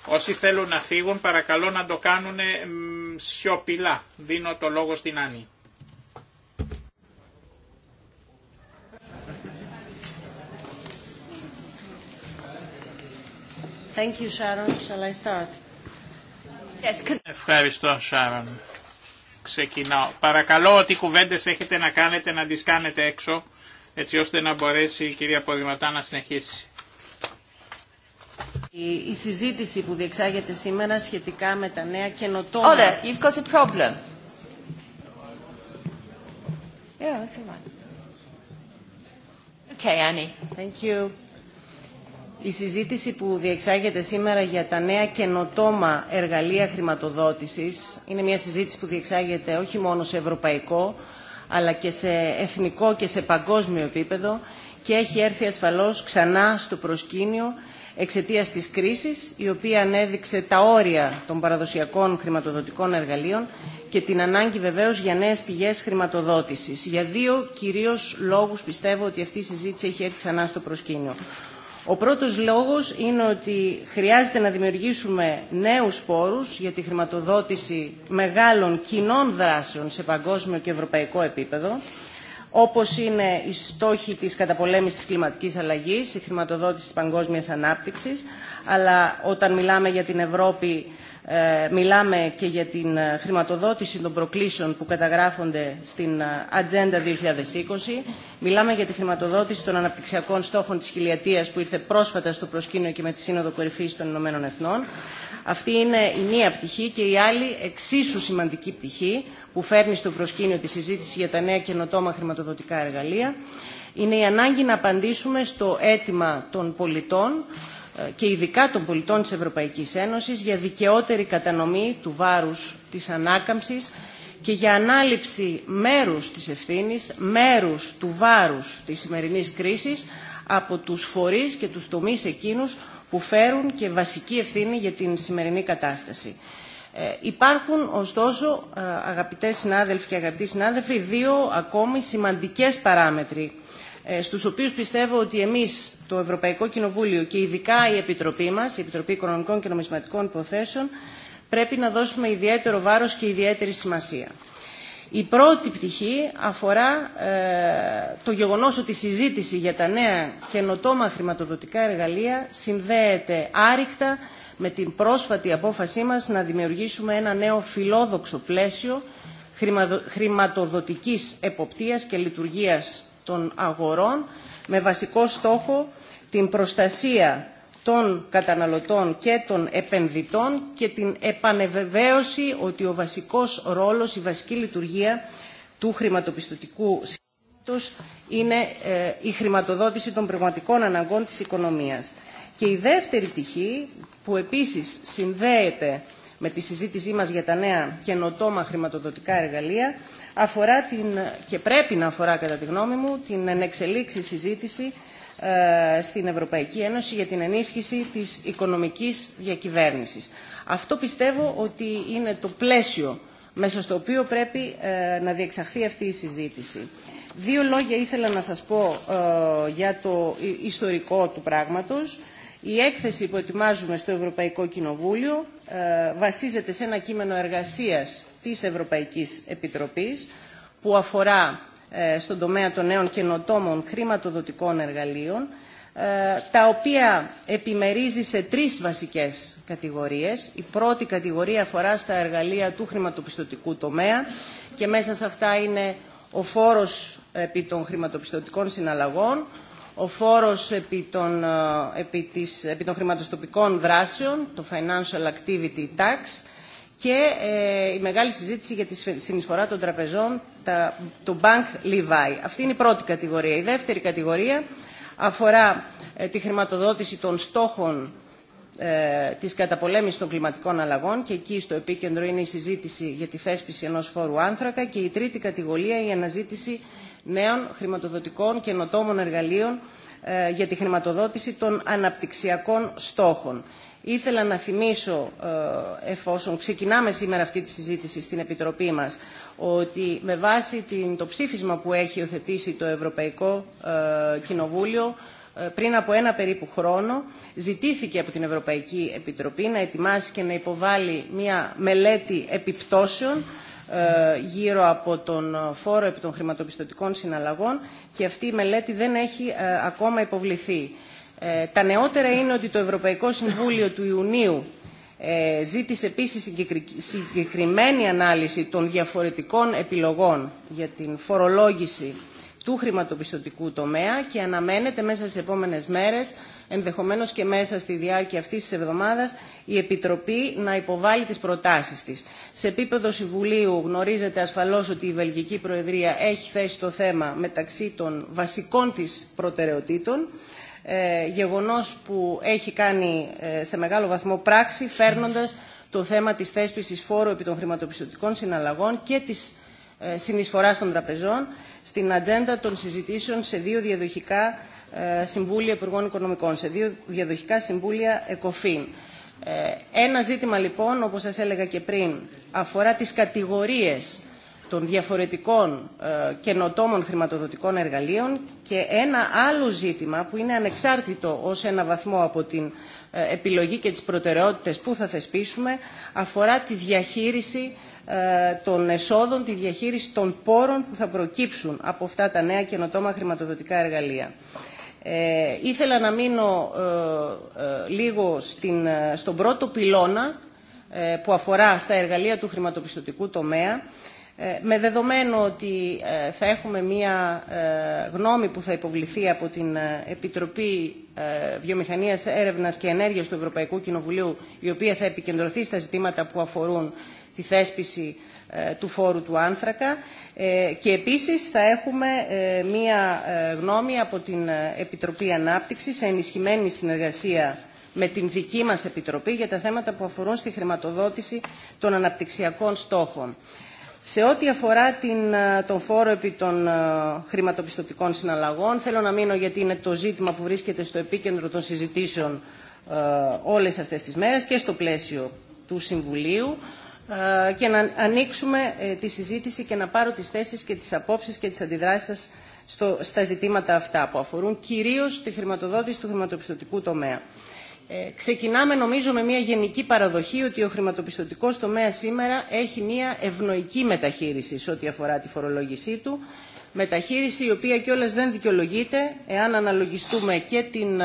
Όσοι θέλουν να φύγουν παρακαλώ να το κάνουν ε, σιωπηλά. Δίνω το λόγο στην Άννη. Thank you, Sharon. Shall I start? Yes. Ευχαριστώ Σάρων. Ξεκινάω. Παρακαλώ ότι κουβέντες έχετε να κάνετε να τις κάνετε έξω έτσι ώστε να μπορέσει η κυρία Ποδηματά να συνεχίσει. Η, συζήτηση που διεξάγεται σήμερα σχετικά με τα νέα καινοτόμα... Όλα, you've got a problem. Yeah, that's Okay, Annie. Thank you. Η συζήτηση που διεξάγεται σήμερα για τα νέα καινοτόμα εργαλεία χρηματοδότησης είναι μια συζήτηση που διεξάγεται όχι μόνο σε ευρωπαϊκό, αλλά και σε εθνικό και σε παγκόσμιο επίπεδο και έχει έρθει ασφαλώς ξανά στο προσκήνιο εξαιτίας της κρίσης, η οποία ανέδειξε τα όρια των παραδοσιακών χρηματοδοτικών εργαλείων και την ανάγκη βεβαίως για νέες πηγές χρηματοδότησης. Για δύο κυρίως λόγους πιστεύω ότι αυτή η συζήτηση έχει έρθει ξανά στο προσκήνιο. Ο πρώτος λόγος είναι ότι χρειάζεται να δημιουργήσουμε νέους πόρους για τη χρηματοδότηση μεγάλων κοινών δράσεων σε παγκόσμιο και ευρωπαϊκό επίπεδο όπως είναι οι στόχοι της καταπολέμησης της κλιματικής αλλαγής, η χρηματοδότηση της παγκόσμιας ανάπτυξης, αλλά όταν μιλάμε για την Ευρώπη ε, μιλάμε και για την ε, χρηματοδότηση των προκλήσεων που καταγράφονται στην ε, Ατζέντα 2020. Μιλάμε για τη χρηματοδότηση των αναπτυξιακών στόχων της χιλιατίας που ήρθε πρόσφατα στο προσκήνιο και με τη Σύνοδο Κορυφής των Ηνωμένων Εθνών. Αυτή είναι η μία πτυχή και η άλλη εξίσου σημαντική πτυχή που φέρνει στο προσκήνιο τη συζήτηση για τα νέα καινοτόμα χρηματοδοτικά εργαλεία είναι η ανάγκη να απαντήσουμε στο αίτημα των πολιτών ε, και ειδικά των πολιτών της Ευρωπαϊκής Ένωσης για δικαιότερη κατανομή του βάρους της ανάκαμψης και για ανάληψη μέρους της ευθύνης, μέρους του βάρους της σημερινής κρίσης από τους φορείς και τους τομείς εκείνους που φέρουν και βασική ευθύνη για την σημερινή κατάσταση. Ε, υπάρχουν ωστόσο, ε, αγαπητές συνάδελφοι και αγαπητοί συνάδελφοι, δύο ακόμη σημαντικές παράμετροι ε, στους οποίους πιστεύω ότι εμείς, το Ευρωπαϊκό Κοινοβούλιο και ειδικά η Επιτροπή μας, η Επιτροπή Οικονομικών και Νομισματικών Υποθέσεων, πρέπει να δώσουμε ιδιαίτερο βάρος και ιδιαίτερη σημασία. Η πρώτη πτυχή αφορά ε, το γεγονός ότι η συζήτηση για τα νέα καινοτόμα χρηματοδοτικά εργαλεία συνδέεται άρρηκτα με την πρόσφατη απόφασή μας να δημιουργήσουμε ένα νέο φιλόδοξο πλαίσιο χρηματοδοτικής εποπτείας και λειτουργίας των αγορών με βασικό στόχο την προστασία των καταναλωτών και των επενδυτών και την επανεβεβαίωση ότι ο βασικός ρόλος, η βασική λειτουργία του χρηματοπιστωτικού συστήματος είναι ε, η χρηματοδότηση των πραγματικών αναγκών της οικονομίας. Και η δεύτερη τυχή που επίσης συνδέεται με τη συζήτησή μας για τα νέα καινοτόμα χρηματοδοτικά εργαλεία αφορά την, και πρέπει να αφορά κατά τη γνώμη μου την ενεξελίξη συζήτηση ε, στην Ευρωπαϊκή Ένωση για την ενίσχυση της οικονομικής διακυβέρνησης. Αυτό πιστεύω ότι είναι το πλαίσιο μέσα στο οποίο πρέπει ε, να διεξαχθεί αυτή η συζήτηση. Δύο λόγια ήθελα να σας πω ε, για το ιστορικό του πράγματος. Η έκθεση που ετοιμάζουμε στο Ευρωπαϊκό Κοινοβούλιο βασίζεται σε ένα κείμενο εργασίας της Ευρωπαϊκής Επιτροπής που αφορά ε, στον τομέα των νέων καινοτόμων χρηματοδοτικών εργαλείων, ε, τα οποία επιμερίζει σε τρεις βασικές κατηγορίες. Η πρώτη κατηγορία αφορά στα εργαλεία του χρηματοπιστωτικού τομέα και μέσα σε αυτά είναι ο φόρος επί των χρηματοπιστωτικών συναλλαγών, ο φόρος επί των, ε, επί, της, επί των χρηματοστοπικών δράσεων, το Financial Activity Tax, και ε, η μεγάλη συζήτηση για τη συνεισφορά των τραπεζών, το Bank Levi. Αυτή είναι η πρώτη κατηγορία. Η δεύτερη κατηγορία αφορά ε, τη χρηματοδότηση των στόχων ε, της καταπολέμησης των κλιματικών αλλαγών και εκεί στο επίκεντρο είναι η συζήτηση για τη θέσπιση ενός φόρου άνθρακα και η τρίτη κατηγορία η αναζήτηση νέων χρηματοδοτικών καινοτόμων εργαλείων ε, για τη χρηματοδότηση των αναπτυξιακών στόχων. Ήθελα να θυμίσω, ε, εφόσον ξεκινάμε σήμερα αυτή τη συζήτηση στην Επιτροπή μας, ότι με βάση το ψήφισμα που έχει οθετήσει το Ευρωπαϊκό ε, Κοινοβούλιο, πριν από ένα περίπου χρόνο ζητήθηκε από την Ευρωπαϊκή Επιτροπή να ετοιμάσει και να υποβάλει μια μελέτη επιπτώσεων ε, γύρω από τον φόρο επί των χρηματοπιστωτικών συναλλαγών και αυτή η μελέτη δεν έχει ε, ακόμα υποβληθεί. Ε, τα νεότερα είναι ότι το Ευρωπαϊκό Συμβούλιο του Ιουνίου ζήτησε επίσης συγκεκριμένη ανάλυση των διαφορετικών επιλογών για την φορολόγηση του χρηματοπιστωτικού τομέα και αναμένεται μέσα στις επόμενες μέρες, ενδεχομένως και μέσα στη διάρκεια αυτής της εβδομάδας, η Επιτροπή να υποβάλει τις προτάσεις της. Σε επίπεδο Συμβουλίου γνωρίζετε ασφαλώς ότι η Βελγική Προεδρία έχει θέσει το θέμα μεταξύ των βασικών της προτεραιοτήτων, ε, γεγονός που έχει κάνει ε, σε μεγάλο βαθμό πράξη, φέρνοντας το θέμα της θέσπισης φόρου επί των χρηματοπιστωτικών συναλλαγών και της συνεισφοράς των τραπεζών στην ατζέντα των συζητήσεων σε δύο διαδοχικά ε, Συμβούλια Υπουργών Οικονομικών, σε δύο διαδοχικά Συμβούλια ΕΚΟΦΗΝ. Ε, ένα ζήτημα λοιπόν, όπως σας έλεγα και πριν, αφορά τις κατηγορίες των διαφορετικών ε, καινοτόμων χρηματοδοτικών εργαλείων και ένα άλλο ζήτημα που είναι ανεξάρτητο ως ένα βαθμό από την επιλογή και τις προτεραιότητες που θα θεσπίσουμε αφορά τη διαχείριση ε, των εσόδων, τη διαχείριση των πόρων που θα προκύψουν από αυτά τα νέα καινοτόμα χρηματοδοτικά εργαλεία. Ε, ήθελα να μείνω ε, ε, λίγο στην, στον πρώτο πυλώνα που αφορά στα εργαλεία του χρηματοπιστωτικού τομέα με δεδομένο ότι θα έχουμε μία γνώμη που θα υποβληθεί από την Επιτροπή Βιομηχανίας Έρευνας και Ενέργειας του Ευρωπαϊκού Κοινοβουλίου η οποία θα επικεντρωθεί στα ζητήματα που αφορούν τη θέσπιση ε, του φόρου του άνθρακα ε, και επίσης θα έχουμε ε, μία γνώμη από την Επιτροπή Ανάπτυξης σε ενισχυμένη συνεργασία με την δική μας Επιτροπή για τα θέματα που αφορούν στη χρηματοδότηση των αναπτυξιακών στόχων. Σε ό,τι αφορά την, τον φόρο επί των χρηματοπιστωτικών συναλλαγών, θέλω να μείνω γιατί είναι το ζήτημα που βρίσκεται στο επίκεντρο των συζητήσεων όλες αυτές τις μέρες και στο πλαίσιο του Συμβουλίου. Ε, και να ανοίξουμε ε, τη συζήτηση και να πάρω τις θέσεις και τις απόψεις και τις αντιδράσεις σας στα ζητήματα αυτά που αφορούν κυρίως τη χρηματοδότηση του χρηματοπιστωτικού τομέα. Ε, ξεκινάμε νομίζω με μια γενική παραδοχή ότι ο χρηματοπιστωτικός τομέας σήμερα έχει μια ευνοϊκή μεταχείριση σε ό,τι αφορά τη φορολόγησή του. Μεταχείριση η οποία κιόλα δεν δικαιολογείται εάν αναλογιστούμε και την,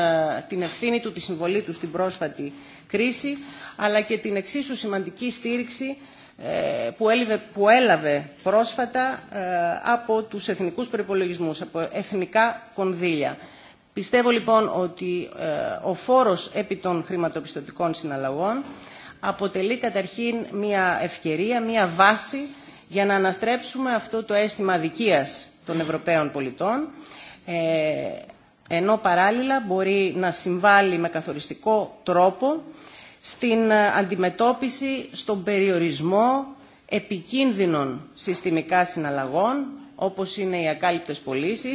την ευθύνη του, τη συμβολή του στην πρόσφατη κρίση, αλλά και την εξίσου σημαντική στήριξη ε, που, έλαβε, που έλαβε πρόσφατα ε, από τους εθνικούς προϋπολογισμούς, από εθνικά κονδύλια. Πιστεύω λοιπόν ότι ε, ο φόρος επί των χρηματοπιστωτικών συναλλαγών αποτελεί καταρχήν μια ευκαιρία, μια βάση για να αναστρέψουμε αυτό το αίσθημα αδικίας των Ευρωπαίων πολιτών, ενώ παράλληλα μπορεί να συμβάλλει με καθοριστικό τρόπο στην ε, αντιμετώπιση, στον περιορισμό επικίνδυνων συστημικά συναλλαγών, όπως είναι οι ακάλυπτες πωλήσει,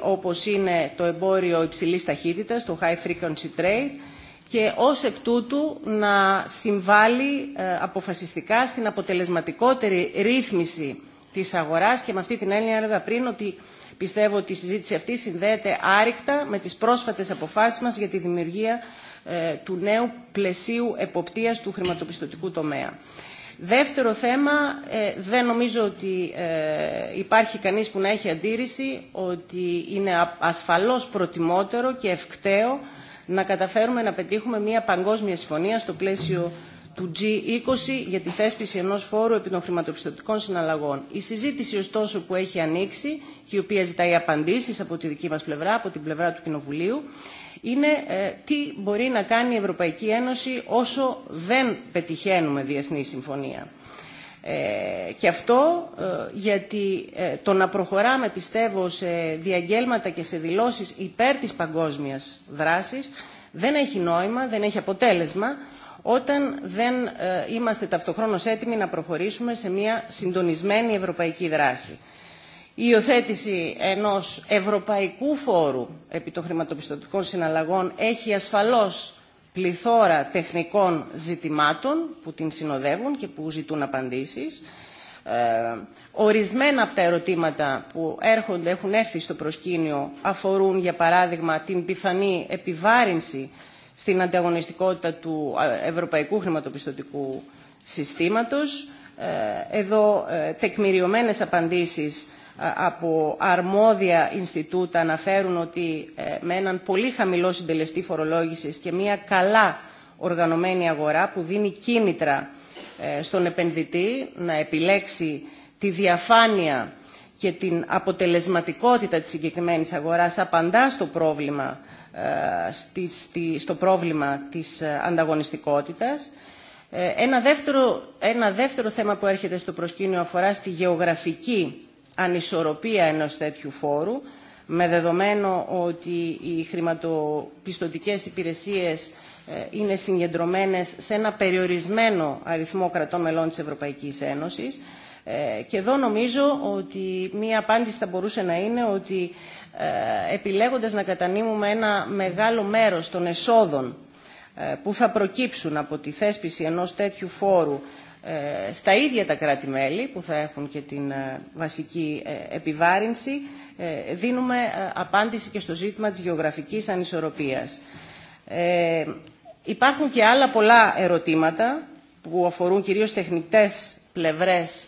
όπως είναι το εμπόριο υψηλής ταχύτητας, το high frequency trade, και ως εκ τούτου να συμβάλλει ε, αποφασιστικά στην αποτελεσματικότερη ρύθμιση της αγοράς και με αυτή την έννοια έλεγα πριν ότι πιστεύω ότι η συζήτηση αυτή συνδέεται άρρηκτα με τις πρόσφατες αποφάσεις μας για τη δημιουργία ε, του νέου πλαισίου εποπτείας του χρηματοπιστωτικού τομέα. Δεύτερο θέμα, ε, δεν νομίζω ότι ε, υπάρχει κανείς που να έχει αντίρρηση ότι είναι ασφαλώς προτιμότερο και ευκταίο να καταφέρουμε να πετύχουμε μια παγκόσμια συμφωνία στο πλαίσιο του G20 για τη θέσπιση ενός φόρου επί των χρηματοπιστωτικών συναλλαγών. Η συζήτηση ωστόσο που έχει ανοίξει και η οποία ζητάει απαντήσεις από τη δική μας πλευρά, από την πλευρά του Κοινοβουλίου, είναι ε, τι μπορεί να κάνει η Ευρωπαϊκή Ένωση όσο δεν πετυχαίνουμε διεθνή συμφωνία. Ε, και αυτό ε, γιατί το να προχωράμε πιστεύω σε διαγγέλματα και σε δηλώσεις υπέρ της παγκόσμιας δράσης δεν έχει νόημα, δεν έχει αποτέλεσμα όταν δεν είμαστε ταυτοχρόνως έτοιμοι να προχωρήσουμε σε μια συντονισμένη ευρωπαϊκή δράση η υιοθέτηση ενός ευρωπαϊκού φόρου επί των χρηματοπιστωτικών συναλλαγών έχει ασφαλώς πληθώρα τεχνικών ζητημάτων που την συνοδεύουν και που ζητούν απαντήσεις. Ε, ορισμένα από τα ερωτήματα που έρχονται, έχουν έρθει στο προσκήνιο αφορούν για παράδειγμα την πιθανή επιβάρυνση στην ανταγωνιστικότητα του ε, ευρωπαϊκού χρηματοπιστωτικού συστήματος. Ε, εδώ τεκμηριωμένες απαντήσεις ε, από αρμόδια Ινστιτούτα αναφέρουν ότι ε, με έναν πολύ χαμηλό συντελεστή φορολόγησης και μια καλά οργανωμένη αγορά που δίνει κίνητρα ε, στον επενδυτή να επιλέξει τη διαφάνεια και την αποτελεσματικότητα της συγκεκριμένης αγοράς απαντά στο πρόβλημα, στο πρόβλημα της ανταγωνιστικότητας. Ένα δεύτερο, ένα δεύτερο θέμα που έρχεται στο προσκήνιο αφορά στη γεωγραφική ανισορροπία ενός τέτοιου φόρου με δεδομένο ότι οι χρηματοπιστωτικές υπηρεσίες ε, είναι συγκεντρωμένες σε ένα περιορισμένο αριθμό κρατών μελών της Ευρωπαϊκής Ένωσης. Ε, και εδώ νομίζω ότι μία απάντηση θα μπορούσε να είναι ότι ε, επιλέγοντας να κατανείμουμε ένα μεγάλο μέρος των εσόδων που θα προκύψουν από τη θέσπιση ενός τέτοιου φόρου ε, στα ίδια τα κράτη-μέλη που θα έχουν και την ε, βασική ε, επιβάρυνση δίνουμε απάντηση και στο ζήτημα της γεωγραφικής ανισορροπίας. υπάρχουν και άλλα πολλά ερωτήματα που αφορούν κυρίως τεχνητές πλευρές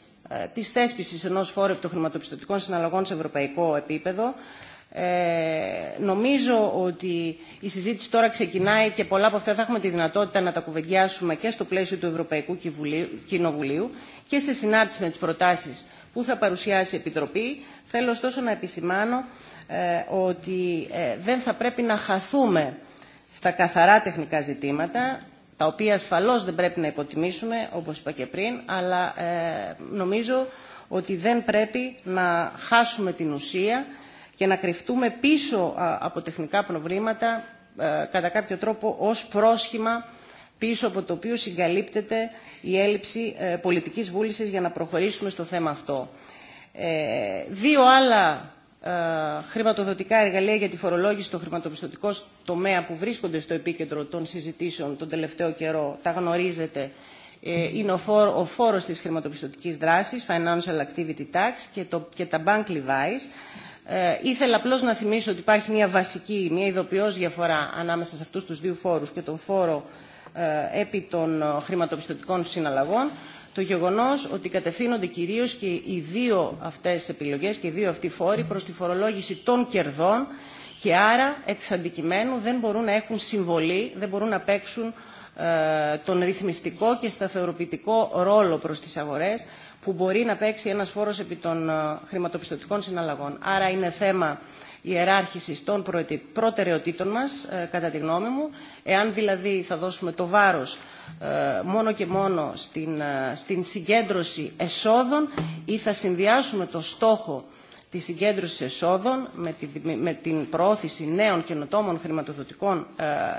της θέσπισης ενός φόρου των χρηματοπιστωτικών συναλλαγών σε ευρωπαϊκό επίπεδο ε, νομίζω ότι η συζήτηση τώρα ξεκινάει και πολλά από αυτά θα έχουμε τη δυνατότητα να τα κουβεντιάσουμε και στο πλαίσιο του Ευρωπαϊκού Κοινοβουλίου και σε συνάρτηση με τις προτάσεις που θα παρουσιάσει η Επιτροπή. Θέλω ωστόσο να επισημάνω ε, ότι ε, δεν θα πρέπει να χαθούμε στα καθαρά τεχνικά ζητήματα τα οποία ασφαλώς δεν πρέπει να υποτιμήσουμε, όπως είπα και πριν, αλλά ε, νομίζω ότι δεν πρέπει να χάσουμε την ουσία και να κρυφτούμε πίσω από τεχνικά προβλήματα κατά κάποιο τρόπο ως πρόσχημα πίσω από το οποίο συγκαλύπτεται η έλλειψη ε, πολιτικής βούλησης για να προχωρήσουμε στο θέμα αυτό. Ε, δύο άλλα χρηματοδοτικά εργαλεία για τη φορολόγηση στο χρηματοπιστωτικό τομέα που βρίσκονται στο επίκεντρο των συζητήσεων τον τελευταίο καιρό, τα γνωρίζετε, ε, είναι ο φόρος της χρηματοπιστωτικής δράσης, Financial Activity Tax και, το, τα Bank Levice. Ε, ήθελα απλώ να θυμίσω ότι υπάρχει μια βασική, μια ειδοποιώ διαφορά ανάμεσα σε αυτού του δύο φόρου και τον φόρο ε, επί των ε, χρηματοπιστωτικών συναλλαγών. Το γεγονό ότι κατευθύνονται κυρίω και οι δύο αυτέ επιλογέ και οι δύο αυτοί φόροι προ τη φορολόγηση των κερδών και άρα εξ αντικειμένου δεν μπορούν να έχουν συμβολή, δεν μπορούν να παίξουν τον ρυθμιστικό και σταθεροποιητικό ρόλο προς τις αγορές που μπορεί να παίξει ένας φόρος επί των ε, χρηματοπιστωτικών συναλλαγών. Άρα είναι θέμα ιεράρχησης των προτεραιοτήτων μας, ε, κατά τη γνώμη μου. Εάν δηλαδή θα δώσουμε το βάρος ε, μόνο και μόνο στην, στην συγκέντρωση εσόδων ή θα συνδυάσουμε το στόχο τη συγκέντρωση εσόδων με την, με την προώθηση νέων καινοτόμων χρηματοδοτικών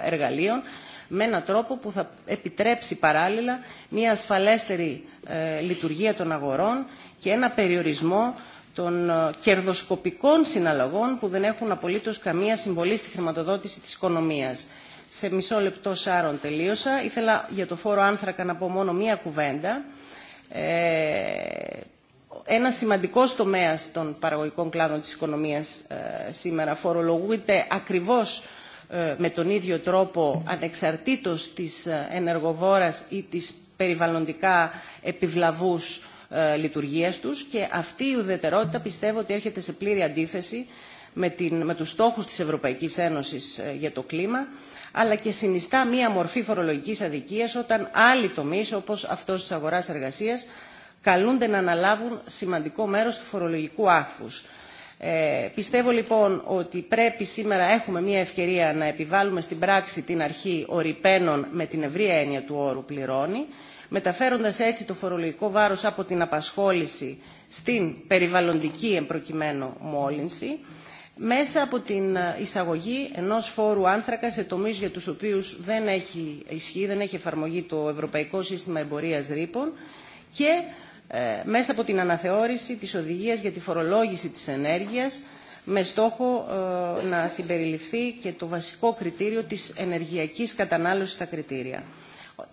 εργαλείων με έναν τρόπο που θα επιτρέψει παράλληλα μια ασφαλέστερη ε, λειτουργία των αγορών και ένα περιορισμό των ε, κερδοσκοπικών συναλλαγών που δεν έχουν απολύτως καμία συμβολή στη χρηματοδότηση της οικονομίας. Σε μισό λεπτό, Σάρων, τελείωσα. Ήθελα για το φόρο άνθρακα να πω μόνο μία κουβέντα. Ε, ένα σημαντικό τομέα των παραγωγικών κλάδων της οικονομίας σήμερα φορολογούνται ακριβώς ε, με τον ίδιο τρόπο ανεξαρτήτως της ε, ενεργοβόρας ή της περιβαλλοντικά επιβλαβούς ε, λειτουργίας τους και αυτή η ουδετερότητα πιστεύω ότι έρχεται σε πλήρη αντίθεση με, την, με τους στόχους της Ευρωπαϊκής Ένωσης για το κλίμα αλλά και συνιστά μία μορφή φορολογικής αδικίας όταν άλλοι τομείς όπως αυτός της αγοράς εργασίας καλούνται να αναλάβουν σημαντικό μέρος του φορολογικού άχθους. Ε, πιστεύω λοιπόν ότι πρέπει σήμερα έχουμε μια ευκαιρία να επιβάλλουμε στην πράξη την αρχή ορυπαίνων με την ευρία έννοια του όρου πληρώνει, μεταφέροντας έτσι το φορολογικό βάρος από την απασχόληση στην περιβαλλοντική εμπροκειμένο μόλυνση, μέσα από την εισαγωγή ενός φόρου άνθρακα σε τομείς για τους οποίους δεν έχει ισχύ, δεν έχει εφαρμογή το Ευρωπαϊκό Σύστημα Εμπορίας Ρήπων και ε, μέσα από την αναθεώρηση της οδηγίας για τη φορολόγηση της ενέργειας με στόχο ε, να συμπεριληφθεί και το βασικό κριτήριο της ενεργειακής κατανάλωσης στα κριτήρια.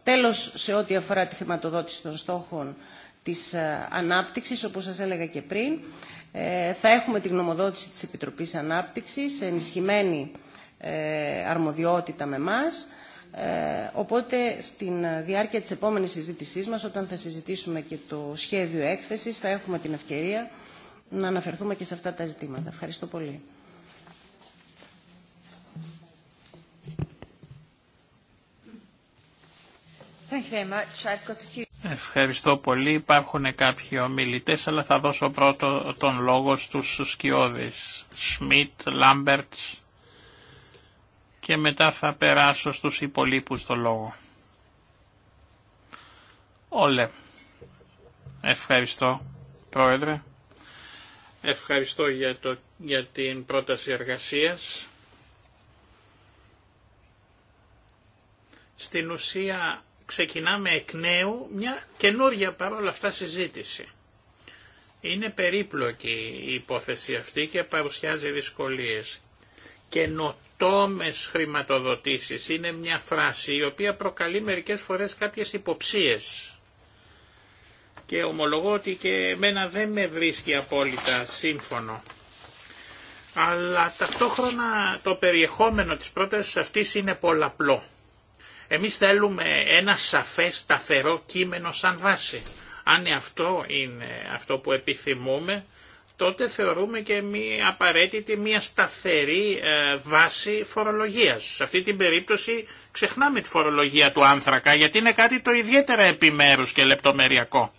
Τέλος, σε ό,τι αφορά τη χρηματοδότηση των στόχων της ε, ανάπτυξης, όπως σας έλεγα και πριν, θα έχουμε τη γνωμοδότηση της Επιτροπής Ανάπτυξης, ενισχυμένη αρμοδιότητα με μας ε, οπότε, στην διάρκεια της επόμενης συζήτησής μας, όταν θα συζητήσουμε και το σχέδιο έκθεσης, θα έχουμε την ευκαιρία να αναφερθούμε και σε αυτά τα ζητήματα. Ευχαριστώ πολύ. Ευχαριστώ πολύ. Υπάρχουν κάποιοι ομιλητές, αλλά θα δώσω πρώτο τον λόγο στους σκιώδεις. Σμιτ, Λάμπερτς και μετά θα περάσω στους υπολείπους το λόγο. Όλε. Ευχαριστώ, Πρόεδρε. Ευχαριστώ για, για την πρόταση εργασίας. Στην ουσία ξεκινάμε εκ νέου μια καινούργια παρόλα αυτά συζήτηση. Είναι περίπλοκη η υπόθεση αυτή και παρουσιάζει δυσκολίες. Καινοτόμο «Τόμες χρηματοδοτήσεις είναι μια φράση η οποία προκαλεί μερικές φορές κάποιες υποψίες. Και ομολογώ ότι και εμένα δεν με βρίσκει απόλυτα σύμφωνο. Αλλά ταυτόχρονα το περιεχόμενο της πρότασης αυτής είναι πολλαπλό. Εμείς θέλουμε ένα σαφές σταθερό κείμενο σαν βάση. Αν αυτό είναι αυτό που επιθυμούμε, τότε θεωρούμε και μία απαραίτητη μία σταθερή ε, βάση φορολογίας. Σε αυτή την περίπτωση ξεχνάμε τη φορολογία του άνθρακα γιατί είναι κάτι το ιδιαίτερα επιμέρους και λεπτομεριακό.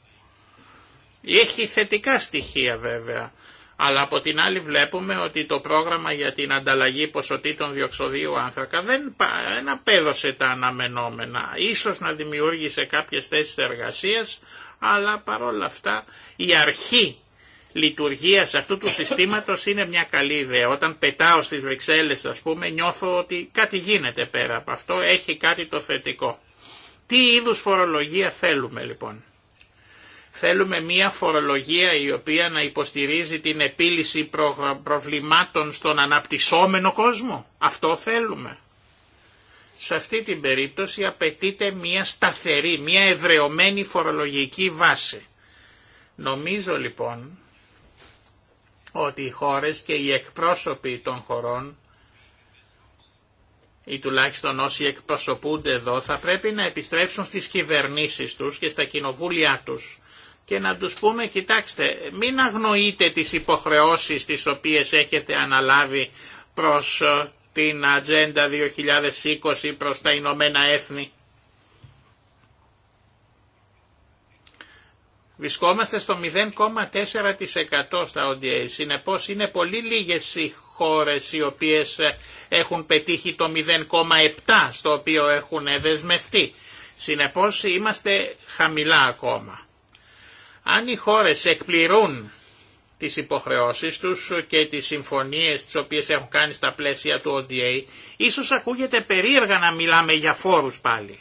Έχει θετικά στοιχεία βέβαια. Αλλά από την άλλη βλέπουμε ότι το πρόγραμμα για την ανταλλαγή ποσοτήτων διοξοδίου άνθρακα δεν, δεν απέδωσε τα αναμενόμενα. Ίσως να δημιούργησε κάποιες θέσεις εργασίας, αλλά παρόλα αυτά η αρχή Λειτουργία αυτού του συστήματο είναι μια καλή ιδέα. Όταν πετάω στις Βρυξέλλε, ας πούμε νιώθω ότι κάτι γίνεται πέρα από αυτό, έχει κάτι το θετικό. Τι είδου φορολογία θέλουμε λοιπόν. Θέλουμε μια φορολογία η οποία να υποστηρίζει την επίλυση προβλημάτων στον αναπτυσσόμενο κόσμο. Αυτό θέλουμε. Σε αυτή την περίπτωση απαιτείται μια σταθερή, μια εδρεωμένη φορολογική βάση. Νομίζω λοιπόν ότι οι χώρες και οι εκπρόσωποι των χωρών ή τουλάχιστον όσοι εκπροσωπούνται εδώ θα πρέπει να επιστρέψουν στις κυβερνήσεις τους και στα κοινοβούλια τους και να τους πούμε κοιτάξτε μην αγνοείτε τις υποχρεώσεις τις οποίες έχετε αναλάβει προς ε, την Ατζέντα 2020 προς τα Ηνωμένα Έθνη Βρισκόμαστε στο 0,4% στα ODA. Συνεπώς είναι πολύ λίγες οι χώρε οι οποίες ε, έχουν πετύχει το 0,7% στο οποίο έχουν δεσμευτεί. Συνεπώς είμαστε χαμηλά ακόμα. Αν οι χώρε εκπληρούν τις υποχρεώσεις τους και τις συμφωνίες τις οποίες έχουν κάνει στα πλαίσια του ODA, ίσως ακούγεται περίεργα να μιλάμε για φόρους πάλι.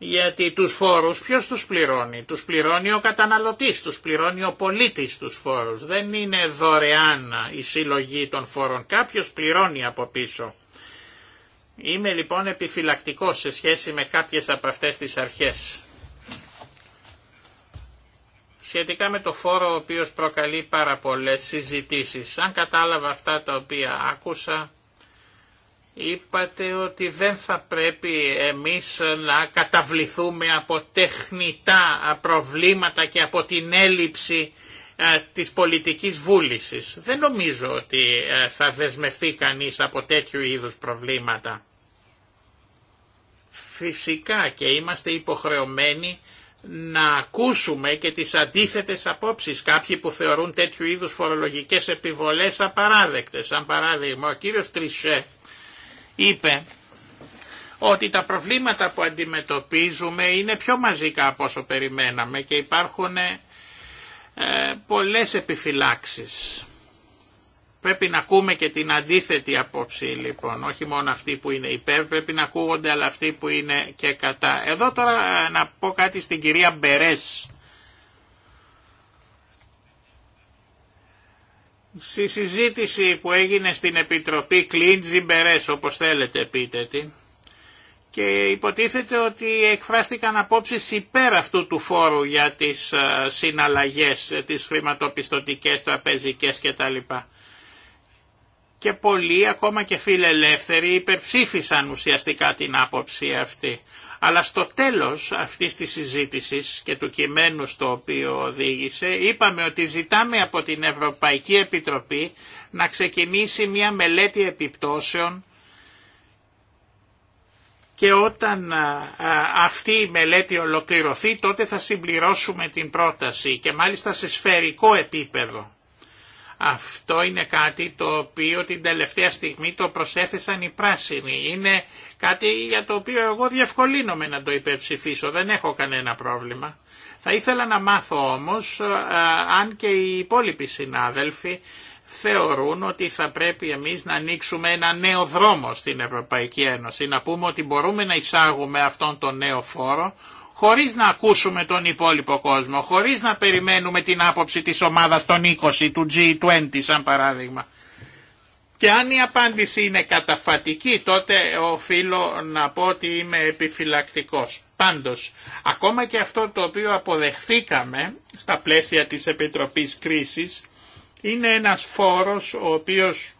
Γιατί τους φόρους ποιος τους πληρώνει. Τους πληρώνει ο καταναλωτής, τους πληρώνει ο πολίτης τους φόρους. Δεν είναι δωρεάν η συλλογή των φόρων. Κάποιος πληρώνει από πίσω. Είμαι λοιπόν επιφυλακτικός σε σχέση με κάποιες από αυτές τις αρχές. Σχετικά με το φόρο ο οποίος προκαλεί πάρα πολλές συζητήσεις. Αν κατάλαβα αυτά τα οποία άκουσα, είπατε ότι δεν θα πρέπει εμείς να καταβληθούμε από τεχνητά προβλήματα και από την έλλειψη ε, της πολιτικής βούλησης. Δεν νομίζω ότι ε, θα δεσμευτεί κανείς από τέτοιου είδους προβλήματα. Φυσικά και είμαστε υποχρεωμένοι να ακούσουμε και τις αντίθετες απόψεις κάποιοι που θεωρούν τέτοιου είδους φορολογικές επιβολές απαράδεκτες. Σαν παράδειγμα ο κύριος είπε ότι τα προβλήματα που αντιμετωπίζουμε είναι πιο μαζικά από όσο περιμέναμε και υπάρχουν ε, πολλές επιφυλάξεις. Πρέπει να ακούμε και την αντίθετη απόψη λοιπόν, όχι μόνο αυτοί που είναι υπέρ, πρέπει να ακούγονται αλλά αυτοί που είναι και κατά. Εδώ τώρα να πω κάτι στην κυρία Μπερές. Στη συζήτηση που έγινε στην Επιτροπή Κλίντζι όπως θέλετε πείτε την, και υποτίθεται ότι εκφράστηκαν απόψεις υπέρ αυτού του φόρου για τις ε, συναλλαγές, ε, τις χρηματοπιστωτικές, τραπεζικές κτλ. Και πολλοί, ακόμα και φιλελεύθεροι, υπερψήφισαν ουσιαστικά την άποψη αυτή. Αλλά στο τέλος αυτής της συζήτησης και του κειμένου στο οποίο οδήγησε είπαμε ότι ζητάμε από την Ευρωπαϊκή Επιτροπή να ξεκινήσει μια μελέτη επιπτώσεων και όταν αυτή η μελέτη ολοκληρωθεί τότε θα συμπληρώσουμε την πρόταση και μάλιστα σε σφαιρικό επίπεδο. Αυτό είναι κάτι το οποίο την τελευταία στιγμή το προσέθεσαν οι πράσινοι. Είναι κάτι για το οποίο εγώ διευκολύνομαι να το υπερψηφίσω, δεν έχω κανένα πρόβλημα. Θα ήθελα να μάθω όμως ε, αν και οι υπόλοιποι συνάδελφοι θεωρούν ότι θα πρέπει εμείς να ανοίξουμε ένα νέο δρόμο στην Ευρωπαϊκή Ένωση, να πούμε ότι μπορούμε να εισάγουμε αυτόν τον νέο φόρο, χωρίς να ακούσουμε τον υπόλοιπο κόσμο, χωρίς να περιμένουμε την άποψη της ομάδας των 20, του G20 σαν παράδειγμα. Και αν η απάντηση είναι καταφατική, τότε οφείλω να πω ότι είμαι επιφυλακτικός. Πάντως, ακόμα και αυτό το οποίο αποδεχθήκαμε στα πλαίσια της Επιτροπής Κρίσης, είναι ένας φόρος ο οποίος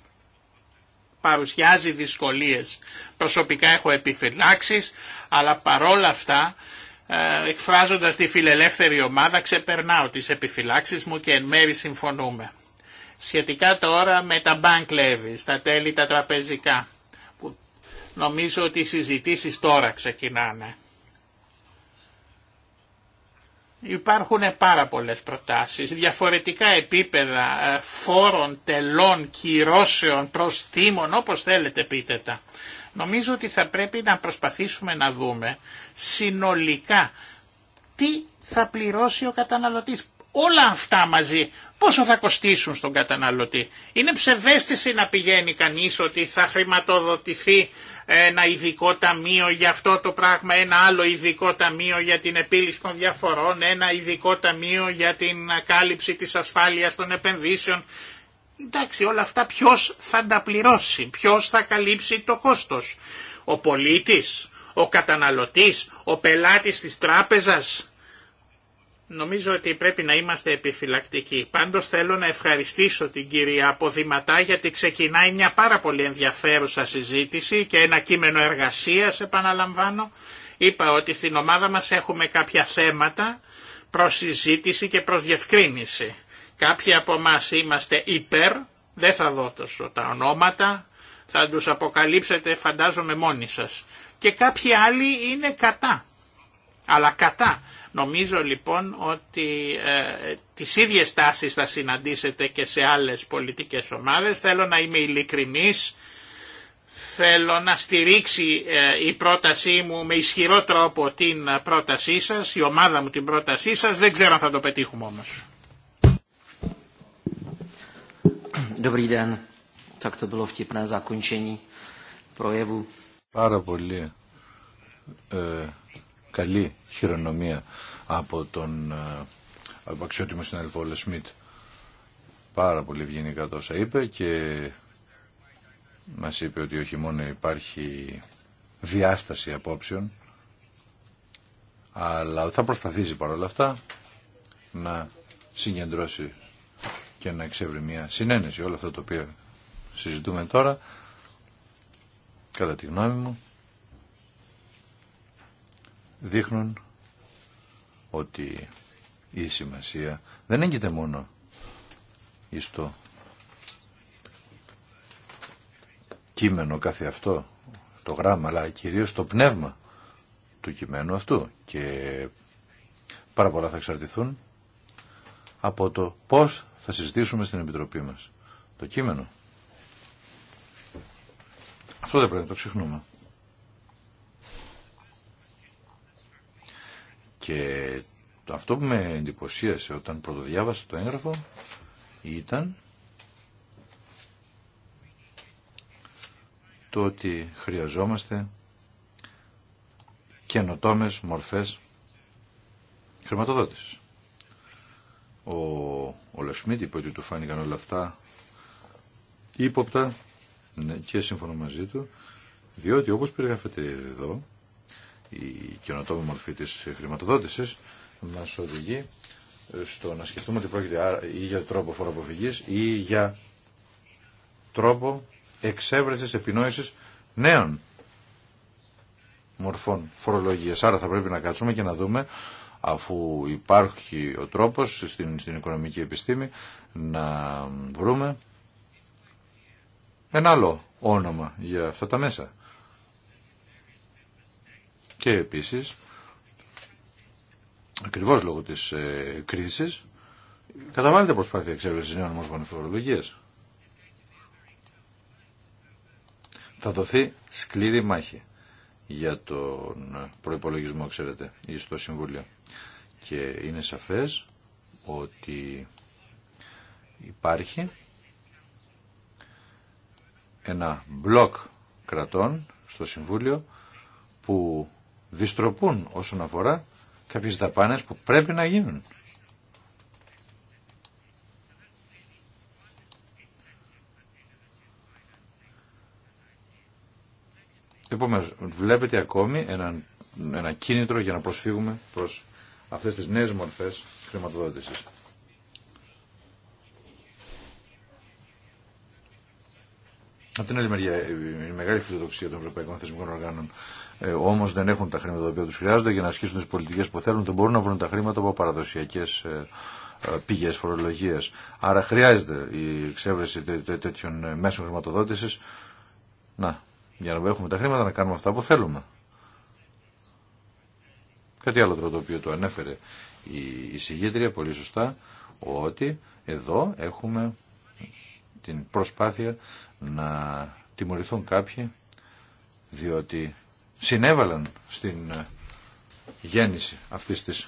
παρουσιάζει δυσκολίες. Προσωπικά έχω επιφυλάξεις, αλλά παρόλα αυτά ε, εκφράζοντας τη φιλελεύθερη ομάδα ξεπερνάω τις επιφυλάξεις μου και εν μέρη συμφωνούμε. Σχετικά τώρα με τα bank levies, τα τέλη τα τραπεζικά, που νομίζω ότι οι συζητήσεις τώρα ξεκινάνε. Υπάρχουν πάρα πολλές προτάσεις, διαφορετικά επίπεδα ε, φόρων, τελών, κυρώσεων, προστήμων, όπως θέλετε πείτε τα. Νομίζω ότι θα πρέπει να προσπαθήσουμε να δούμε συνολικά τι θα πληρώσει ο καταναλωτής. Όλα αυτά μαζί πόσο θα κοστίσουν στον καταναλωτή. Είναι ψευδέστηση να πηγαίνει κανείς ότι θα χρηματοδοτηθεί ένα ειδικό ταμείο για αυτό το πράγμα, ένα άλλο ειδικό ταμείο για την επίλυση των διαφορών, ένα ειδικό ταμείο για την κάλυψη της ασφάλειας των επενδύσεων Εντάξει, όλα αυτά ποιο θα τα πληρώσει, ποιο θα καλύψει το κόστος. Ο πολίτη, ο καταναλωτή, ο πελάτη της Τράπεζα. Νομίζω ότι πρέπει να είμαστε επιφυλακτικοί. Πάντως θέλω να ευχαριστήσω την κυρία Αποδηματά γιατί ξεκινάει μια πάρα πολύ ενδιαφέρουσα συζήτηση και ένα κείμενο εργασίας επαναλαμβάνω. Είπα ότι στην ομάδα μας έχουμε κάποια θέματα προς συζήτηση και προς διευκρίνηση. Κάποιοι από εμά είμαστε υπέρ, δεν θα δω τα ονόματα, θα τους αποκαλύψετε φαντάζομαι μόνοι σας. Και κάποιοι άλλοι είναι κατά, αλλά κατά. Νομίζω λοιπόν ότι ε, τις ίδιες τάσεις θα συναντήσετε και σε άλλες πολιτικές ομάδες. Θέλω να είμαι ειλικρινής, θέλω να στηρίξει ε, η πρότασή μου με ισχυρό τρόπο την πρότασή σας, η ομάδα μου την πρότασή σας. Δεν ξέρω αν θα το πετύχουμε όμως. Dobrý den. Tak to bylo vtipné Πάρα πολύ ε, καλή χειρονομία από τον ε, μου αξιότιμο συνάδελφο Όλε Σμιτ. Πάρα πολύ ευγενικά τόσα είπε και μας είπε ότι όχι μόνο υπάρχει διάσταση απόψεων αλλά θα προσπαθήσει παρόλα αυτά να συγκεντρώσει και να εξεύρει μια συνένεση. Όλα αυτά τα οποία συζητούμε τώρα, κατά τη γνώμη μου, δείχνουν ότι η σημασία δεν έγκυται μόνο στο κείμενο κάθε αυτό, το γράμμα, αλλά κυρίως το πνεύμα του κειμένου αυτού και πάρα πολλά θα εξαρτηθούν από το πώς θα συζητήσουμε στην Επιτροπή μας το κείμενο. Αυτό δεν πρέπει να το ξεχνούμε. Και το αυτό που με εντυπωσίασε όταν πρωτοδιάβασα το έγγραφο ήταν το ότι χρειαζόμαστε καινοτόμες μορφές χρηματοδότησης. Ο, ο είπε ότι του φάνηκαν όλα αυτά ύποπτα ναι, και σύμφωνα μαζί του, διότι όπως περιγράφεται εδώ, η καινοτόμη μορφή της χρηματοδότησης μας οδηγεί στο να σκεφτούμε ότι πρόκειται ή για τρόπο φοροαποφυγής ή για τρόπο εξέβρεσης, επινόησης νέων μορφών φορολογίας. Άρα θα πρέπει να κάτσουμε και να δούμε αφού υπάρχει ο τρόπος στην, στην οικονομική επιστήμη να βρούμε ένα άλλο όνομα για αυτά τα μέσα. Και επίσης, ακριβώς λόγω της ε, κρίσης, καταβάλλεται προσπάθεια εξέβρεσης νέων μορφών φορολογίας. Θα δοθεί σκληρή μάχη για τον προϋπολογισμό, ξέρετε, ή στο Συμβούλιο και είναι σαφές ότι υπάρχει ένα μπλοκ κρατών στο Συμβούλιο που διστροπούν όσον αφορά κάποιες δαπάνες που πρέπει να γίνουν. Επομένως, βλέπετε ακόμη ένα, ένα κίνητρο για να προσφύγουμε προς αυτές τις νέες μορφές χρηματοδότησης. Από την άλλη μεριά, η μεγάλη φιλοδοξία των Ευρωπαϊκών Θεσμικών Οργάνων ε, όμω δεν έχουν τα χρήματα τα οποία του χρειάζονται για να ασκήσουν τι πολιτικέ που θέλουν. Δεν μπορούν να βρουν τα χρήματα από παραδοσιακέ ε, ε, πηγές φορολογία. Άρα χρειάζεται η εξέβρεση τέτοιων ε, μέσων χρηματοδότηση για να έχουμε τα χρήματα να κάνουμε αυτά που θέλουμε. Κάτι άλλο το οποίο το ανέφερε η εισηγήτρια πολύ σωστά, ότι εδώ έχουμε την προσπάθεια να τιμωρηθούν κάποιοι διότι συνέβαλαν στην ε, γέννηση αυτής της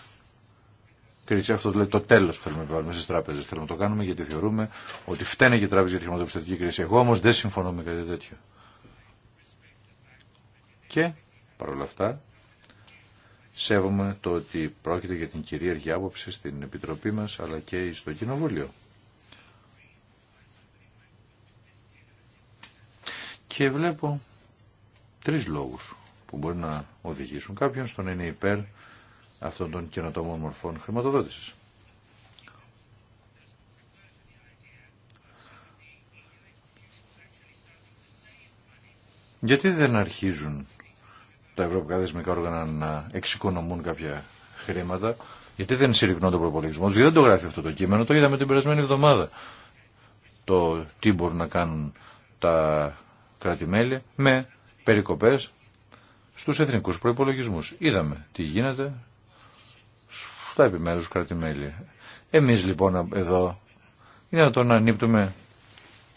κρίση. Αυτό λέει το τέλος που θέλουμε να βάλουμε στι τράπεζε. Θέλουμε να το κάνουμε γιατί θεωρούμε ότι φταίνε και οι τράπεζε για τη χρηματοπιστωτική κρίση. Εγώ όμω δεν συμφωνώ με κάτι τέτοιο. Και παρόλα αυτά σέβομαι το ότι πρόκειται για την κυρίαρχη άποψη στην Επιτροπή μας αλλά και στο Κοινοβούλιο. Και βλέπω τρεις λόγους που μπορεί να οδηγήσουν κάποιον στο να είναι υπέρ αυτών των καινοτόμων μορφών χρηματοδότησης. Γιατί δεν αρχίζουν τα ευρωπαϊκά δεσμικά όργανα να εξοικονομούν κάποια χρήματα. Γιατί δεν συρρυκνώνται τον προπολογισμό γιατί δεν το γράφει αυτό το κείμενο, το είδαμε την περασμένη εβδομάδα. Το τι μπορούν να κάνουν τα κράτη-μέλη με περικοπέ στου εθνικού προπολογισμού. Είδαμε τι γίνεται στα επιμέρου κρατη κράτη-μέλη. Εμείς λοιπόν εδώ είναι να το να ανήπτουμε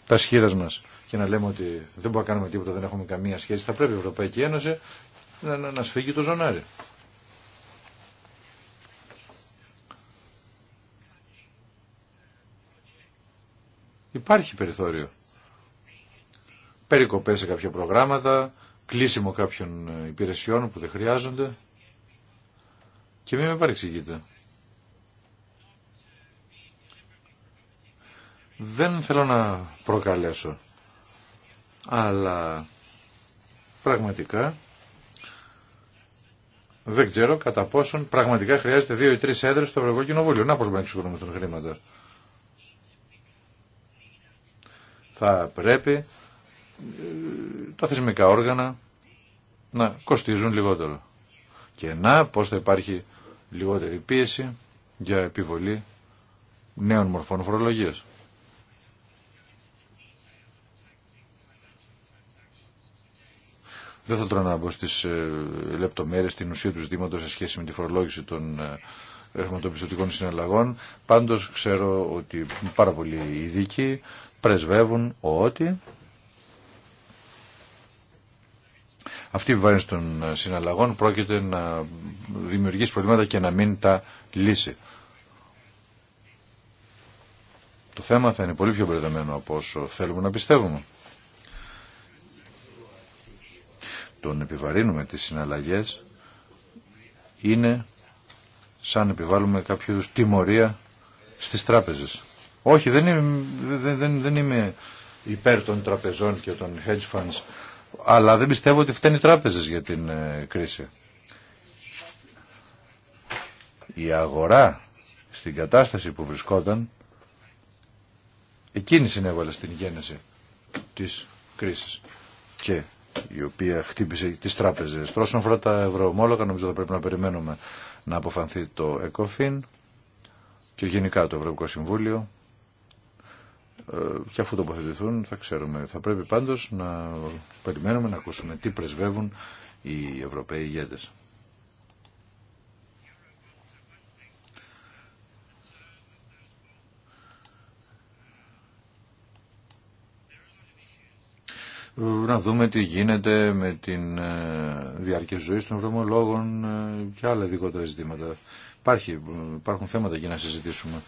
τα σχήρα μα και να λέμε ότι δεν μπορούμε να κάνουμε τίποτα, δεν έχουμε καμία σχέση. Θα πρέπει η Ευρωπαϊκή Ένωση να, να, σφίγγει το ζωνάρι. Υπάρχει περιθώριο. Περικοπές σε κάποια προγράμματα, κλείσιμο κάποιων ε, υπηρεσιών που δεν χρειάζονται και μην με παρεξηγείτε. Δεν θέλω να προκαλέσω, αλλά πραγματικά δεν ξέρω κατά πόσον πραγματικά χρειάζεται δύο ή τρει έδρε στο Ευρωπαϊκό Κοινοβούλιο. Να πώ να εξοικονομηθούν χρήματα. Θα πρέπει ε, τα θεσμικά όργανα να κοστίζουν λιγότερο. Και να πώ θα υπάρχει λιγότερη πίεση για επιβολή νέων μορφών φορολογίας. Δεν θα τρώω να μπω στις ε, λεπτομέρειες, στην ουσία του ζήτηματο σε σχέση με τη φορολόγηση των χρηματοπιστωτικών ε, συναλλαγών. Πάντως ξέρω ότι πάρα πολλοί ειδικοί πρεσβεύουν ότι αυτή η βάρυνση των ε, συναλλαγών πρόκειται να δημιουργήσει προβλήματα και να μην τα λύσει. Το θέμα θα είναι πολύ πιο μπερδεμένο από όσο θέλουμε να πιστεύουμε. τον επιβαρύνουμε τις συναλλαγές είναι σαν επιβάλλουμε κάποιο είδους τιμωρία στις τράπεζες. Όχι, δεν είμαι, δεν, δεν υπέρ των τραπεζών και των hedge funds, αλλά δεν πιστεύω ότι φταίνει οι τράπεζες για την ε, κρίση. Η αγορά στην κατάσταση που βρισκόταν, εκείνη συνέβαλε στην γέννηση της κρίσης. Και η οποία χτύπησε τις τράπεζες. Τώρα όσον τα ευρωομόλογα νομίζω θα πρέπει να περιμένουμε να αποφανθεί το ΕΚΟΦΗΝ και γενικά το Ευρωπαϊκό Συμβούλιο ε, και αφού τοποθετηθούν θα ξέρουμε. Θα πρέπει πάντως να περιμένουμε να ακούσουμε τι πρεσβεύουν οι Ευρωπαίοι ηγέτες. να δούμε τι γίνεται με την ε, διάρκεια ζωή των βρωμολόγων ε, και άλλα ειδικότερα ζητήματα. Υπάρχει, ε, υπάρχουν θέματα εκεί να συζητήσουμε.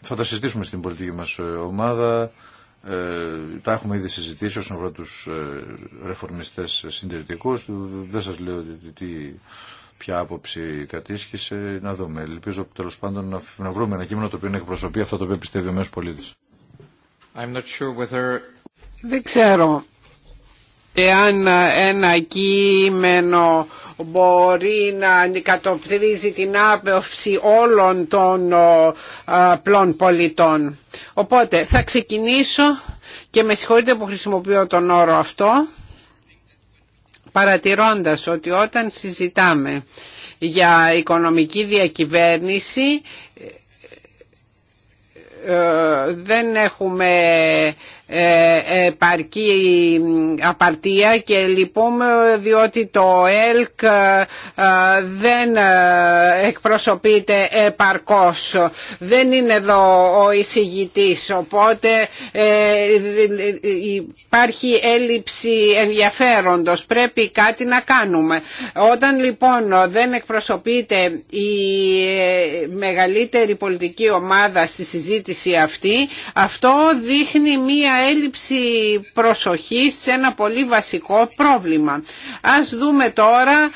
Θα τα συζητήσουμε στην πολιτική μας ομάδα. Ε, τα έχουμε ήδη συζητήσει όσον αφορά τους ε, ρεφορμιστές συντηρητικούς. Δεν σας λέω τι, ποια άποψη κατήσχησε. Να δούμε. Ελπίζω τέλος πάντων να, να βρούμε ένα κείμενο το οποίο εκπροσωπεί αυτό το οποίο πιστεύει ο μέσος πολίτης. Δεν ξέρω εάν ένα κείμενο μπορεί να αντικατοπτρίζει την άποψη όλων των πλών πολιτών. Οπότε θα ξεκινήσω και με συγχωρείτε που χρησιμοποιώ τον όρο αυτό παρατηρώντας ότι όταν συζητάμε για οικονομική διακυβέρνηση ε, δεν έχουμε ε, επαρκή απαρτία και λυπούμε διότι το ΕΛΚ ε, δεν ε, εκπροσωπείται επαρκώς. Δεν είναι εδώ ο εισηγητής οπότε υπάρχει έλλειψη ενδιαφέροντος. Πρέπει κάτι να κάνουμε. Όταν λοιπόν δεν εκπροσωπείται η μεγαλύτερη πολιτική ομάδα στη συζήτηση αυτή αυτό δείχνει μία μια έλλειψη προσοχής σε ένα πολύ βασικό πρόβλημα. Ας δούμε τώρα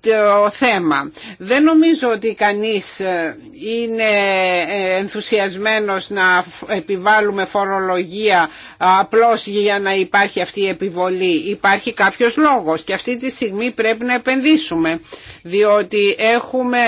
το θέμα. Δεν νομίζω ότι κανείς ε, είναι ε, ενθουσιασμένος να επιβάλλουμε φορολογία απλώς για να υπάρχει αυτή η επιβολή. Υπάρχει κάποιος λόγος και αυτή τη στιγμή πρέπει να επενδύσουμε διότι έχουμε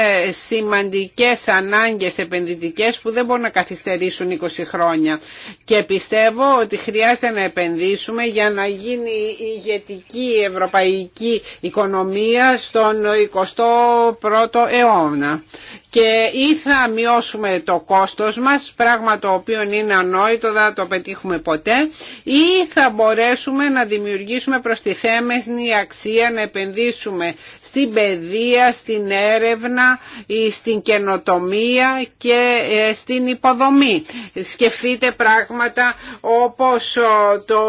σημαντικές ανάγκες επενδυτικές που δεν μπορούν να καθυστερήσουν 20 χρόνια και πιστεύω πιστεύω ότι χρειάζεται να επενδύσουμε για να γίνει η ηγετική ευρωπαϊκή οικονομία στον 21ο αιώνα. Και ή θα μειώσουμε το κόστος μας, πράγμα το οποίο είναι ανόητο, δεν θα το πετύχουμε ποτέ, ή θα μπορέσουμε να δημιουργήσουμε προστιθέμενη αξία, να επενδύσουμε στην παιδεία, στην έρευνα, στην καινοτομία και ε, στην υποδομή. Σκεφτείτε πράγματα όπως ε, το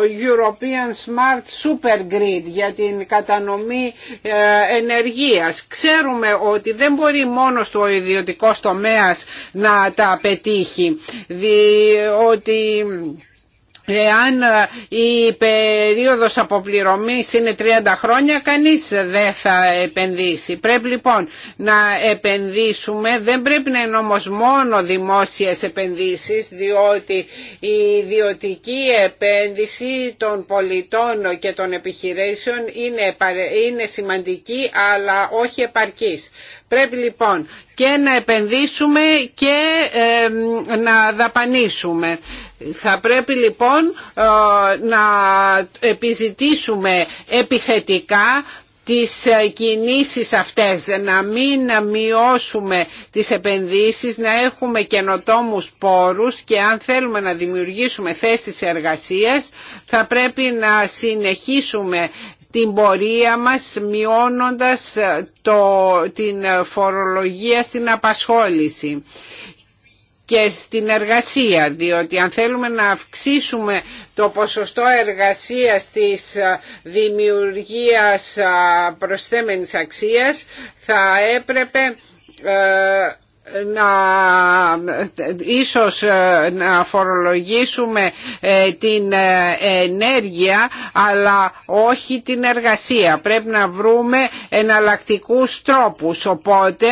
European Smart Super για την κατανομή ε, ενεργείας. Ξέρουμε ότι δεν μπορεί μόνο στο ιδιωτικό τομέας να τα πετύχει, διότι Εάν ε, η περίοδος αποπληρωμής είναι 30 χρόνια, κανείς δεν θα επενδύσει. Πρέπει λοιπόν να επενδύσουμε, δεν πρέπει να είναι όμως μόνο δημόσιες επενδύσεις, διότι η ιδιωτική επένδυση των πολιτών και των επιχειρήσεων είναι, είναι σημαντική, αλλά όχι επαρκής. Πρέπει λοιπόν και να επενδύσουμε και ε, να δαπανίσουμε. Θα πρέπει λοιπόν ε, να επιζητήσουμε επιθετικά τις ε, κινήσεις αυτές, να μην μειώσουμε τις επενδύσεις, να έχουμε καινοτόμους πόρους και αν θέλουμε να δημιουργήσουμε θέσεις εργασίας θα πρέπει να συνεχίσουμε την πορεία μας μειώνοντας ε, το, την ε, φορολογία στην απασχόληση και στην εργασία διότι αν θέλουμε να αυξήσουμε το ποσοστό εργασίας της ε, δημιουργίας προσθέμενης αξίας θα έπρεπε να ίσως ε, να φορολογήσουμε ε, την ε, ενέργεια αλλά όχι την εργασία. Πρέπει να βρούμε εναλλακτικούς τρόπους. Οπότε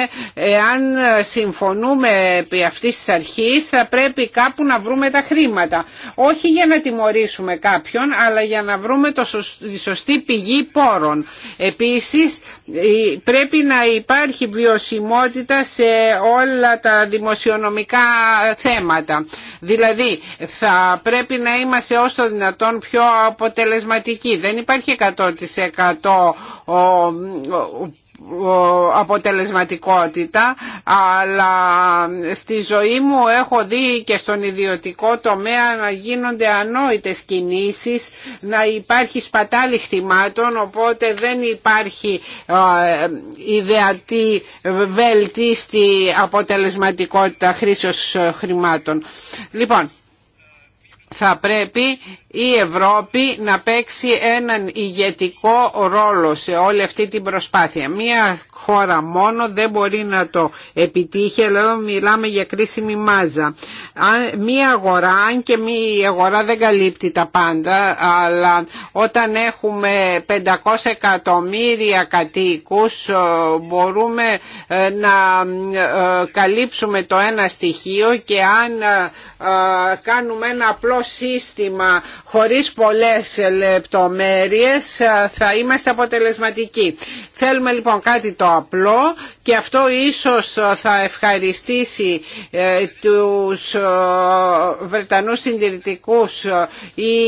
αν συμφωνούμε επί αυτής της αρχής θα πρέπει κάπου να βρούμε τα χρήματα. Όχι για να τιμωρήσουμε κάποιον αλλά για να βρούμε το τη σωστή πηγή πόρων. Επίσης ε, πρέπει να υπάρχει βιωσιμότητα σε όλα τα δημοσιονομικά θέματα. Δηλαδή θα πρέπει να είμαστε όσο δυνατόν πιο αποτελεσματικοί. Δεν υπάρχει 100% αποτελεσματικότητα αλλά στη ζωή μου έχω δει και στον ιδιωτικό τομέα να γίνονται ανόητες κινήσεις να υπάρχει σπατάλη χρημάτων οπότε δεν υπάρχει ιδεατή βελτίστη αποτελεσματικότητα χρήσεως χρημάτων. Λοιπόν, θα πρέπει η Ευρώπη να παίξει έναν ηγετικό ρόλο σε όλη αυτή την προσπάθεια χώρα μόνο δεν μπορεί να το επιτύχει, αλλά μιλάμε για κρίσιμη μάζα. Μία αγορά, αν και μία αγορά δεν καλύπτει τα πάντα, αλλά όταν έχουμε 500 εκατομμύρια κατοίκους μπορούμε ε, να ε, καλύψουμε το ένα στοιχείο και αν ε, κάνουμε ένα απλό σύστημα χωρίς πολλές λεπτομέρειες θα είμαστε αποτελεσματικοί. Θέλουμε λοιπόν κάτι το απλό και αυτό ίσως θα ευχαριστήσει ε, τους ε, Βρετανούς συντηρητικούς ή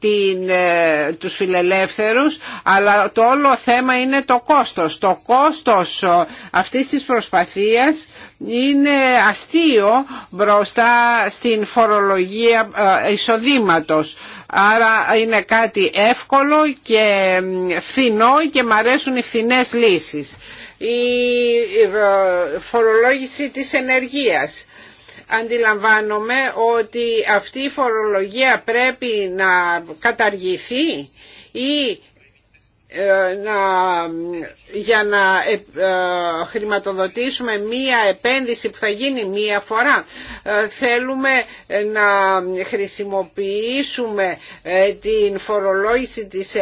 την, ε, τους φιλελεύθερους αλλά το όλο θέμα είναι το κόστος. Το κόστος αυτής της προσπαθίας είναι αστείο μπροστά στην φορολογία εισοδήματος. Άρα είναι κάτι εύκολο και φθηνό και μ' αρέσουν οι φθηνές λύσεις η ε, φορολόγηση της ενεργείας. Αντιλαμβάνομαι ότι αυτή η φορολογία πρέπει να καταργηθεί ή ε, να, για να ε, ε, χρηματοδοτήσουμε μία επένδυση που θα γίνει μία φορά. Θέλουμε να χρησιμοποιήσουμε την φορολόγηση της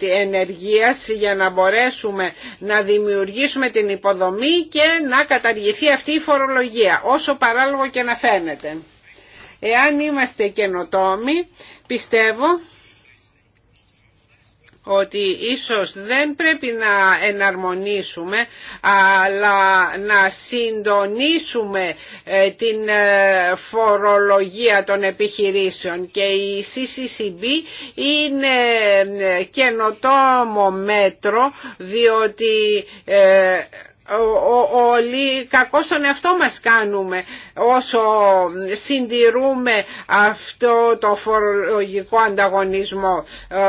ενεργείας για να μπορέσουμε να δημιουργήσουμε την υποδομή και να καταργηθεί αυτή η φορολογία, όσο παράλογο και να φαίνεται. Εάν είμαστε καινοτόμοι, πιστεύω ότι ίσως δεν πρέπει να εναρμονίσουμε αλλά να συντονίσουμε ε, την ε, φορολογία των επιχειρήσεων και η CCCB είναι ε, καινοτόμο μέτρο διότι όλοι κακό στον εαυτό μας κάνουμε όσο συντηρούμε αυτό το φορολογικό ανταγωνισμό. Ε,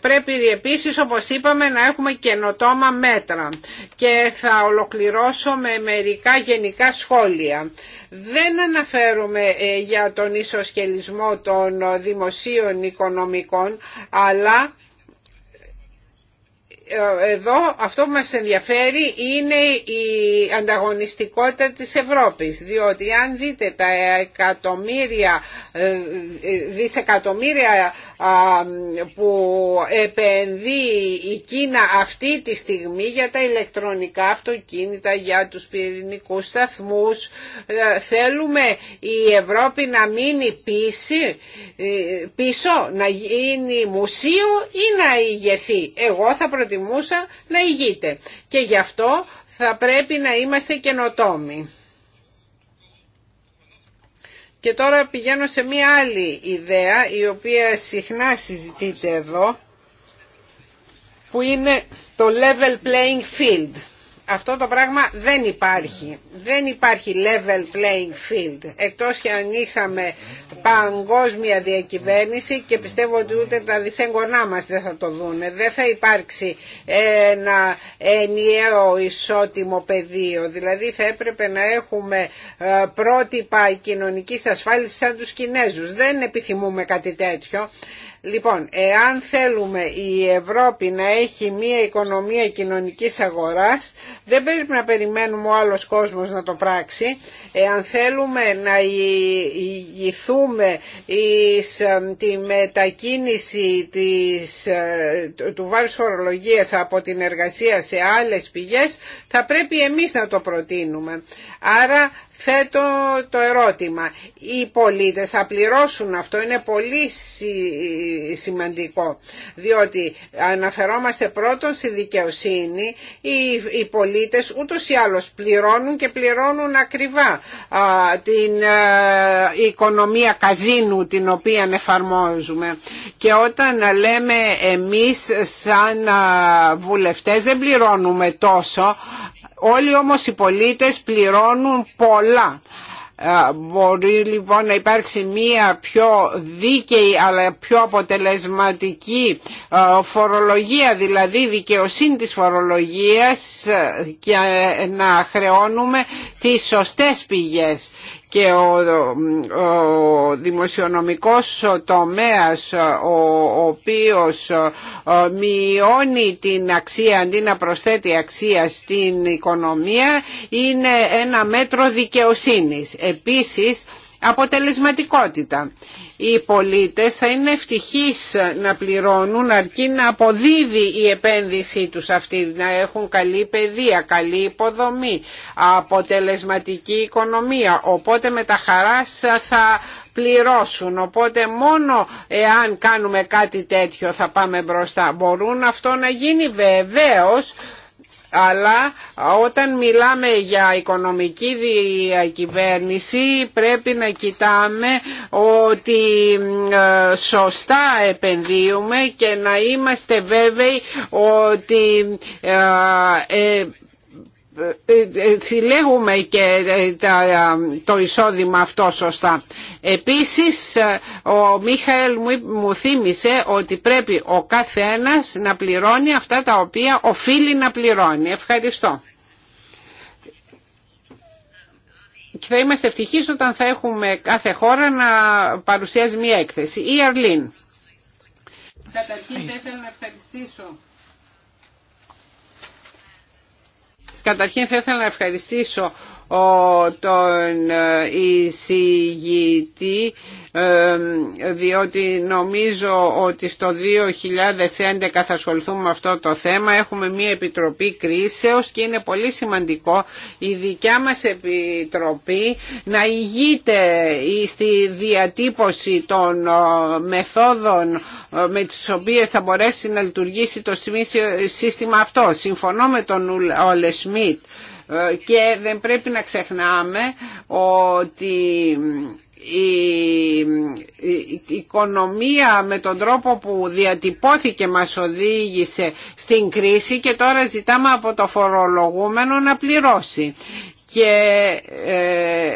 πρέπει επίσης όπως είπαμε να έχουμε καινοτόμα μέτρα και θα ολοκληρώσω με μερικά γενικά σχόλια. Δεν αναφέρουμε για τον ισοσκελισμό των δημοσίων οικονομικών αλλά ε, εδώ αυτό που μας ενδιαφέρει είναι η ανταγωνιστικότητα της Ευρώπης διότι αν δείτε τα εκατομμύρια, ε, ε, δισεκατομμύρια που επενδύει η Κίνα αυτή τη στιγμή για τα ηλεκτρονικά αυτοκίνητα, για τους πυρηνικούς σταθμούς θέλουμε η Ευρώπη να μείνει πίσω, πίσω να γίνει μουσείο ή να ηγεθεί. Εγώ θα προτιμώ προτιμούσα να ηγείται. Και γι' αυτό θα πρέπει να είμαστε καινοτόμοι. Και τώρα πηγαίνω σε μία άλλη ιδέα η οποία συχνά συζητείται εδώ που είναι το level playing field αυτό το πράγμα δεν υπάρχει. Δεν υπάρχει level playing field. Εκτός και αν είχαμε παγκόσμια διακυβέρνηση και πιστεύω ότι ούτε τα δυσέγγονά μας δεν θα το δούνε. Δεν θα υπάρξει ένα ενιαίο ισότιμο πεδίο. Δηλαδή θα έπρεπε να έχουμε ε, πρότυπα κοινωνικής ασφάλισης σαν τους Κινέζους. Δεν επιθυμούμε κάτι τέτοιο. Λοιπόν, εάν θέλουμε η Ευρώπη να έχει μια οικονομία κοινωνικής αγοράς, δεν πρέπει να περιμένουμε ο άλλος κόσμος να το πράξει. Εάν θέλουμε να ηγηθούμε ε, τη μετακίνηση ε, του βάρους φορολογίας από την εργασία σε άλλες πηγές, θα πρέπει εμείς να το προτείνουμε. Άρα Θέτω το ερώτημα, οι πολίτες θα πληρώσουν αυτό, είναι πολύ σημαντικό, διότι αναφερόμαστε πρώτον στη δικαιοσύνη, οι πολίτες ούτως ή άλλως πληρώνουν και πληρώνουν ακριβά την ε, οικονομία καζίνου την οποία εφαρμόζουμε. Και όταν λέμε εμείς σαν βουλευτές δεν πληρώνουμε τόσο, Όλοι όμως οι πολίτες πληρώνουν πολλά. Ε, μπορεί λοιπόν να υπάρξει μία πιο δίκαιη αλλά πιο αποτελεσματική ε, φορολογία, δηλαδή δικαιοσύνη της φορολογίας ε, και να χρεώνουμε τις σωστές πηγές και ο, ο δημοσιονομικός τομέας ο οποίος μειώνει την αξία αντί να προσθέτει αξία στην οικονομία είναι ένα μέτρο δικαιοσύνης. Επίσης αποτελεσματικότητα οι πολίτες θα είναι ευτυχείς να πληρώνουν αρκεί να αποδίδει η επένδυσή τους αυτή, να έχουν καλή παιδεία, καλή υποδομή, αποτελεσματική οικονομία. Οπότε με τα χαράς θα πληρώσουν. Οπότε μόνο εάν κάνουμε κάτι τέτοιο θα πάμε μπροστά. Μπορούν αυτό να γίνει βεβαίως αλλά όταν μιλάμε για οικονομική διακυβέρνηση πρέπει να κοιτάμε ότι ε, σωστά επενδύουμε και να είμαστε βέβαιοι ότι ε, ε, ε, ε, συλλέγουμε και ε, το εισόδημα αυτό σωστά. Επίσης ο Μίχαελ μου θύμισε ότι πρέπει ο καθένας να πληρώνει αυτά τα οποία οφείλει να πληρώνει. Ευχαριστώ. Και θα είμαστε ευτυχείς όταν θα έχουμε κάθε χώρα να παρουσιάζει μία έκθεση. Η Αρλίν. Καταρχήν θα ήθελα να ευχαριστήσω Καταρχήν θα ήθελα να ευχαριστήσω τον εισηγητή ε, διότι νομίζω ότι στο 2011 θα ασχοληθούμε με αυτό το θέμα. Έχουμε μια επιτροπή κρίσεως και είναι πολύ σημαντικό η δικιά μας επιτροπή να ηγείται στη διατύπωση των ε, μεθόδων ε, με τις οποίες θα μπορέσει να λειτουργήσει το σύστημα αυτό. Συμφωνώ με τον Όλε Σμιτ ε, και δεν πρέπει να ξεχνάμε ότι η οικονομία με τον τρόπο που διατυπώθηκε μας οδήγησε στην κρίση και τώρα ζητάμε από το φορολογούμενο να πληρώσει. Και ε,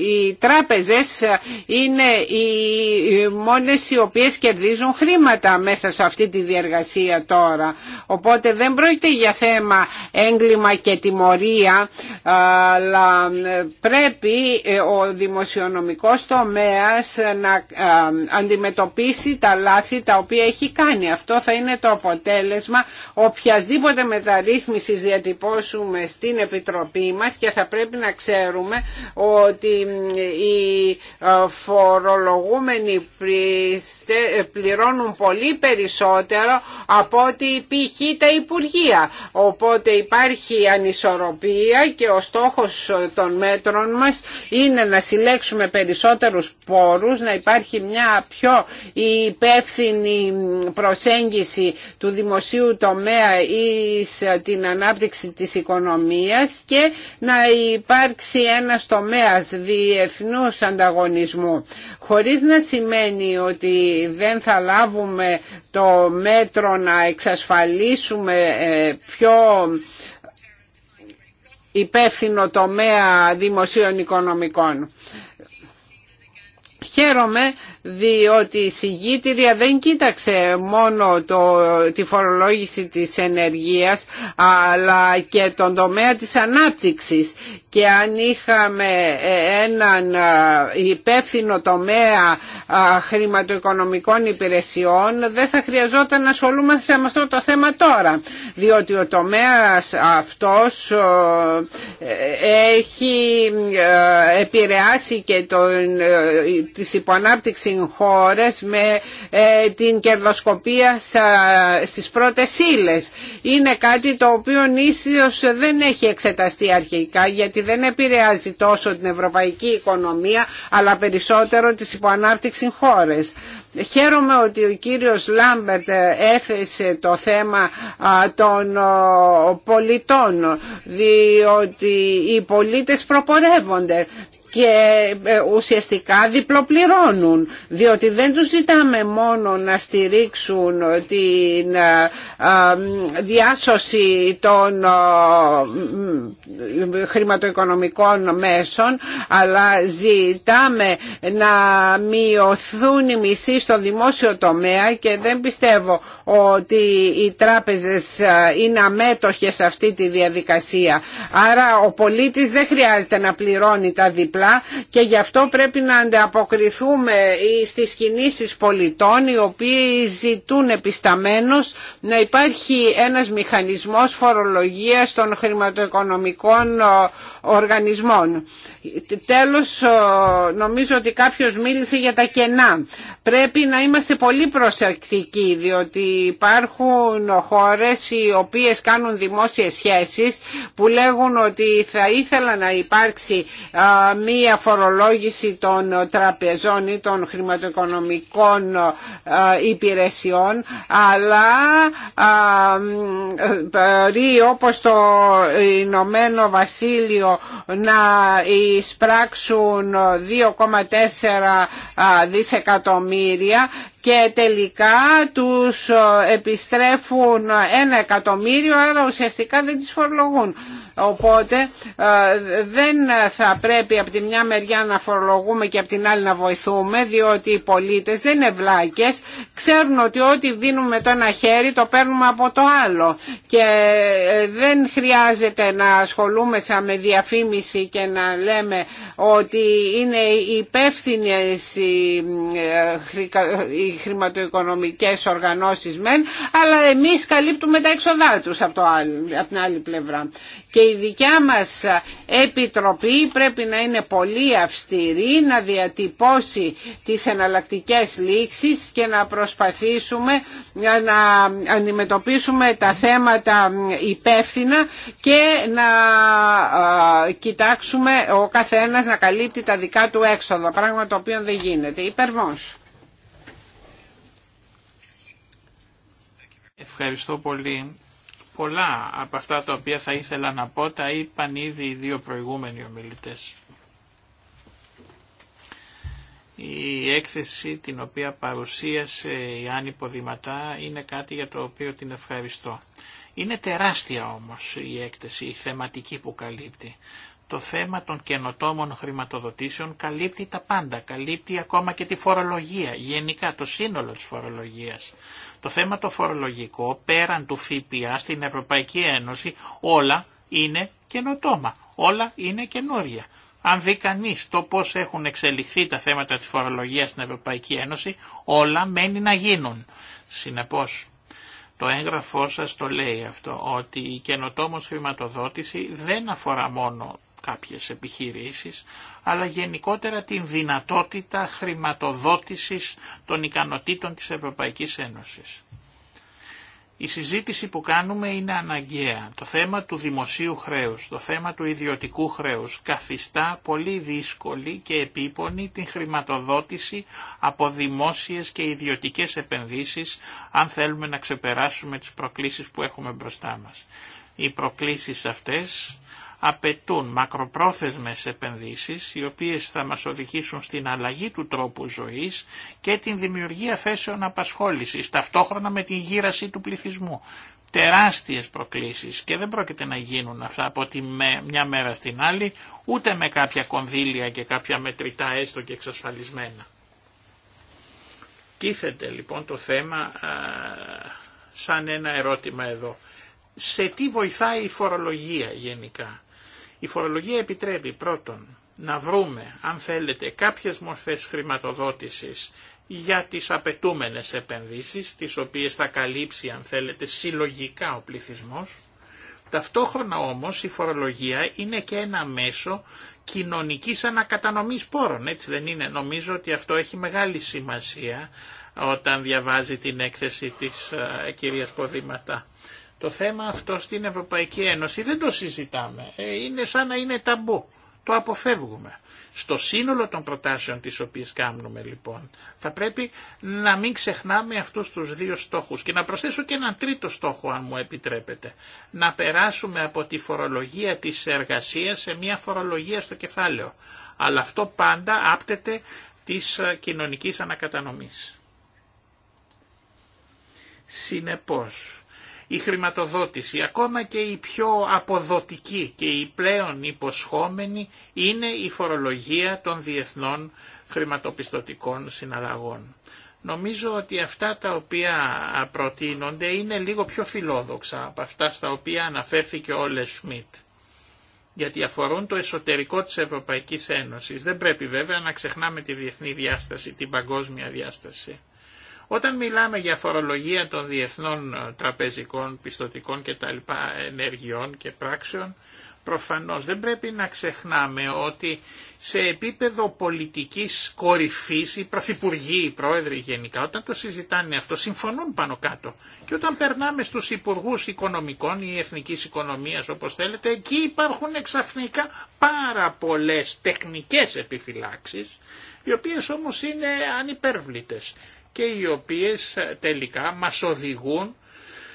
οι τράπεζες είναι οι μόνες οι οποίες κερδίζουν χρήματα μέσα σε αυτή τη διεργασία τώρα. Οπότε δεν πρόκειται για θέμα έγκλημα και τιμωρία, αλλά πρέπει ο δημοσιονομικός τομέας να αντιμετωπίσει τα λάθη τα οποία έχει κάνει. Αυτό θα είναι το αποτέλεσμα οποιασδήποτε μεταρρύθμισης διατυπώσουμε στην Επιτροπή μας και θα πρέπει να ξέρουμε ότι οι ε, φορολογούμενοι ε, πληρώνουν πολύ περισσότερο από ότι π.χ. τα Υπουργεία. Οπότε υπάρχει ανισορροπία και ο στόχος ε, των μέτρων μας είναι να συλλέξουμε περισσότερους πόρους, να υπάρχει μια πιο υπεύθυνη προσέγγιση του δημοσίου τομέα ή την ανάπτυξη της οικονομίας και να υπάρξει ένα τομέα τομέας διεθνούς ανταγωνισμού χωρίς να σημαίνει ότι δεν θα λάβουμε το μέτρο να εξασφαλίσουμε ε, πιο υπεύθυνο τομέα δημοσίων οικονομικών. Χαίρομαι διότι η συγγήτηρια δεν κοίταξε μόνο το, τη φορολόγηση της ενεργείας αλλά και τον τομέα της ανάπτυξης και αν είχαμε ε, έναν ε, υπεύθυνο τομέα χρηματοοικονομικών υπηρεσιών δεν θα χρειαζόταν να ασχολούμαστε με αυτό το θέμα τώρα διότι ο τομέας αυτός ε, έχει επηρεάσει και τον, της υποανάπτυξης χώρες με ε, την κερδοσκοπία στις πρώτες ύλες. Είναι κάτι το οποίο ίσως δεν έχει εξεταστεί αρχικά γιατί δεν επηρεάζει τόσο την ευρωπαϊκή οικονομία αλλά περισσότερο τις υποανάπτυξη χώρες. Χαίρομαι ότι ο κύριος Λάμπερτ έθεσε το θέμα των πολιτών διότι οι πολίτες προπορεύονται και ε, ουσιαστικά διπλοπληρώνουν διότι δεν τους ζητάμε μόνο να στηρίξουν τη διάσωση των χρηματοοικονομικών μέσων αλλά ζητάμε να μειωθούν οι μισθοί στο δημόσιο τομέα και δεν πιστεύω ότι οι τράπεζες είναι αμέτωχες σε αυτή τη διαδικασία. Άρα ο πολίτης δεν χρειάζεται να πληρώνει τα διπλά και γι' αυτό πρέπει να ανταποκριθούμε στις κινήσεις πολιτών οι οποίοι ζητούν επισταμένως να υπάρχει ένας μηχανισμός φορολογίας των χρηματοοικονομικών ε, οργανισμών. Τέλος, ε, νομίζω ότι κάποιος μίλησε για τα κενά. Πρέπει πρέπει να είμαστε πολύ προσεκτικοί διότι υπάρχουν χώρες οι οποίες κάνουν δημόσιες σχέσεις που λέγουν ότι θα ήθελα να υπάρξει μία φορολόγηση των τραπεζών ή των χρηματοοικονομικών υπηρεσιών αλλά ρί όπως το Ηνωμένο Βασίλειο να εισπράξουν 2,4 δισεκατομμύρια κριτήρια και τελικά τους ε, επιστρέφουν ένα εκατομμύριο άρα ουσιαστικά δεν τις φορολογούν. Οπότε ε, δεν θα πρέπει από τη μια μεριά να φορολογούμε και από την άλλη να βοηθούμε διότι οι πολίτες δεν είναι βλάκες, ξέρουν ότι ό,τι δίνουμε το ένα χέρι το παίρνουμε από το άλλο και ε, δεν χρειάζεται να ασχολούμε με διαφήμιση και να λέμε ότι είναι υπεύθυνε οι χρηματοοικονομικές οργανώσεις μεν, αλλά εμείς καλύπτουμε τα έξοδά τους από, το από την άλλη πλευρά. Και η δικιά μας επιτροπή πρέπει να είναι πολύ αυστηρή, να διατυπώσει τις εναλλακτικέ λήξεις και να προσπαθήσουμε να αντιμετωπίσουμε τα θέματα υπεύθυνα και να κοιτάξουμε ο καθένας να καλύπτει τα δικά του έξοδα, πράγμα το οποίο δεν γίνεται. Υπερβόνσου. Ευχαριστώ πολύ. Πολλά από αυτά τα οποία θα ήθελα να πω τα είπαν ήδη οι δύο προηγούμενοι ομιλητές. Η έκθεση την οποία παρουσίασε η Άννη Ποδηματά είναι κάτι για το οποίο την ευχαριστώ. Είναι τεράστια όμως η έκθεση, η θεματική που καλύπτει. Το θέμα των καινοτόμων χρηματοδοτήσεων καλύπτει τα πάντα, καλύπτει ακόμα και τη φορολογία, γενικά το σύνολο της φορολογίας. Το θέμα το φορολογικό πέραν του ΦΠΑ στην Ευρωπαϊκή Ένωση όλα είναι καινοτόμα, όλα είναι καινούργια. Αν δει κανεί το πώ έχουν εξελιχθεί τα θέματα τη φορολογία στην Ευρωπαϊκή Ένωση, όλα μένει να γίνουν. Συνεπώ, το έγγραφό σας το λέει αυτό, ότι η καινοτόμος χρηματοδότηση δεν αφορά μόνο κάποιες επιχειρήσεις, αλλά γενικότερα την δυνατότητα χρηματοδότησης των ικανοτήτων της Ευρωπαϊκής Ένωσης. Η συζήτηση που κάνουμε είναι αναγκαία. Το θέμα του δημοσίου χρέους, το θέμα του ιδιωτικού χρέους καθιστά πολύ δύσκολη και επίπονη την χρηματοδότηση από δημόσιες και ιδιωτικές επενδύσεις αν θέλουμε να ξεπεράσουμε τις προκλήσεις που έχουμε μπροστά μας. Οι προκλήσεις αυτές απαιτούν μακροπρόθεσμες επενδύσεις οι οποίες θα μας οδηγήσουν στην αλλαγή του τρόπου ζωής και την δημιουργία θέσεων απασχόλησης ταυτόχρονα με την γύραση του πληθυσμού. Τεράστιες προκλήσεις και δεν πρόκειται να γίνουν αυτά από τη μια μέρα στην άλλη ούτε με κάποια κονδύλια και κάποια μετρητά έστω και εξασφαλισμένα. Τίθεται λοιπόν το θέμα σαν ένα ερώτημα εδώ. Σε τι βοηθάει η φορολογία γενικά. Η φορολογία επιτρέπει πρώτον να βρούμε, αν θέλετε, κάποιες μορφές χρηματοδότησης για τις απαιτούμενες επενδύσεις, τις οποίες θα καλύψει, αν θέλετε, συλλογικά ο πληθυσμός. Ταυτόχρονα όμως η φορολογία είναι και ένα μέσο κοινωνικής ανακατανομής πόρων, έτσι δεν είναι. Νομίζω ότι αυτό έχει μεγάλη σημασία όταν διαβάζει την έκθεση της ε, κυρίας Ποδήματα. Το θέμα αυτό στην Ευρωπαϊκή Ένωση δεν το συζητάμε. Ε, είναι σαν να είναι ταμπού. Το αποφεύγουμε. Στο σύνολο των προτάσεων τις οποίες κάνουμε λοιπόν θα πρέπει να μην ξεχνάμε αυτούς τους δύο στόχους και να προσθέσω και έναν τρίτο στόχο αν μου επιτρέπετε. Να περάσουμε από τη φορολογία της εργασίας σε μια φορολογία στο κεφάλαιο. Αλλά αυτό πάντα άπτεται της ε, κοινωνικής ανακατανομής. Συνεπώς, η χρηματοδότηση, ακόμα και η πιο αποδοτική και η πλέον υποσχόμενη είναι η φορολογία των διεθνών χρηματοπιστωτικών συναλλαγών. Νομίζω ότι αυτά τα οποία προτείνονται είναι λίγο πιο φιλόδοξα από αυτά στα οποία αναφέρθηκε ο Όλε Σμιτ. Γιατί αφορούν το εσωτερικό της Ευρωπαϊκής Ένωσης. Δεν πρέπει βέβαια να ξεχνάμε τη διεθνή διάσταση, την παγκόσμια διάσταση. Όταν μιλάμε για φορολογία των διεθνών ε, τραπεζικών, πιστοτικών λοιπά ενεργειών και πράξεων, προφανώς δεν πρέπει να ξεχνάμε ότι σε επίπεδο πολιτικής κορυφής οι πρωθυπουργοί, οι πρόεδροι γενικά όταν το συζητάνε αυτό συμφωνούν πάνω κάτω και όταν περνάμε στους υπουργούς οικονομικών ή εθνικής οικονομίας όπως θέλετε εκεί υπάρχουν εξαφνικά πάρα πολλές τεχνικές επιφυλάξεις οι οποίες όμως είναι ανυπέρβλητες και οι οποίες ε, τελικά μας οδηγούν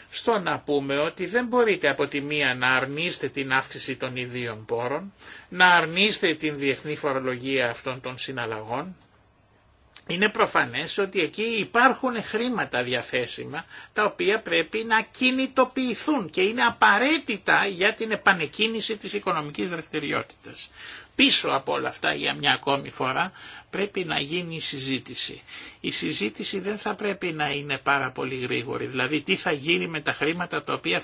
στο να πούμε ότι δεν μπορείτε από τη μία να αρνείστε την αύξηση των ιδίων πόρων, να αρνείστε την διεθνή φορολογία αυτών των συναλλαγών. Είναι προφανές ότι εκεί υπάρχουν χρήματα διαθέσιμα τα οποία πρέπει να κινητοποιηθούν και είναι απαραίτητα για την επανεκκίνηση της οικονομικής δραστηριότητας. Πίσω από όλα αυτά για μια ακόμη φορά πρέπει να γίνει η συζήτηση. Η συζήτηση δεν θα πρέπει να είναι πάρα πολύ γρήγορη, δηλαδή τι θα γίνει με τα χρήματα τα οποία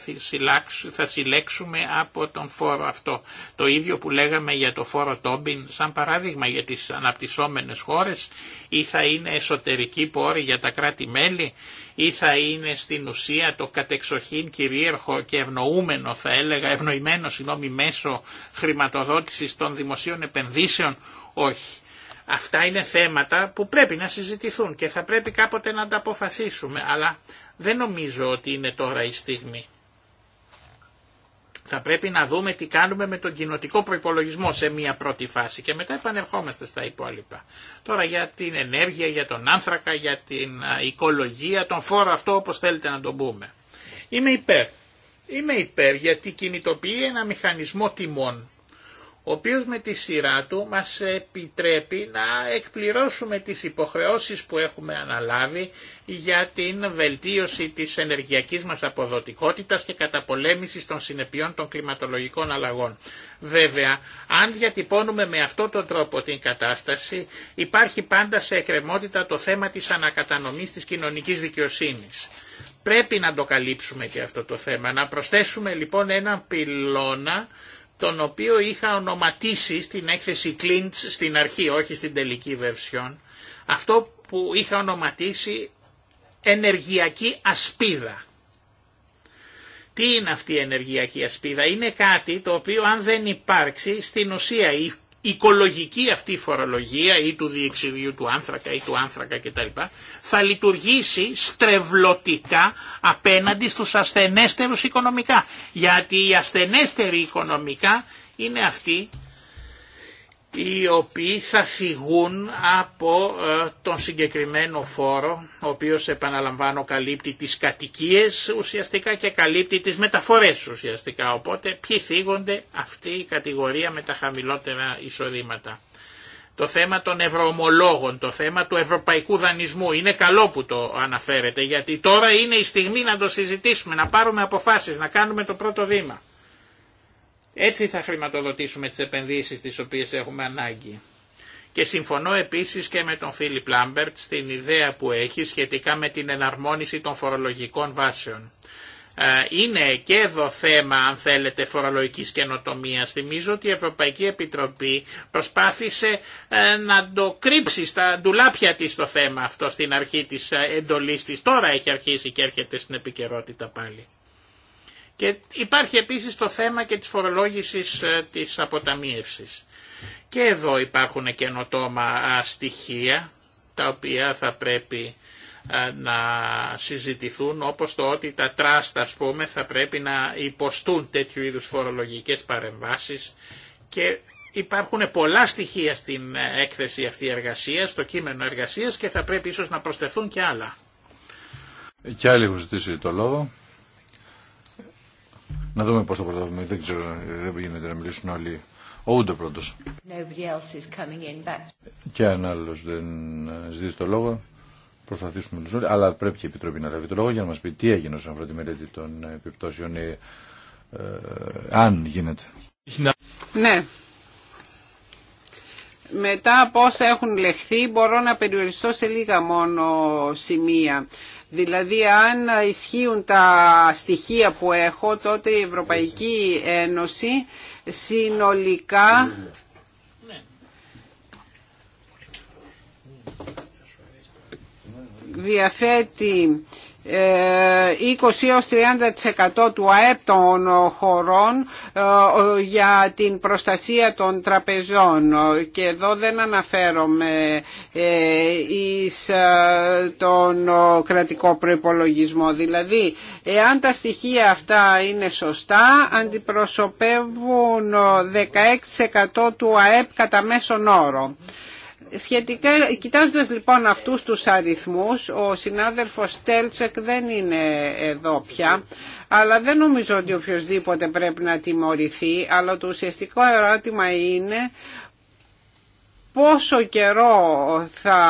θα συλλέξουμε από τον φόρο αυτό. Το ίδιο που λέγαμε για το φόρο Τόμπιν, σαν παράδειγμα για τις αναπτυσσόμενες χώρες, ή θα είναι εσωτερική πόρη για τα κράτη-μέλη, ή θα είναι στην ουσία το κατεξοχήν κυρίαρχο και ευνοούμενο, θα έλεγα, ευνοημένο μέσο χρηματοδότησης των δημοσίων επενδύσεων. Όχι Αυτά είναι θέματα που πρέπει να συζητηθούν και θα πρέπει κάποτε να τα αποφασίσουμε, αλλά δεν νομίζω ότι είναι τώρα η στιγμή. Θα πρέπει να δούμε τι κάνουμε με τον κοινοτικό προπολογισμό σε μια πρώτη φάση και μετά επανερχόμαστε στα υπόλοιπα. Τώρα για την ενέργεια, για τον άνθρακα, για την οικολογία, τον φόρο αυτό όπως θέλετε να τον πούμε. Είμαι υπέρ. Είμαι υπέρ γιατί κινητοποιεί ένα μηχανισμό τιμών ο οποίος με τη σειρά του μας επιτρέπει να εκπληρώσουμε τις υποχρεώσεις που έχουμε αναλάβει για την βελτίωση της ενεργειακής μας αποδοτικότητας και καταπολέμησης των συνεπειών των κλιματολογικών αλλαγών. Βέβαια, αν διατυπώνουμε με αυτόν τον τρόπο την κατάσταση, υπάρχει πάντα σε εκκρεμότητα το θέμα της ανακατανομής της κοινωνικής δικαιοσύνης. Πρέπει να το καλύψουμε και αυτό το θέμα, να προσθέσουμε λοιπόν έναν πυλώνα τον οποίο είχα ονοματίσει στην έκθεση Κλίντ στην αρχή, όχι στην τελική βερσιόν, αυτό που είχα ονοματίσει ενεργειακή ασπίδα. Τι είναι αυτή η ενεργειακή ασπίδα. Είναι κάτι το οποίο αν δεν υπάρξει στην ουσία η οικολογική αυτή η φορολογία ή του διεξιδίου του άνθρακα ή του άνθρακα κτλ. θα λειτουργήσει στρεβλωτικά απέναντι στους ασθενέστερους οικονομικά. Γιατί οι ασθενέστεροι οικονομικά είναι αυτοί οι οποίοι θα φυγούν από ε, τον συγκεκριμένο φόρο, ο οποίος επαναλαμβάνω καλύπτει τις κατοικίες ουσιαστικά και καλύπτει τις μεταφορές ουσιαστικά. Οπότε ποιοι φύγονται αυτή η κατηγορία με τα χαμηλότερα εισοδήματα. Το θέμα των ευρωομολόγων, το θέμα του ευρωπαϊκού δανεισμού είναι καλό που το αναφέρετε γιατί τώρα είναι η στιγμή να το συζητήσουμε, να πάρουμε αποφάσεις, να κάνουμε το πρώτο βήμα. Έτσι θα χρηματοδοτήσουμε τις επενδύσεις τις οποίες έχουμε ανάγκη. Και συμφωνώ επίσης και με τον Φίλιπ Λάμπερτ στην ιδέα που έχει σχετικά με την εναρμόνιση των φορολογικών βάσεων. Ε, είναι και εδώ θέμα, αν θέλετε, φορολογική καινοτομίας. Θυμίζω ότι η Ευρωπαϊκή Επιτροπή προσπάθησε ε, να το κρύψει στα ντουλάπια της το θέμα αυτό στην αρχή της ε, εντολής της. Τώρα έχει αρχίσει και έρχεται στην επικαιρότητα πάλι. Και υπάρχει επίσης το θέμα και της φορολόγησης ε, της αποταμίευσης. Και εδώ υπάρχουν καινοτόμα στοιχεία τα οποία θα πρέπει να συζητηθούν όπως το ότι τα τράστα ας πούμε θα πρέπει να υποστούν τέτοιου είδους φορολογικές παρεμβάσεις και υπάρχουν πολλά στοιχεία στην ε, έκθεση αυτή εργασία, στο κείμενο εργασίας και θα πρέπει ίσως να προσθεθούν και άλλα. Και άλλοι έχουν ζητήσει το λόγο. Να δούμε πώς θα προσπαθούμε. Δεν ξέρω, δεν γίνεται να μιλήσουν όλοι. Ο πρώτο. πρώτος. Και αν άλλος δεν ζητήσει το λόγο, προσπαθήσουμε τους όλοι. Αλλά πρέπει και η Επιτροπή να λάβει το λόγο για να μας πει τι έγινε όσον αφορά τη μελέτη των επιπτώσεων, ε, ε, αν γίνεται. Ναι. Μετά από όσα έχουν λεχθεί μπορώ να περιοριστώ σε λίγα μόνο σημεία. Δηλαδή αν ισχύουν τα στοιχεία που έχω τότε η Ευρωπαϊκή Ένωση συνολικά διαθέτει 20-30% ε, του ΑΕΠ των χωρών ε, για την προστασία των τραπεζών και εδώ δεν αναφέρομαι ε, εις τον κρατικό προϋπολογισμό δηλαδή εάν τα στοιχεία αυτά είναι σωστά αντιπροσωπεύουν 16% του ΑΕΠ κατά μέσον όρο Σχετικά, κοιτάζοντας λοιπόν αυτούς τους αριθμούς, ο συνάδελφος Στέλτσεκ δεν είναι εδώ πια, αλλά δεν νομίζω ότι οποιοδήποτε πρέπει να τιμωρηθεί, αλλά το ουσιαστικό ερώτημα είναι πόσο καιρό θα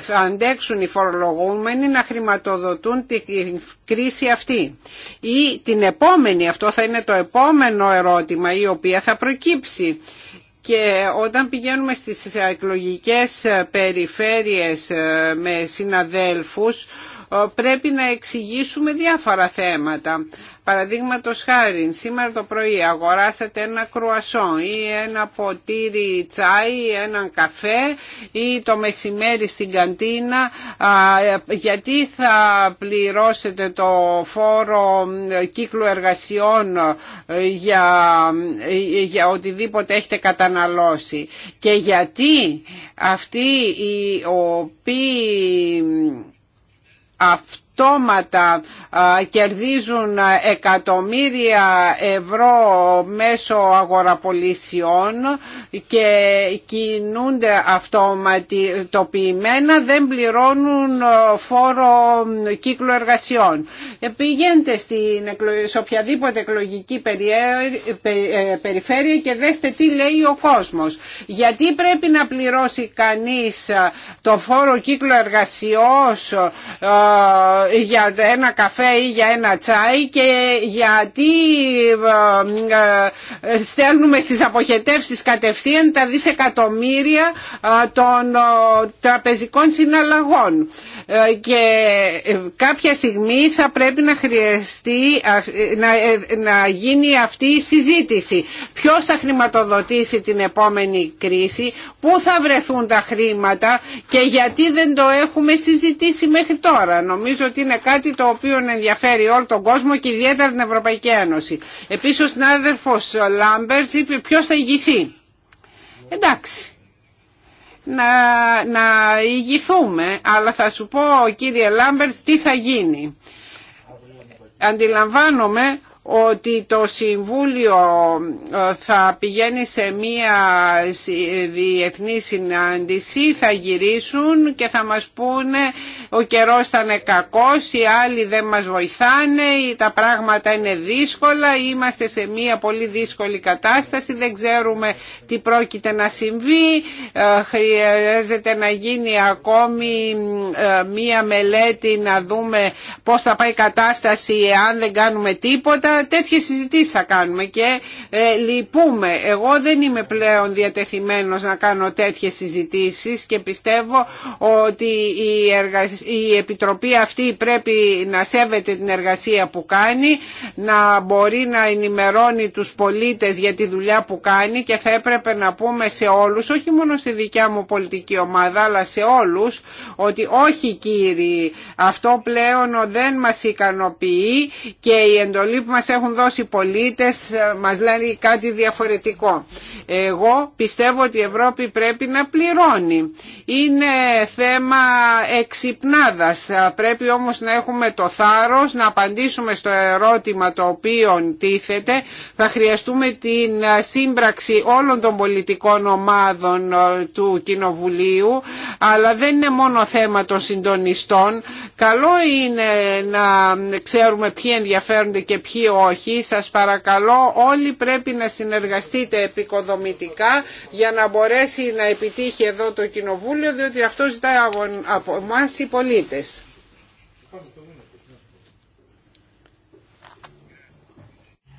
θα αντέξουν οι φορολογούμενοι να χρηματοδοτούν την κρίση αυτή. Ή την επόμενη, αυτό θα είναι το επόμενο ερώτημα η οποία θα προκύψει και όταν πηγαίνουμε στις εκλογικές περιφέρειες ε, με συναδέλφους ε, πρέπει να εξηγήσουμε διάφορα θέματα. Παραδείγματο χάρη, σήμερα το πρωί αγοράσατε ένα εργασιών για οτιδήποτε έχετε καταναλώσει. Και γιατί αυτή ή ένα ποτήρι τσάι ή έναν καφέ ή το μεσημέρι στην καντίνα γιατί θα πληρώσετε το φόρο ε, κύκλου εργασιών ε, για, για οτιδήποτε έχετε καταναλώσει και γιατί αυτοί οι οποίοι αυτό αυτόματα κερδίζουν εκατομμύρια ευρώ μέσω αγοραπολισιών και κινούνται αυτοματοποιημένα δεν πληρώνουν φόρο κύκλου εργασιών. Ε, πηγαίνετε στην, σε οποιαδήποτε εκλογική ε, περιφέρεια και δέστε τι λέει ο κόσμος. Γιατί πρέπει να πληρώσει κανείς το φόρο κύκλου εργασιών για ένα καφέ ή για ένα τσάι και γιατί ε, ε, στέλνουμε στις αποχετεύσεις κατευθείαν τα δισεκατομμύρια ε, των τραπεζικών συναλλαγών και κάποια στιγμή θα πρέπει να χρειαστεί να, να γίνει αυτή η συζήτηση ποιος θα χρηματοδοτήσει την επόμενη κρίση πού θα βρεθούν τα χρήματα και γιατί δεν το έχουμε συζητήσει μέχρι τώρα νομίζω ότι είναι κάτι το οποίο ενδιαφέρει όλο τον κόσμο και ιδιαίτερα την Ευρωπαϊκή Ένωση. Επίσης ο συνάδελφος Λάμπερς είπε ποιος θα ηγηθεί. Εντάξει. Να, να ηγηθούμε, αλλά θα σου πω κύριε Λάμπερτ τι θα γίνει. Αντιλαμβάνομαι ότι το Συμβούλιο ε, θα πηγαίνει σε μία διεθνή συνάντηση, θα γυρίσουν και θα μας πούνε ο καιρός είναι κακός, οι άλλοι δεν μας βοηθάνε, τα πράγματα είναι δύσκολα, είμαστε σε μία πολύ δύσκολη κατάσταση, δεν ξέρουμε τι πρόκειται να συμβεί, ε, χρειάζεται να γίνει ακόμη ε, μία μελέτη να δούμε πώς θα πάει η κατάσταση αν δεν κάνουμε τίποτα Τέτοιε τέτοιες συζητήσεις θα κάνουμε και ε, λυπούμε. Εγώ δεν είμαι πλέον διατεθειμένος να κάνω τέτοιες συζητήσεις και πιστεύω ότι η, Επιτροπή αυτή πρέπει να σέβεται την εργασία που κάνει, να μπορεί να ενημερώνει τους πολίτες για τη δουλειά που κάνει και θα έπρεπε να πούμε σε όλους, όχι μόνο στη δικιά μου πολιτική ομάδα, αλλά σε όλους, ότι όχι κύριοι, αυτό πλέον δεν μας ικανοποιεί και η εντολή μας έχουν δώσει οι πολίτες ε, μας λένε κάτι διαφορετικό. Εγώ πιστεύω ότι η Ευρώπη πρέπει να πληρώνει. Είναι θέμα εξυπνάδας. Πρέπει όμως να έχουμε το θάρρος να απαντήσουμε στο ερώτημα το οποίο τίθεται. Θα χρειαστούμε την σύμπραξη όλων των πολιτικών ομάδων ε, του Κοινοβουλίου αλλά δεν είναι μόνο θέμα των συντονιστών. Καλό είναι να ξέρουμε ποιοι ενδιαφέρονται και ποιοι όχι. Σας παρακαλώ όλοι πρέπει να συνεργαστείτε επικοδομητικά για να μπορέσει να επιτύχει εδώ το Κοινοβούλιο διότι αυτό ζητάει από εμάς οι πολίτες.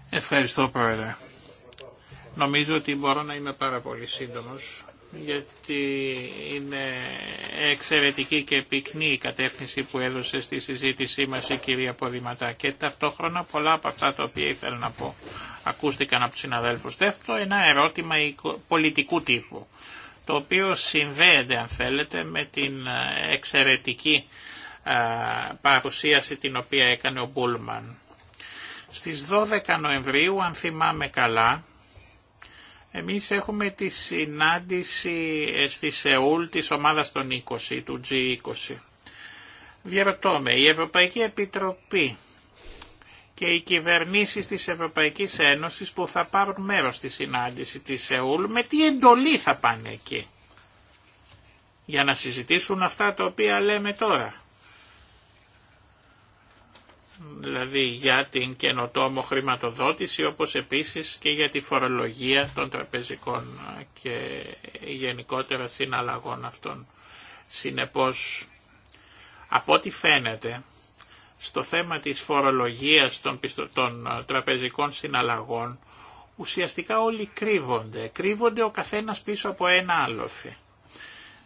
Ευχαριστώ Πρόεδρε. Νομίζω ότι μπορώ να είμαι πάρα πολύ σύντομος γιατί είναι εξαιρετική και πυκνή η κατεύθυνση που έδωσε στη συζήτησή μας η κυρία Ποδηματά και ταυτόχρονα πολλά από αυτά τα οποία ήθελα να πω ακούστηκαν από τους συναδέλφους. Δεύτερο, ένα ερώτημα πολιτικού τύπου, το οποίο συνδέεται αν θέλετε με την ε, εξαιρετική παρουσίαση την οποία έκανε ο Μπούλμαν. Στις 12 Νοεμβρίου, αν θυμάμαι καλά, εμείς έχουμε τη συνάντηση ε, στη Σεούλ της ομάδας των 20, του G20. Διαρωτώ η Ευρωπαϊκή Επιτροπή και οι κυβερνήσεις της Ευρωπαϊκής Ένωσης που θα πάρουν μέρος στη συνάντηση της Σεούλ, με τι εντολή θα πάνε εκεί για να συζητήσουν αυτά τα οποία λέμε τώρα δηλαδή για την καινοτόμο χρηματοδότηση, όπως επίσης και για τη φορολογία των τραπεζικών και γενικότερα συναλλαγών αυτών. Συνεπώς, από ό,τι φαίνεται, στο θέμα της φορολογίας των, των ε, τραπεζικών συναλλαγών, ουσιαστικά όλοι κρύβονται. Κρύβονται ο καθένας πίσω από ένα άλοθη.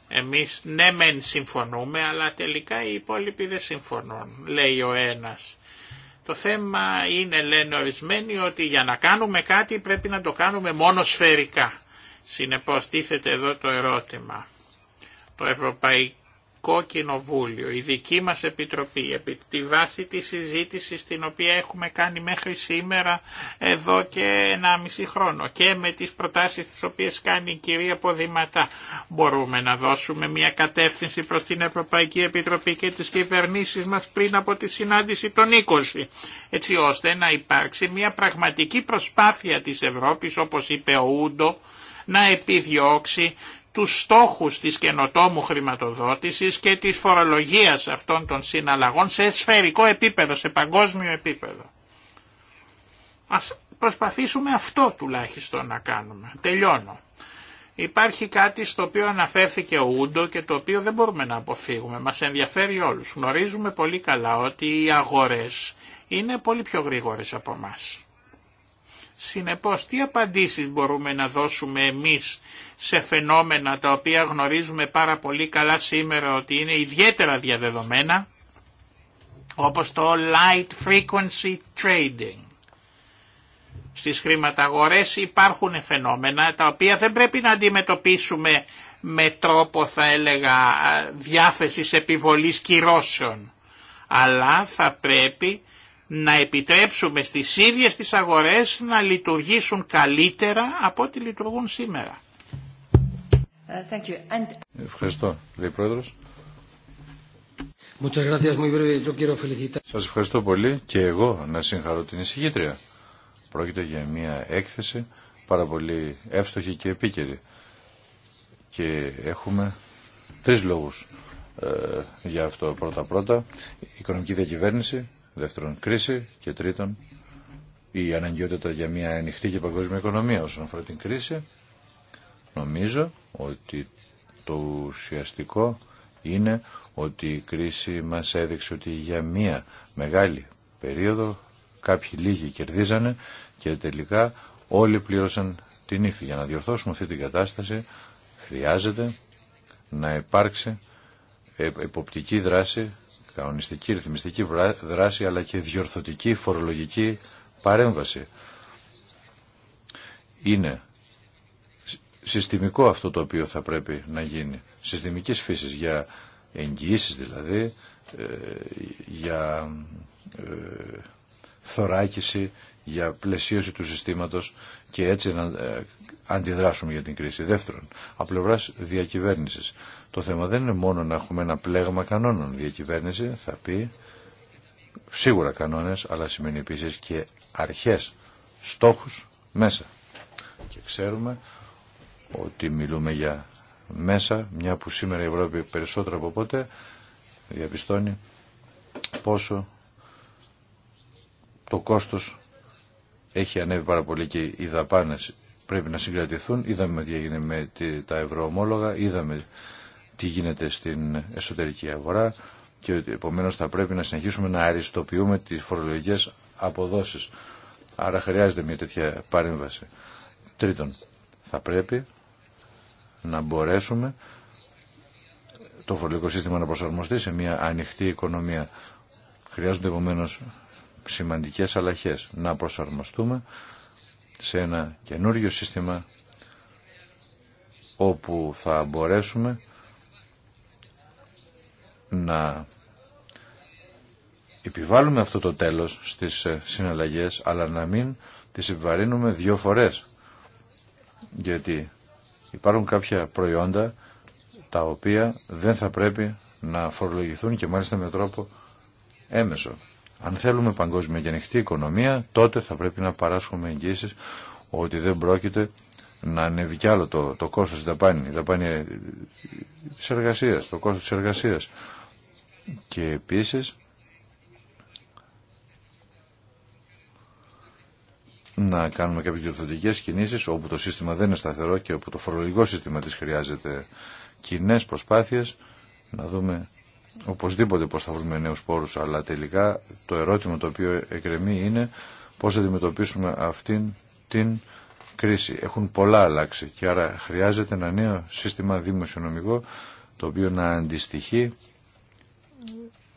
Εμείς ναι μεν συμφωνούμε, αλλά τελικά οι υπόλοιποι δεν συμφωνούν, λέει ο ένας. Το θέμα είναι, λένε ορισμένοι, ότι για να κάνουμε κάτι πρέπει να το κάνουμε μόνο σφαιρικά. Συνεπώς τίθεται εδώ το ερώτημα. Το Ευρωπαϊκό κόκκινο βούλιο. η δική μας Επιτροπή, επί τη βάση της συζήτησης την οποία έχουμε κάνει μέχρι σήμερα εδώ και 1,5 χρόνο και με τις προτάσεις τις οποίες κάνει η κυρία Ποδηματά μπορούμε να δώσουμε μια κατεύθυνση προς την Ευρωπαϊκή Επιτροπή και τις κυβερνήσεις μας πριν από τη συνάντηση των 20 έτσι ώστε να υπάρξει μια πραγματική προσπάθεια της Ευρώπης όπως είπε ο Ούντο να επιδιώξει τους στόχους της καινοτόμου χρηματοδότησης και της φορολογίας αυτών των συναλλαγών σε σφαιρικό επίπεδο, σε παγκόσμιο επίπεδο. Ας προσπαθήσουμε αυτό τουλάχιστον να κάνουμε. Τελειώνω. Υπάρχει κάτι στο οποίο αναφέρθηκε ο Ούντο και το οποίο δεν μπορούμε να αποφύγουμε. Μας ενδιαφέρει όλους. Γνωρίζουμε πολύ καλά ότι οι αγορές είναι πολύ πιο γρήγορες από εμάς. Συνεπώς, τι απαντήσεις μπορούμε να δώσουμε εμείς σε φαινόμενα τα οποία γνωρίζουμε πάρα πολύ καλά σήμερα ότι είναι ιδιαίτερα διαδεδομένα, όπως το light frequency trading. Στις χρηματαγορές υπάρχουν φαινόμενα τα οποία δεν πρέπει να αντιμετωπίσουμε με τρόπο θα έλεγα διάθεσης επιβολής κυρώσεων, αλλά θα πρέπει να επιτρέψουμε στις ίδιες τις αγορές να λειτουργήσουν καλύτερα από ό,τι λειτουργούν σήμερα. Ε, ευχαριστώ, λέει Πρόεδρος. Σας ευχαριστώ πολύ και εγώ να συγχαρώ την εισηγήτρια. Πρόκειται για μια έκθεση πάρα πολύ εύστοχη και επίκαιρη. Και έχουμε τρεις λόγους ε, για αυτό. Πρώτα-πρώτα, η οικονομική διακυβέρνηση Δεύτερον, κρίση. Και τρίτον, η αναγκαιότητα για μια ανοιχτή και παγκόσμια οικονομία όσον αφορά την κρίση. Νομίζω ότι το ουσιαστικό είναι ότι η κρίση μας έδειξε ότι για μία μεγάλη περίοδο κάποιοι λίγοι κερδίζανε και τελικά όλοι πλήρωσαν την ύφη. Για να διορθώσουμε αυτή την κατάσταση χρειάζεται να υπάρξει εποπτική δράση κανονιστική, ρυθμιστική δράση αλλά και διορθωτική φορολογική παρέμβαση. Είναι συστημικό αυτό το οποίο θα πρέπει να γίνει, συστημικής φύσης για εγγυήσεις δηλαδή, ε, για ε, θωράκιση, για πλαισίωση του συστήματος και έτσι να ε, αντιδράσουμε για την κρίση. Δεύτερον, από πλευρά διακυβέρνηση. Το θέμα δεν είναι μόνο να έχουμε ένα πλέγμα κανόνων. διακυβέρνηση θα πει σίγουρα κανόνε, αλλά σημαίνει επίση και αρχέ, στόχου μέσα. Και ξέρουμε ότι μιλούμε για μέσα, μια που σήμερα η Ευρώπη περισσότερο από πότε διαπιστώνει πόσο το κόστος έχει ανέβει πάρα πολύ και οι δαπάνες πρέπει να συγκρατηθούν. Είδαμε τι έγινε με τα ευρωομόλογα, είδαμε τι γίνεται στην εσωτερική αγορά και ότι επομένως θα πρέπει να συνεχίσουμε να αριστοποιούμε τις φορολογικές αποδόσεις. Άρα χρειάζεται μια τέτοια παρέμβαση. Τρίτον, θα πρέπει να μπορέσουμε το φορολογικό σύστημα να προσαρμοστεί σε μια ανοιχτή οικονομία. Χρειάζονται επομένως σημαντικές αλλαχές να προσαρμοστούμε σε ένα καινούριο σύστημα όπου θα μπορέσουμε να επιβάλλουμε αυτό το τέλος στις ε, συναλλαγές αλλά να μην τις επιβαρύνουμε δύο φορές γιατί υπάρχουν κάποια προϊόντα τα οποία δεν θα πρέπει να φορολογηθούν και μάλιστα με τρόπο έμεσο. Αν θέλουμε παγκόσμια και ανοιχτή οικονομία, τότε θα πρέπει να παράσχουμε εγγύσει ότι δεν πρόκειται να ανέβει κι άλλο το, το κόστος της δαπάνη, η δαπάνη ε, το κόστος τη εργασία. Και επίσης να κάνουμε κάποιε διορθωτικέ κινήσεις όπου το σύστημα δεν είναι σταθερό και όπου το φορολογικό σύστημα τη χρειάζεται κοινέ προσπάθειε να δούμε οπωσδήποτε πώς θα βρούμε νέους πόρους, αλλά τελικά το ερώτημα το οποίο εκρεμεί είναι πώς θα αντιμετωπίσουμε αυτήν την κρίση. Έχουν πολλά αλλάξει και άρα χρειάζεται ένα νέο σύστημα δημοσιονομικό το οποίο να αντιστοιχεί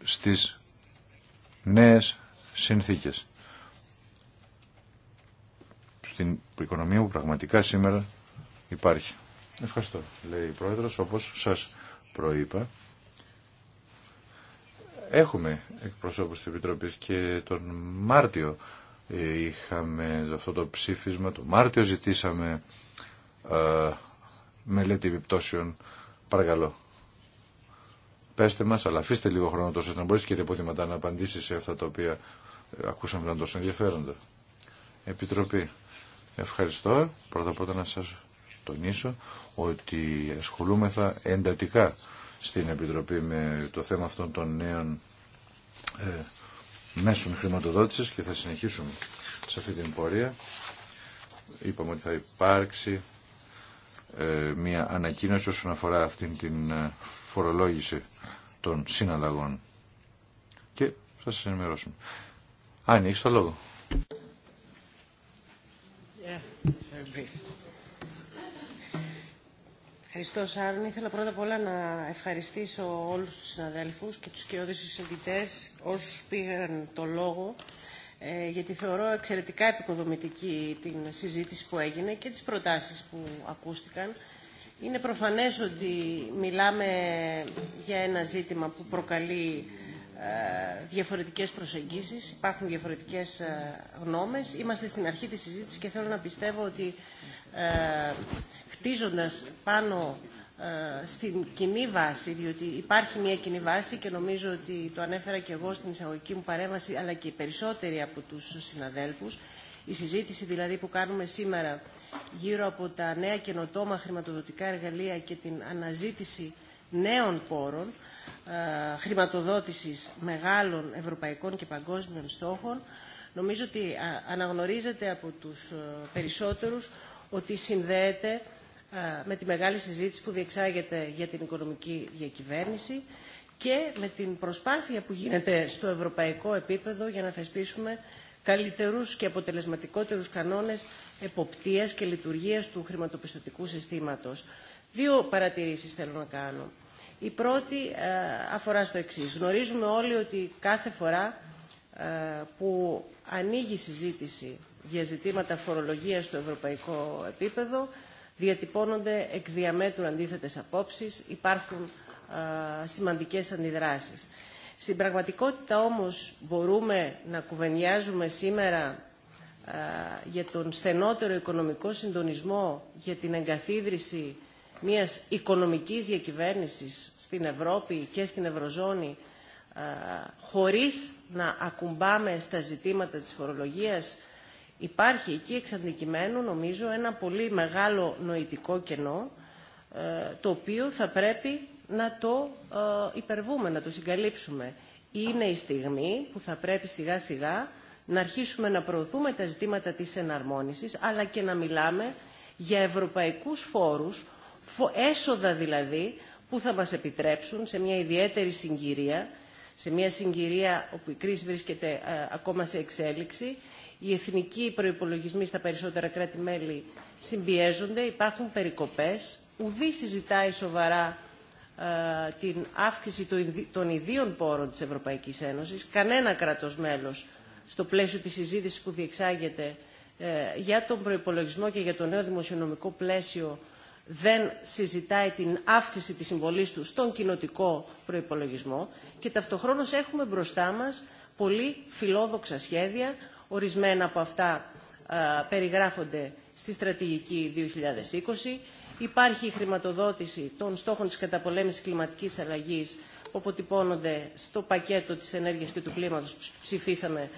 στις νέες συνθήκες. Στην οικονομία που πραγματικά σήμερα υπάρχει. Ευχαριστώ, λέει η Πρόεδρος, όπως σας προείπα έχουμε εκπροσώπους της Επιτροπής και τον Μάρτιο ε, είχαμε αυτό το ψήφισμα, το Μάρτιο ζητήσαμε ε, μελέτη επιπτώσεων. Παρακαλώ. Πέστε μας, αλλά αφήστε λίγο χρόνο τόσο να μπορεί κύριε Ποδηματά να απαντήσει σε αυτά τα οποία ε, ακούσαμε ήταν τόσο ενδιαφέροντα. Επιτροπή. Ευχαριστώ. Πρώτα απ' όλα να σας τονίσω ότι ασχολούμεθα εντατικά στην Επιτροπή με το θέμα αυτών των νέων ε, μέσων χρηματοδότησης και θα συνεχίσουμε σε αυτή την πορεία. Είπαμε ότι θα υπάρξει ε, μια ανακοίνωση όσον αφορά αυτήν την ε, φορολόγηση των συναλλαγών. Και θα σας ενημερώσουμε. Άνι, έχεις το λόγο. Ευχαριστώ, Σάρων. Ήθελα πρώτα απ' όλα να ευχαριστήσω όλους τους συναδέλφους και τους κοιόδους συζητητές όσους πήγαν το λόγο ε, γιατί θεωρώ εξαιρετικά επικοδομητική την συζήτηση που έγινε και τις προτάσεις που ακούστηκαν. Είναι προφανές ότι μιλάμε για ένα ζήτημα που προκαλεί ε, διαφορετικές προσεγγίσεις, υπάρχουν διαφορετικές ε, γνώμες. Είμαστε στην αρχή της συζήτησης και θέλω να πιστεύω ότι χτίζοντας πάνω ε, στην κοινή βάση, διότι υπάρχει μια κοινή βάση και νομίζω ότι το ανέφερα και εγώ στην εισαγωγική μου παρέμβαση, αλλά και οι περισσότεροι από τους συναδέλφους, η συζήτηση δηλαδή που κάνουμε σήμερα γύρω από τα νέα καινοτόμα χρηματοδοτικά εργαλεία και την αναζήτηση νέων πόρων, ε, χρηματοδότησης μεγάλων ευρωπαϊκών και παγκόσμιων στόχων, νομίζω ότι αναγνωρίζεται από τους ε, περισσότερους ότι συνδέεται ε, με τη μεγάλη συζήτηση που διεξάγεται για την οικονομική διακυβέρνηση και με την προσπάθεια που γίνεται στο ευρωπαϊκό επίπεδο για να θεσπίσουμε καλύτερους και αποτελεσματικότερους κανόνες εποπτείας και λειτουργίας του χρηματοπιστωτικού συστήματος. Δύο παρατηρήσεις θέλω να κάνω. Η πρώτη ε, αφορά στο εξής. Γνωρίζουμε όλοι ότι κάθε φορά ε, που ανοίγει συζήτηση για ζητήματα φορολογίας στο ευρωπαϊκό επίπεδο διατυπώνονται εκ διαμέτρου αντίθετες απόψεις, υπάρχουν σημαντικές αντιδράσεις. Στην πραγματικότητα όμως μπορούμε να κουβενιάζουμε σήμερα για τον στενότερο οικονομικό συντονισμό, για την εγκαθίδρυση μιας οικονομικής διακυβέρνησης στην Ευρώπη και στην Ευρωζώνη, χωρίς να ακουμπάμε στα ζητήματα της φορολογίας, Υπάρχει εκεί εξαντικειμένου νομίζω ένα πολύ μεγάλο νοητικό κενό ε, το οποίο θα πρέπει να το ε, υπερβούμε, να το συγκαλύψουμε. Είναι η στιγμή που θα πρέπει σιγά σιγά να αρχίσουμε να προωθούμε τα ζητήματα της εναρμόνισης αλλά και να μιλάμε για ευρωπαϊκούς φόρους, έσοδα δηλαδή, που θα μας επιτρέψουν σε μια ιδιαίτερη συγκυρία, σε μια συγκυρία όπου η κρίση βρίσκεται ε, ακόμα σε εξέλιξη, οι εθνικοί προπολογισμοί στα περισσότερα κράτη-μέλη συμπιέζονται, υπάρχουν περικοπές, ουδή συζητάει σοβαρά ε, την αύξηση των ιδίων πόρων της Ευρωπαϊκής Ένωσης. Κανένα κράτος μέλος στο πλαίσιο της συζήτησης που διεξάγεται ε, για τον προϋπολογισμό και για το νέο δημοσιονομικό πλαίσιο δεν συζητάει την αύξηση της συμβολής του στον κοινοτικό προϋπολογισμό και ταυτοχρόνως έχουμε μπροστά μας πολύ φιλόδοξα σχέδια Ορισμένα από αυτά περιγράφονται στη στρατηγική 2020. Υπάρχει η χρηματοδότηση των στόχων της καταπολέμησης κλιματικής αλλαγής που αποτυπώνονται στο πακέτο της ενέργειας και του κλίματος που ψηφίσαμε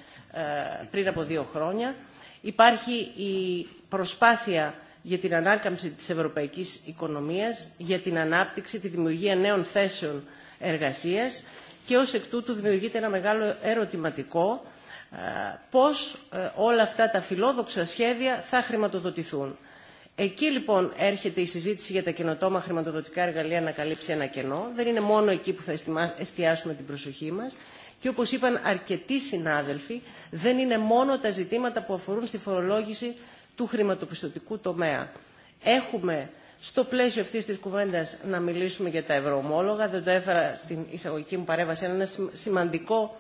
πριν από δύο χρόνια. Υπάρχει η προσπάθεια για την ανάκαμψη της ευρωπαϊκής οικονομίας, για την ανάπτυξη, τη δημιουργία νέων θέσεων εργασίας και ως εκ τούτου δημιουργείται ένα μεγάλο ερωτηματικό πώς ε, όλα αυτά τα φιλόδοξα σχέδια θα χρηματοδοτηθούν. Εκεί λοιπόν έρχεται η συζήτηση για τα καινοτόμα χρηματοδοτικά εργαλεία να καλύψει ένα κενό. Δεν είναι μόνο εκεί που θα εστιάσουμε την προσοχή μας. Και όπως είπαν αρκετοί συνάδελφοι, δεν είναι μόνο τα ζητήματα που αφορούν στη φορολόγηση του χρηματοπιστωτικού τομέα. Έχουμε στο πλαίσιο αυτής της κουβέντας να μιλήσουμε για τα ευρωομόλογα. Δεν το έφερα στην εισαγωγική μου παρέμβαση. Είναι ένα σημαντικό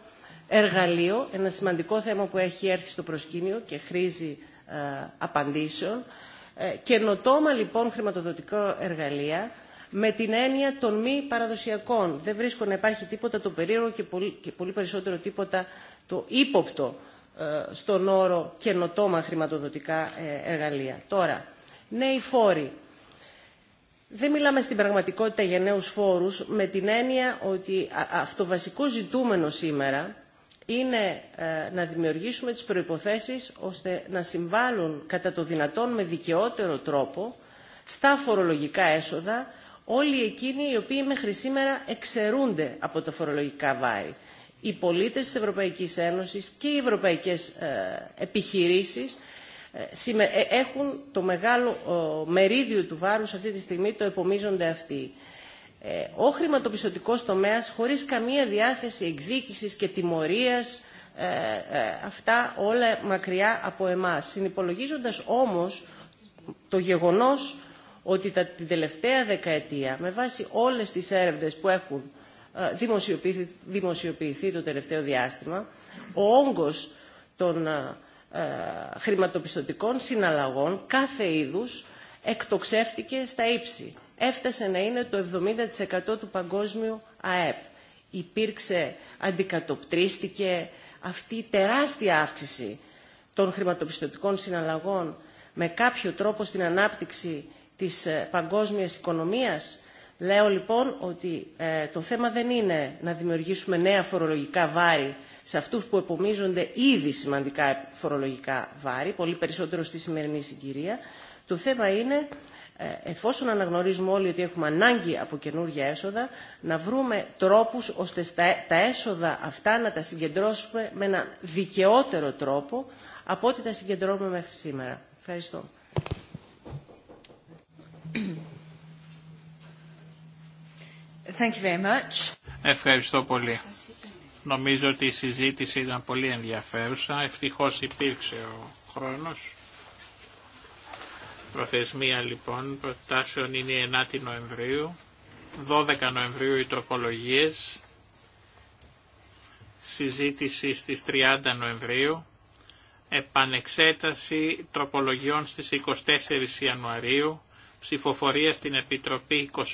εργαλείο, ένα σημαντικό θέμα που έχει έρθει στο προσκήνιο και χρήζει ε, απαντήσεων, ε, καινοτόμα λοιπόν χρηματοδοτικό εργαλεία με την έννοια των μη παραδοσιακών. Δεν βρίσκω να υπάρχει τίποτα το περίεργο και πολύ, περισσότερο τίποτα το ύποπτο ε, στον όρο καινοτόμα χρηματοδοτικά εργαλεία. Τώρα, νέοι φόροι. Δεν μιλάμε στην πραγματικότητα για νέους φόρους με την έννοια ότι αυτό βασικό ζητούμενο σήμερα είναι ε, να δημιουργήσουμε τις προϋποθέσεις ώστε να συμβάλλουν κατά το δυνατόν με δικαιότερο τρόπο στα φορολογικά έσοδα όλοι εκείνοι οι οποίοι μέχρι σήμερα εξαιρούνται από τα φορολογικά βάρη. Οι πολίτες της Ευρωπαϊκής Ένωσης και οι ευρωπαϊκές ε, επιχειρήσεις ε, έχουν το μεγάλο μερίδιο του βάρους αυτή τη στιγμή, το επομίζονται αυτοί. Ε, ο χρηματοπιστωτικός τομέας χωρίς καμία διάθεση εκδίκησης και τιμωρίας ε, ε, αυτά όλα μακριά από εμάς. Συνυπολογίζοντας όμως το γεγονός ότι τα, την τελευταία δεκαετία με βάση όλες τις έρευνες που έχουν ε, δημοσιοποιηθεί, το τελευταίο διάστημα ο όγκος των χρηματοπιστωτικών συναλλαγών κάθε είδους εκτοξεύτηκε στα ύψη έφτασε να είναι το 70% του παγκόσμιου ΑΕΠ. Υπήρξε, αντικατοπτρίστηκε αυτή η τεράστια αύξηση των χρηματοπιστωτικών συναλλαγών με κάποιο τρόπο στην ανάπτυξη της ε, παγκόσμιας οικονομίας. Λέω λοιπόν ότι ε, το θέμα δεν είναι να δημιουργήσουμε νέα φορολογικά βάρη σε αυτούς που επομίζονται ήδη σημαντικά φορολογικά βάρη, πολύ περισσότερο στη σημερινή συγκυρία. Το θέμα είναι ε, εφόσον αναγνωρίζουμε όλοι ότι έχουμε ανάγκη από καινούργια έσοδα, να βρούμε τρόπους ώστε ε, τα έσοδα αυτά να τα συγκεντρώσουμε με έναν δικαιότερο τρόπο από ό,τι τα συγκεντρώνουμε μέχρι σήμερα. Ευχαριστώ. Thank you very much. Ευχαριστώ πολύ. Νομίζω ότι η συζήτηση ήταν πολύ ενδιαφέρουσα. Ευτυχώς υπήρξε ο χρόνος. Προθεσμία λοιπόν προτάσεων είναι η 9η Νοεμβρίου, 12 Νοεμβρίου οι τροπολογίες, συζήτηση στις 30 Νοεμβρίου, επανεξέταση τροπολογιών στις 24 Ιανουαρίου, ψηφοφορία στην Επιτροπή 25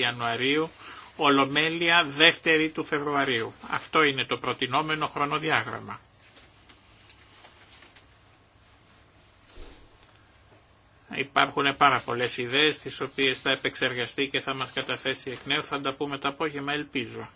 Ιανουαρίου, Ολομέλεια 2η του Φεβρουαρίου. Αυτό είναι το προτινόμενο χρονοδιάγραμμα. Υπάρχουν πάρα πολλές ιδέες τις οποίες θα επεξεργαστεί και θα μας καταθέσει εκ νέου. Θα τα πούμε το απόγευμα ελπίζω.